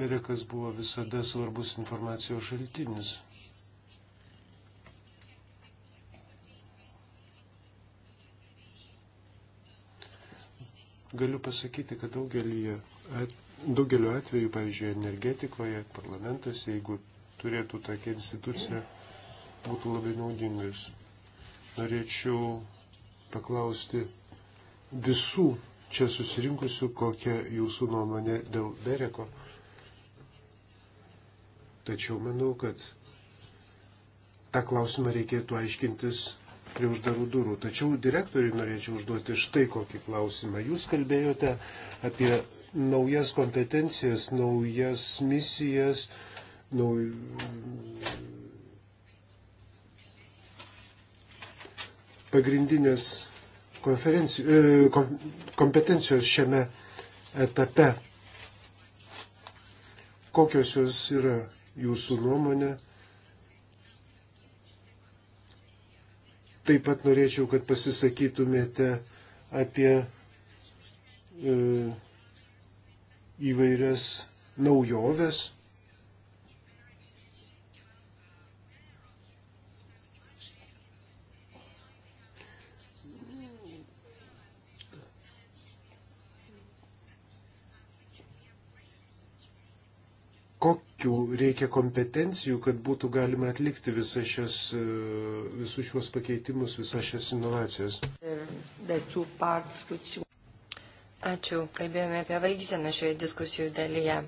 Mirekas buvo visada svarbus informacijos šaltinis. Galiu pasakyti, kad daugelį, at, daugeliu atveju, pavyzdžiui, energetikoje parlamentas, jeigu turėtų tokią instituciją, būtų labai naudingas. Norėčiau paklausti visų čia susirinkusių, kokia jūsų nuomonė dėl Bereko. Tačiau manau, kad tą klausimą reikėtų aiškintis prie uždarų durų. Tačiau direktoriui norėčiau užduoti štai kokį klausimą. Jūs kalbėjote apie naujas kompetencijas, naujas misijas, nau... pagrindinės e, kompetencijos šiame etape. Kokios jos yra jūsų nuomonė? Taip pat norėčiau, kad pasisakytumėte apie e, įvairias naujoves, įrankių, reikia kompetencijų, kad būtų galima atlikti šias, e, visus šiuos pakeitimus, visas šias inovacijas. Ačiū, kalbėjome apie valdyseną šioje diskusijų dalyje.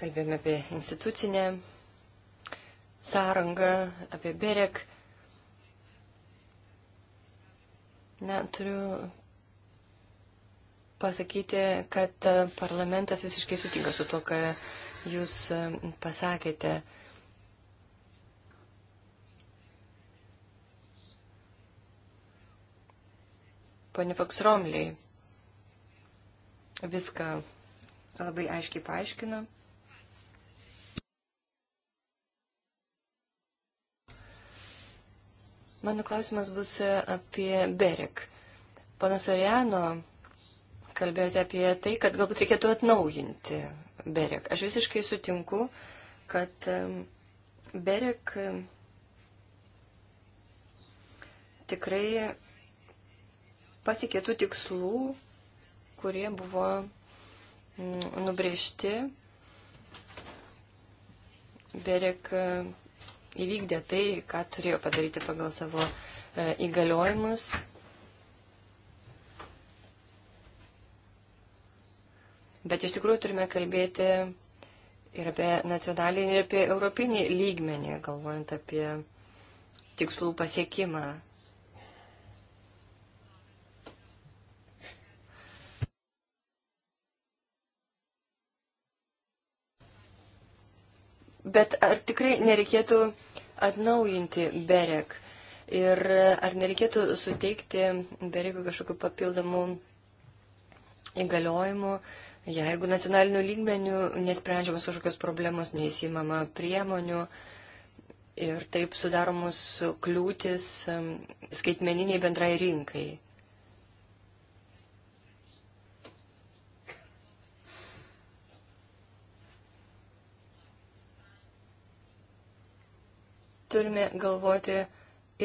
Kalbėjome apie institucinę sąrangą, apie berek. Na, turiu pasakyti, kad e, parlamentas visiškai sutinka su to, ką jūs e, pasakėte. Pane Faksromliai viską labai aiškiai paaiškino. Mano klausimas bus e, apie Berek. Panas Oriano kalbėjote apie tai, kad galbūt reikėtų atnaujinti Berek. Aš visiškai sutinku, kad Berek tikrai pasikėtų tikslų, kurie buvo nubriežti. Berek e, įvykdė tai, ką turėjo padaryti pagal savo e, įgaliojimus Bet iš tikrųjų turime kalbėti ir apie nacionalinį, ir apie europinį lygmenį, galvojant apie tikslų pasiekimą. Bet ar tikrai nereikėtų atnaujinti berek? Ir ar nereikėtų suteikti berikui kažkokiu papildomu įgaliojimu? Uh, Jeigu nacionaliniu lygmeniu nesprendžiamas kažkokios problemos, neįsimama priemonių ir taip sudaromos kliūtis skaitmeniniai bendrai rinkai. turime galvoti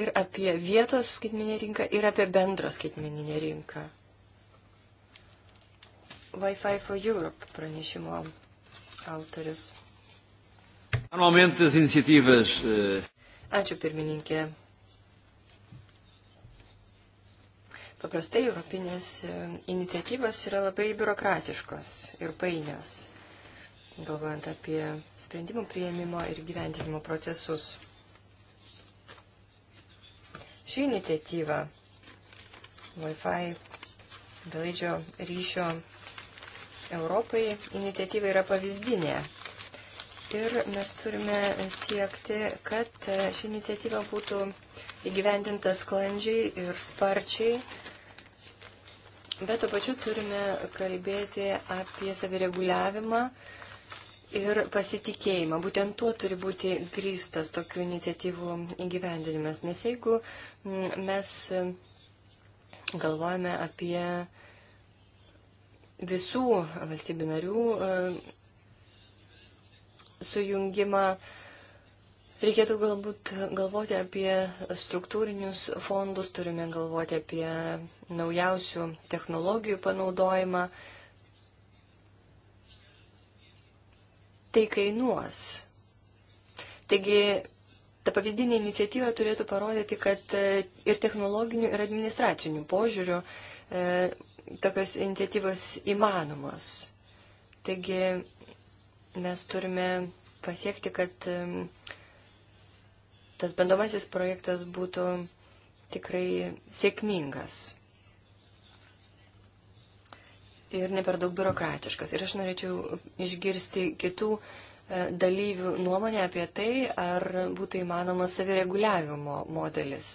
ir apie vietos skaitmeninę rinką, ir apie bendrą skaitmeninę rinką. Wi-Fi for Europe pranešimo autorius. Anuomentas iniciatyvas. Eh, Ačiū pirmininkė. Paprastai europinės eh, iniciatyvos yra labai biurokratiškos ir painios, galvojant apie sprendimų prieimimo ir gyventinimo procesus. Ši iniciatyva Wi-Fi belaidžio ryšio Europai iniciatyva yra pavyzdinė. Ir mes turime siekti, kad ši iniciatyva būtų įgyvendinta sklandžiai ir sparčiai. Bet to pačiu turime kalbėti apie savireguliavimą ir pasitikėjimą. Būtent tuo turi būti grįstas tokių iniciatyvų įgyvendinimas. Nes jeigu mm, mes mm, galvojame apie visų valstybių narių e, sujungimą. Reikėtų galbūt galvoti apie struktūrinius fondus, turime galvoti apie naujausių technologijų panaudojimą. Tai kainuos. Taigi, ta pavyzdinė iniciatyva turėtų parodyti, kad e, ir technologinių, ir administracinių požiūrių e, tokios iniciatyvos įmanomos. Taigi mes turime pasiekti, kad tas bandomasis projektas būtų tikrai sėkmingas ir ne per daug biurokratiškas. Ir aš norėčiau išgirsti kitų e, dalyvių nuomonę apie tai, ar būtų įmanomas savireguliavimo modelis.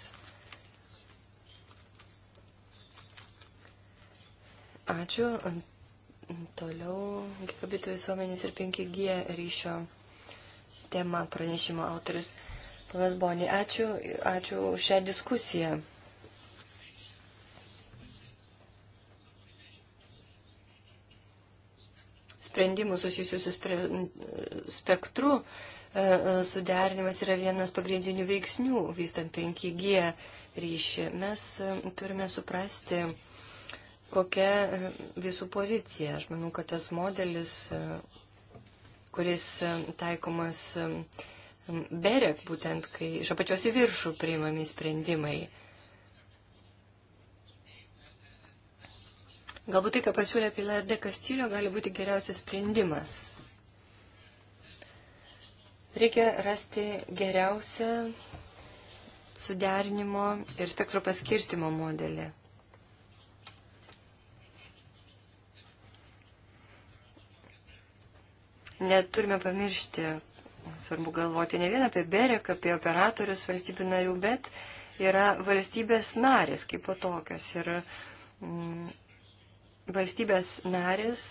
Ačiū. Toliau gigabitų visuomenės ir 5G ryšio tema pranešimo autoris. Panas Boni, ačiū, ačiū už šią diskusiją. Sprendimų susijusių su spektru e, e, suderinimas yra vienas pagrindinių veiksnių vystant 5G ryšį. Mes e, turime suprasti, kokia e, visų pozicija. Aš manau, kad tas modelis, e, kuris e, taikomas berek, būtent kai iš apačios į viršų priimami sprendimai. Galbūt tai, ką pasiūlė Pilar de Castillo, gali būti geriausias sprendimas. Reikia rasti geriausią suderinimo ir spektro paskirstimo modelį. neturime pamiršti, svarbu galvoti ne vien apie BEREK, apie operatorius valstybių narių, bet yra valstybės narės kaip po tokios. Ir mm, valstybės narės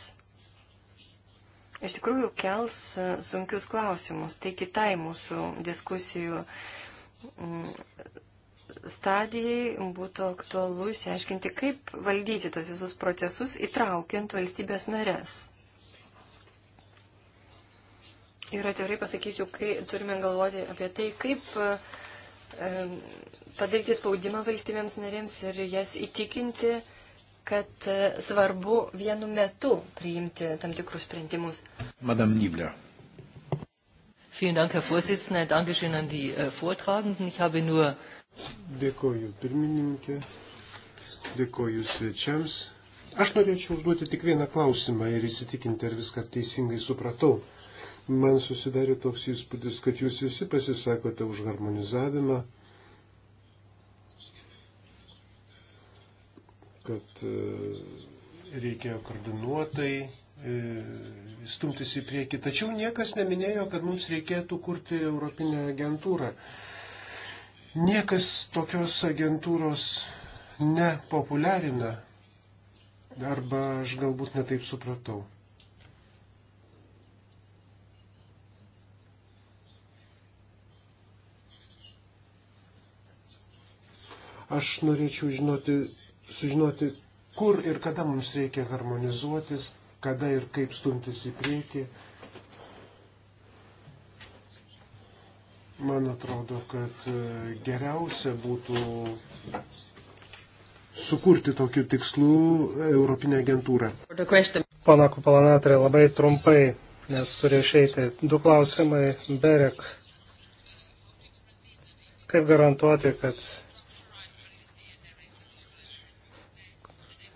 iš tikrųjų kels e, sunkius klausimus. Tai kitai mūsų diskusijų mm, stadijai būtų aktualu išsiaiškinti, kaip valdyti tos visus procesus, įtraukiant valstybės narės. Ir atvirai pasakysiu, kai turime galvoti apie tai, kaip padaryti spaudimą valstybėms narėms ir jas įtikinti, kad e, svarbu vienu metu priimti tam tikrus sprendimus. Madam Nibler. Vielen Dank, Herr Vorsitzender. Dankeschön an die äh, Vortragenden. Ich habe nur. Dėkoju pirmininkė, dėkoju svečiams. Aš norėčiau užduoti tik vieną klausimą ir įsitikinti, ar viską teisingai supratau. Man susidarė toks įspūdis, kad jūs visi pasisakote už harmonizavimą, kad e, reikia koordinuotai e, stumtis į priekį. Tačiau niekas neminėjo, kad mums reikėtų kurti Europinę agentūrą. Niekas tokios agentūros nepopuliarina. Arba aš galbūt netaip supratau. Aš norėčiau žinoti, sužinoti, kur ir kada mums reikia harmonizuotis, kada ir kaip stumtis į priekį. Man atrodo, kad e, geriausia būtų sukurti tokiu tikslu Europinę agentūrą. Pana Kupalanatrė, labai trumpai, nes turi išeiti. Du klausimai, Berek. Kaip garantuoti, kad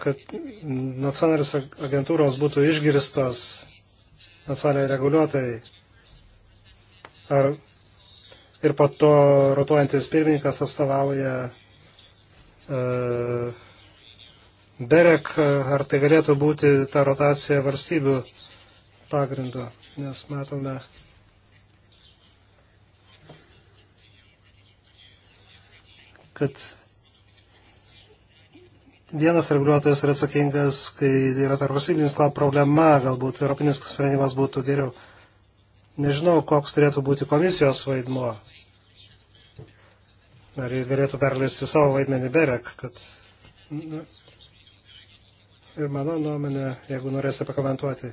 kad nacionalinės agentūros būtų išgirstos nacionaliniai reguliuotojai. Ar ir po to rotuojantis pirmininkas atstovauja uh, e, Berek, ar tai galėtų būti ta rotacija valstybių pagrindu, nes matome. kad vienas reguliuotojas yra atsakingas, kai yra tarpvalstybinis problema, galbūt europinis sprendimas būtų geriau. Nežinau, koks turėtų būti komisijos vaidmuo. Ar jie galėtų perleisti savo vaidmenį berek, kad... Nu, ir mano nuomenė, jeigu norėsite pakomentuoti.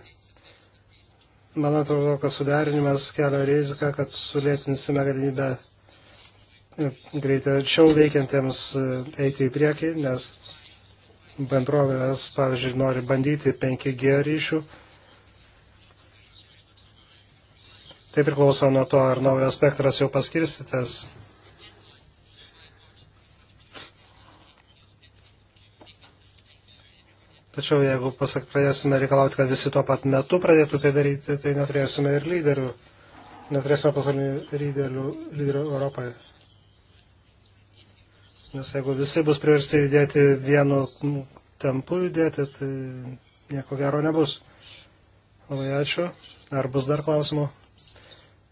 Man atrodo, kad suderinimas kelia riziką, kad sulėtinsime galimybę e, greitai arčiau veikiantiems e, eiti į priekį, nes bendrovės, pavyzdžiui, nori bandyti 5G ryšių. Tai priklauso nuo to, ar naujas spektras jau paskirstytas. Tačiau jeigu pasak, pradėsime reikalauti, kad visi tuo pat metu pradėtų tai daryti, tai neturėsime ir lyderių, neturėsime pasaulinių lyderių, lyderių Europoje. Nes jeigu visi bus priversti judėti vienu tempu judėti, tai nieko gero nebus. Labai ačiū. Ar bus dar klausimų?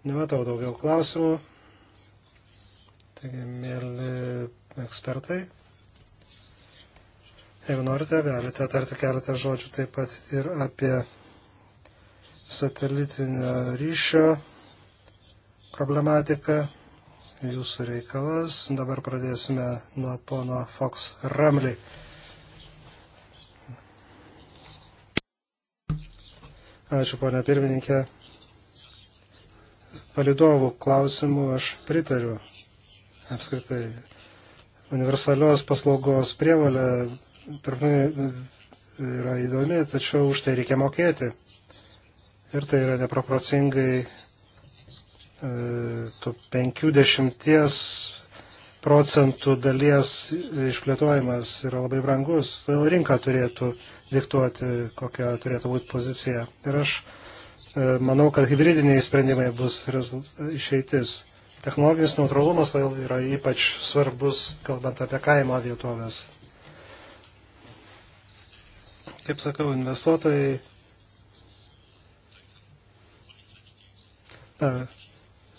Nematau daugiau klausimų. Taigi, mėly ekspertai, jeigu norite, galite tarti keletą žodžių taip pat ir apie satelitinio ryšio problematiką jūsų reikalas. Dabar pradėsime nuo pono Fox Ramley. Ačiū, ponia pirmininkė. Palidovų klausimų aš pritariu apskritai universalios paslaugos prievalė yra įdomi, tačiau už tai reikia mokėti. Ir tai yra neproporcingai 50 e, procentų dalies išplėtojimas yra labai brangus, todėl rinka turėtų diktuoti, kokia turėtų būti pozicija. Ir aš e, manau, kad hybridiniai sprendimai bus išeitis. Technologinis neutralumas yra ypač svarbus, kalbant apie kaimo vietovės. Kaip sakau, investuotojai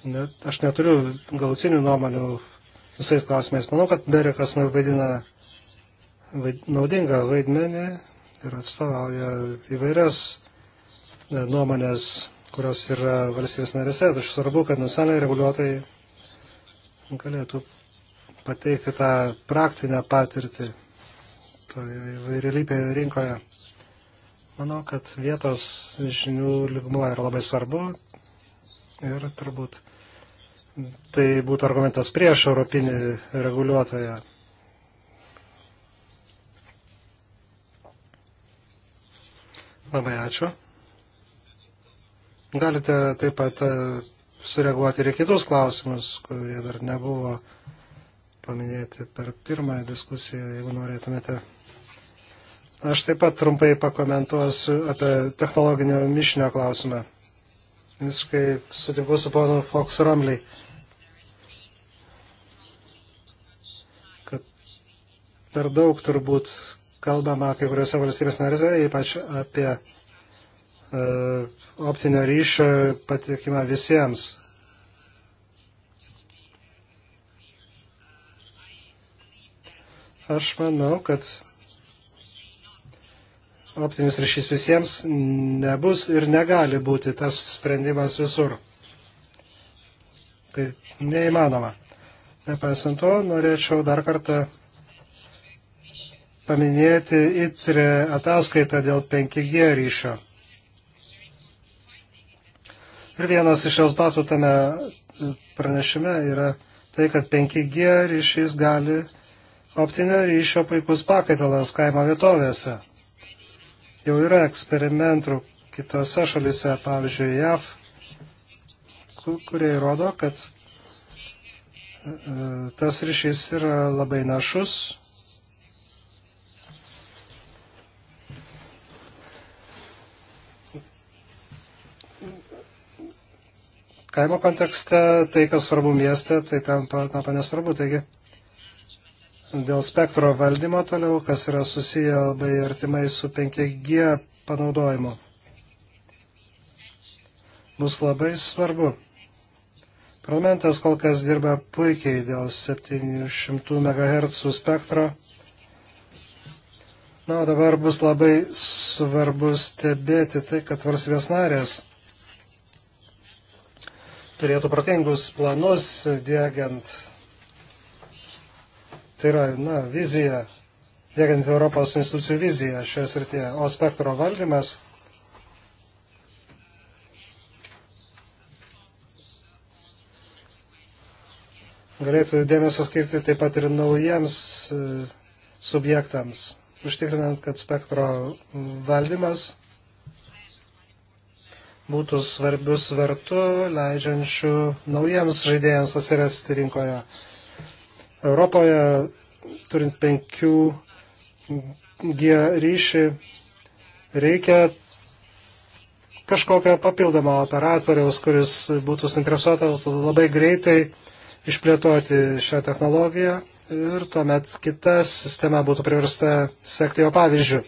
net, aš neturiu galutinių nuomonių visais klausimais. Manau, kad Berekas vaidina vaid, naudingą vaidmenį ir atstovauja įvairias e, nuomonės, kurios yra valstybės narėse. Tačiau svarbu, kad nacionaliniai reguliuotojai galėtų pateikti tą praktinę patirtį toje įvairialypėje rinkoje. Manau, kad vietos žinių lygmuo yra labai svarbu ir turbūt tai būtų argumentas prieš europinį reguliuotoją. Labai ačiū. Galite taip pat e, sureaguoti ir į kitus klausimus, kurie dar nebuvo paminėti per pirmąją diskusiją, jeigu norėtumėte. Aš taip pat trumpai pakomentuosiu apie technologinio mišinio klausimą. Visiškai sutinku su ponu Fox Ramley. per daug turbūt kalbama kai kuriuose valstybės narėse, ypač apie uh, optinio ryšio patikimą visiems. Aš manau, kad optinis ryšys visiems nebus ir negali būti tas sprendimas visur. Tai neįmanoma. Nepaisant to, norėčiau dar kartą paminėti ITRE ataskaitą dėl 5G ryšio. Ir vienas iš rezultatų tame pranešime yra tai, kad 5G ryšys gali optinio ryšio puikus pakaitalas kaimo vietovėse. Jau yra eksperimentų kitose šalise, pavyzdžiui, JAV, kurie įrodo, kad e, tas ryšys yra labai našus kaimo kontekste, tai kas svarbu mieste, tai tampa, tampa nesvarbu. Taigi dėl spektro valdymo toliau, kas yra susiję labai artimai su 5G panaudojimu, bus labai svarbu. Parlamentas kol kas dirba puikiai dėl 700 MHz spektro. Na, o dabar bus labai svarbu stebėti tai, kad varsvės narės turėtų protingus planus dėgiant, tai yra, na, vizija, dėgiant Europos institucijų viziją šioje srityje, o spektro valdymas galėtų dėmesio skirti taip pat ir naujiems e, subjektams, užtikrinant, kad spektro valdymas būtų svarbių svertų, leidžiančių naujiems žaidėjams atsirasti rinkoje. Europoje, turint 5G ryšį, reikia kažkokio papildomo operatoriaus, kuris būtų suinteresuotas labai greitai išplėtoti šią technologiją ir tuomet kita sistema būtų priversta sekti jo pavyzdžių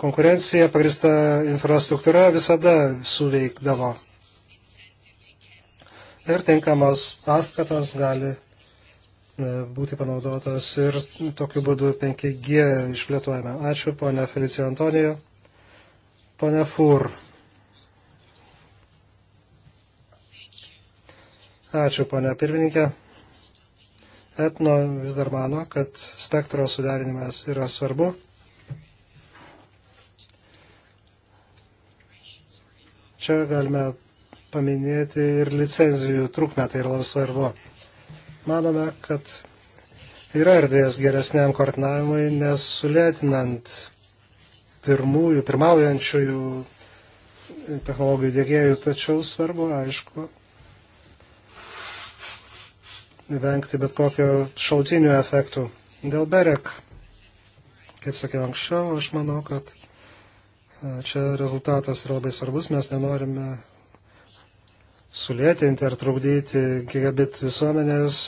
konkurencija pagrista infrastruktūra visada suveikdavo. Ir tinkamos paskatos gali e, būti panaudotos ir tokiu būdu 5G išplėtojame. Ačiū, ponia Felicija Antonijo. Pone Fur. Ačiū, ponia pirmininkė. Etno vis dar mano, kad spektro sudarinimas yra svarbu Čia galime paminėti ir licenzijų trukmę, tai yra labai svarbu. Manome, kad yra erdvės geresniam koordinavimui, nes sulėtinant pirmųjų, pirmaujančiųjų technologijų dėgėjų, tačiau svarbu, aišku, vengti bet kokio šaltinių efektų. Dėl BEREK, kaip sakiau anksčiau, aš manau, kad Čia rezultatas yra labai svarbus, mes nenorime sulėtinti ar trukdyti gigabit visuomenės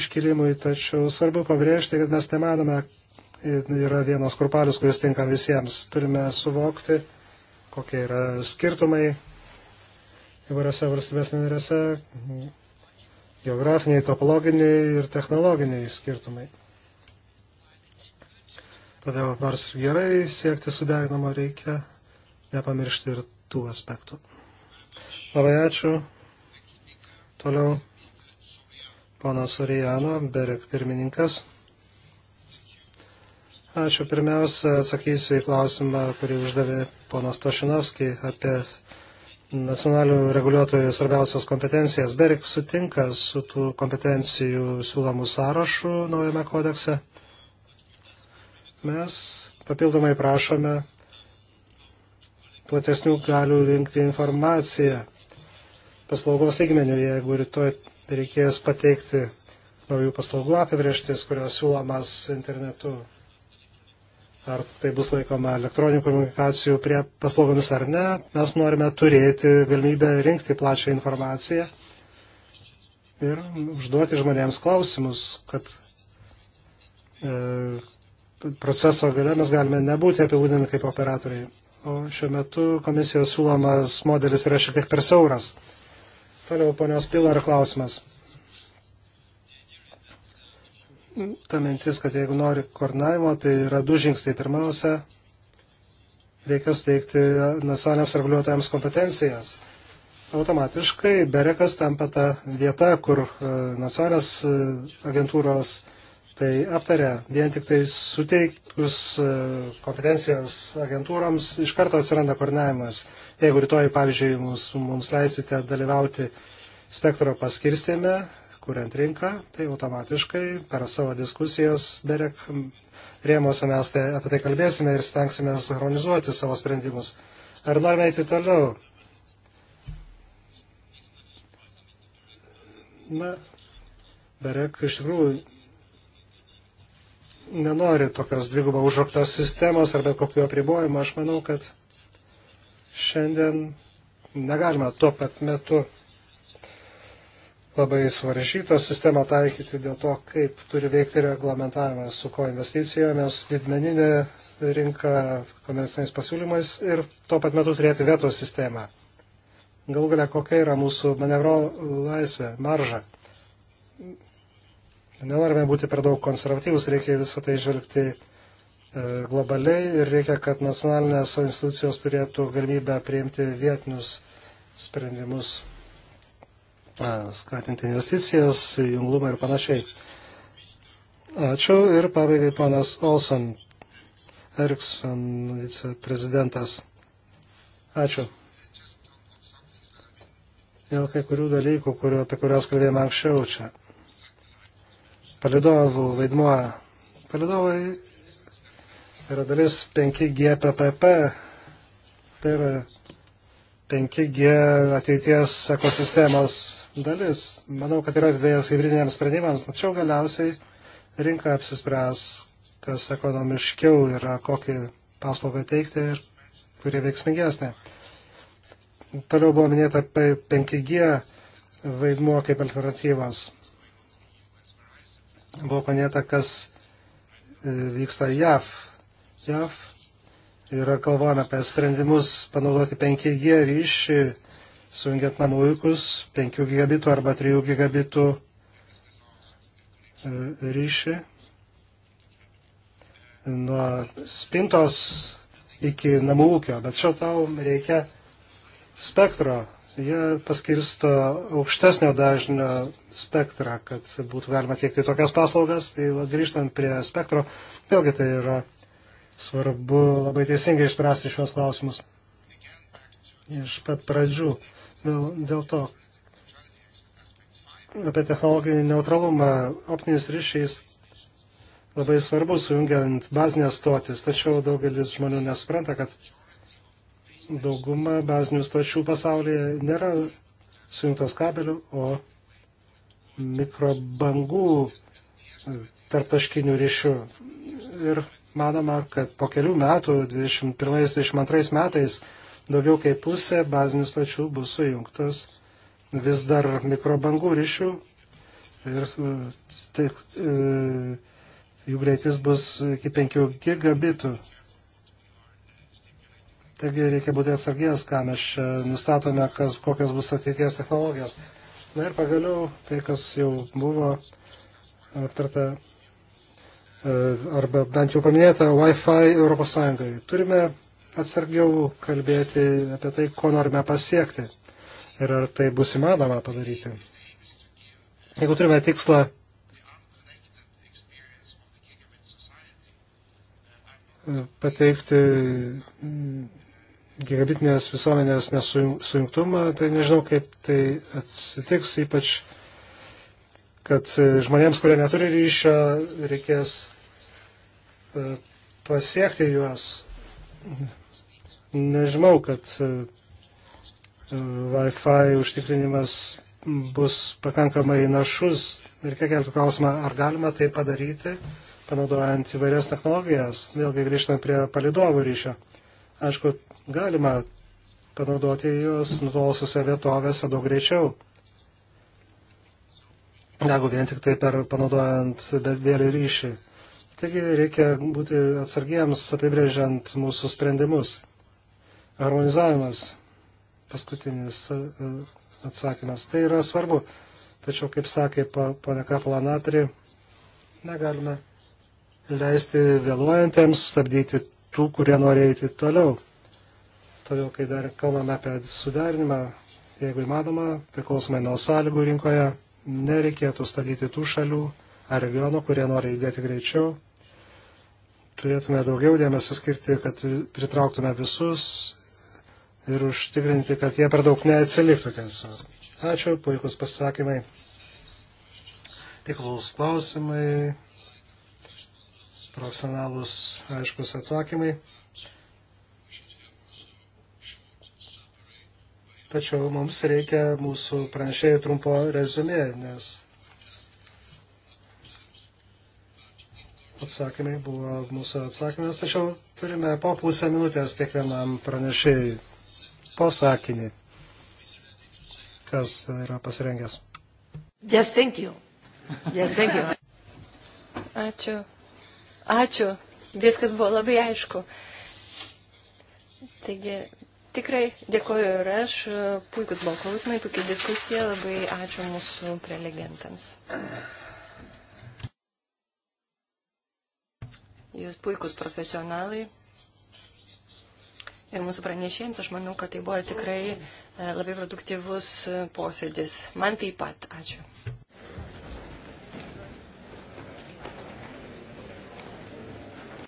iškilimui, tačiau svarbu pabrėžti, kad mes nemanome, yra vienas kurpalius, kuris tinka visiems. Turime suvokti, kokie yra skirtumai įvairiose valstybės narėse, geografiniai, topologiniai ir technologiniai skirtumai. Todėl nors ir gerai siekti suderinamo reikia, nepamiršti ir tų aspektų. Labai ačiū. Toliau ponas Orijano, Berek pirmininkas. Ačiū. Pirmiausia, atsakysiu į klausimą, kurį uždavė ponas Tošinovski apie nacionalių reguliuotojų svarbiausias kompetencijas. Berik sutinka su tų kompetencijų siūlomų sąrašų naujame kodekse. Mes papildomai prašome platesnių galių rinkti informaciją paslaugos lygmenių, jeigu rytoj reikės pateikti naujų paslaugų apibrieštis, kurios siūlomas internetu. Ar tai bus laikoma elektroninių komunikacijų prie paslaugomis ar ne, mes norime turėti galimybę rinkti plačią informaciją ir užduoti žmonėms klausimus, kad e, proceso gale mes galime nebūti apibūdinami kaip operatoriai. O šiuo metu komisijos siūlomas modelis yra šiek tiek per sauras. Toliau ponios Pilar klausimas. Ta mintis, kad jeigu nori koordinavimo, tai yra du žingsniai. Pirmiausia, reikia suteikti nacionaliniams reguliuotojams kompetencijas. Automatiškai Berekas tampa ta vieta, kur e, nacionalinės e, agentūros uh, tai aptarė. Vien tik tai suteikus e, kompetencijas agentūroms iš karto atsiranda koordinavimas. Jeigu rytoj, pavyzdžiui, mums, mums leisite dalyvauti spektro paskirstėme, kuriant rinką, tai automatiškai per savo diskusijas berek rėmose mes tai apie tai kalbėsime ir stengsime harmonizuoti savo sprendimus. Ar norime eiti toliau? Na, berek iš tikrųjų nenori tokios dvigubo užraktos sistemos ar bet kokio apribojimo. Aš manau, kad šiandien negalima tuo pat metu labai svaržytą sistemą taikyti dėl to, kaip turi veikti reglamentavimas su ko investicijomis, didmeninė rinka komerciniais pasiūlymais ir tuo pat metu turėti veto sistemą. Galų galia, kokia yra mūsų manevro laisvė, marža. Nenorime būti per daug konservatyvus, reikia visą tai žvelgti e, globaliai ir reikia, kad nacionalinės institucijos turėtų galimybę priimti vietinius sprendimus, e, skatinti investicijas, junglumą ir panašiai. Ačiū ir pabaigai ponas Olson, Eriksson viceprezidentas. Ačiū. Dėl kai kurių dalykų, kurio, apie kuriuos kalbėjome anksčiau čia palidovų vaidmuo. Palidovai yra dalis 5G PPP, tai yra 5G ateities ekosistemos dalis. Manau, kad yra vėjas hybridiniams sprendimams, tačiau galiausiai rinka apsispręs, kas ekonomiškiau yra, kokį paslaugą teikti ir kurie veiksmingesnė. Toliau buvo minėta 5G vaidmuo kaip alternatyvas. Buvo panėta, kas e, vyksta JAV. JAV yra kalvojama apie sprendimus panaudoti 5G ryšį, sujungiant namų vaikus 5 gigabitų arba 3 gigabitų e, ryšį nuo spintos iki namų ūkio, bet šio tau reikia spektro jie paskirsto aukštesnio dažnio spektrą, kad būtų galima tiekti tokias paslaugas. Tai grįžtant prie spektro, vėlgi tai yra svarbu labai teisingai išspręsti šios klausimus. Iš pat pradžių dėl, dėl to apie technologinį neutralumą optiniais ryšiais labai svarbu sujungiant bazinės stotis, tačiau daugelis žmonių nesupranta, kad dauguma bazinių stočių pasaulyje nėra sujungtos kabelių, o mikrobangų tarptaškinių ryšių. Ir manoma, kad po kelių metų, 21-22 metais, daugiau kaip pusė bazinių stočių bus sujungtos vis dar mikrobangų ryšių ir e, tik, e, jų greitis bus iki 5 gigabitų. Taigi reikia būti atsargiems, ką mes čia nustatome, kas, kokios bus ateities technologijos. Na ir pagaliau tai, kas jau buvo aptarta e, arba bent jau paminėta Wi-Fi Europos Sąjungai. Turime atsargiau kalbėti apie tai, ko norime pasiekti ir ar tai bus įmanoma padaryti. Jeigu turime tikslą e, pateikti gigabitinės visuomenės nesujungtumą, tai nežinau, kaip tai atsitiks, ypač, kad e, žmonėms, kurie neturi ryšio, reikės e, pasiekti juos. Nežinau, kad e, Wi-Fi užtikrinimas bus pakankamai našus. Reikia kelti klausimą, ar galima tai padaryti, panaudojant įvairias technologijas, vėlgi grįžtant prie palidovų ryšio. Aišku, galima panaudoti juos nutolusiuose vietovėse daug greičiau, negu vien tik tai per panaudojant bedėlį ryšį. Taigi reikia būti atsargiems apibrėžiant mūsų sprendimus. Harmonizavimas, paskutinis e, atsakymas, tai yra svarbu. Tačiau, kaip sakė ponia Kaplanatri, negalime leisti vėluojantiems stabdyti tų, kurie nori eiti toliau. Todėl, kai dar kalbame apie suderinimą, jeigu įmanoma, priklausomai nuo sąlygų rinkoje, nereikėtų stabdyti tų šalių ar regionų, kurie nori judėti greičiau. Turėtume daugiau dėmesio skirti, kad pritrauktume visus ir užtikrinti, kad jie per daug neatsiliktų tiesiog. Ačiū, puikus pasisakymai. Tiklus klausimai profesionalus aiškus atsakymai. Tačiau mums reikia mūsų pranešėjų trumpo rezumė, nes atsakymai buvo mūsų atsakymas, tačiau turime po pusę minutės kiekvienam pranešėjui po sakinį, kas yra pasirengęs. Yes, thank you. Yes, thank you. Ačiū. Ačiū, viskas buvo labai aišku. Taigi, tikrai dėkoju ir aš, puikus buvo klausimai, puikia diskusija, labai ačiū mūsų prelegentams. Jūs puikus profesionalai. Ir mūsų pranešėjams, aš manau, kad tai buvo tikrai e, labai produktyvus e, posėdis. Man taip pat. Ačiū.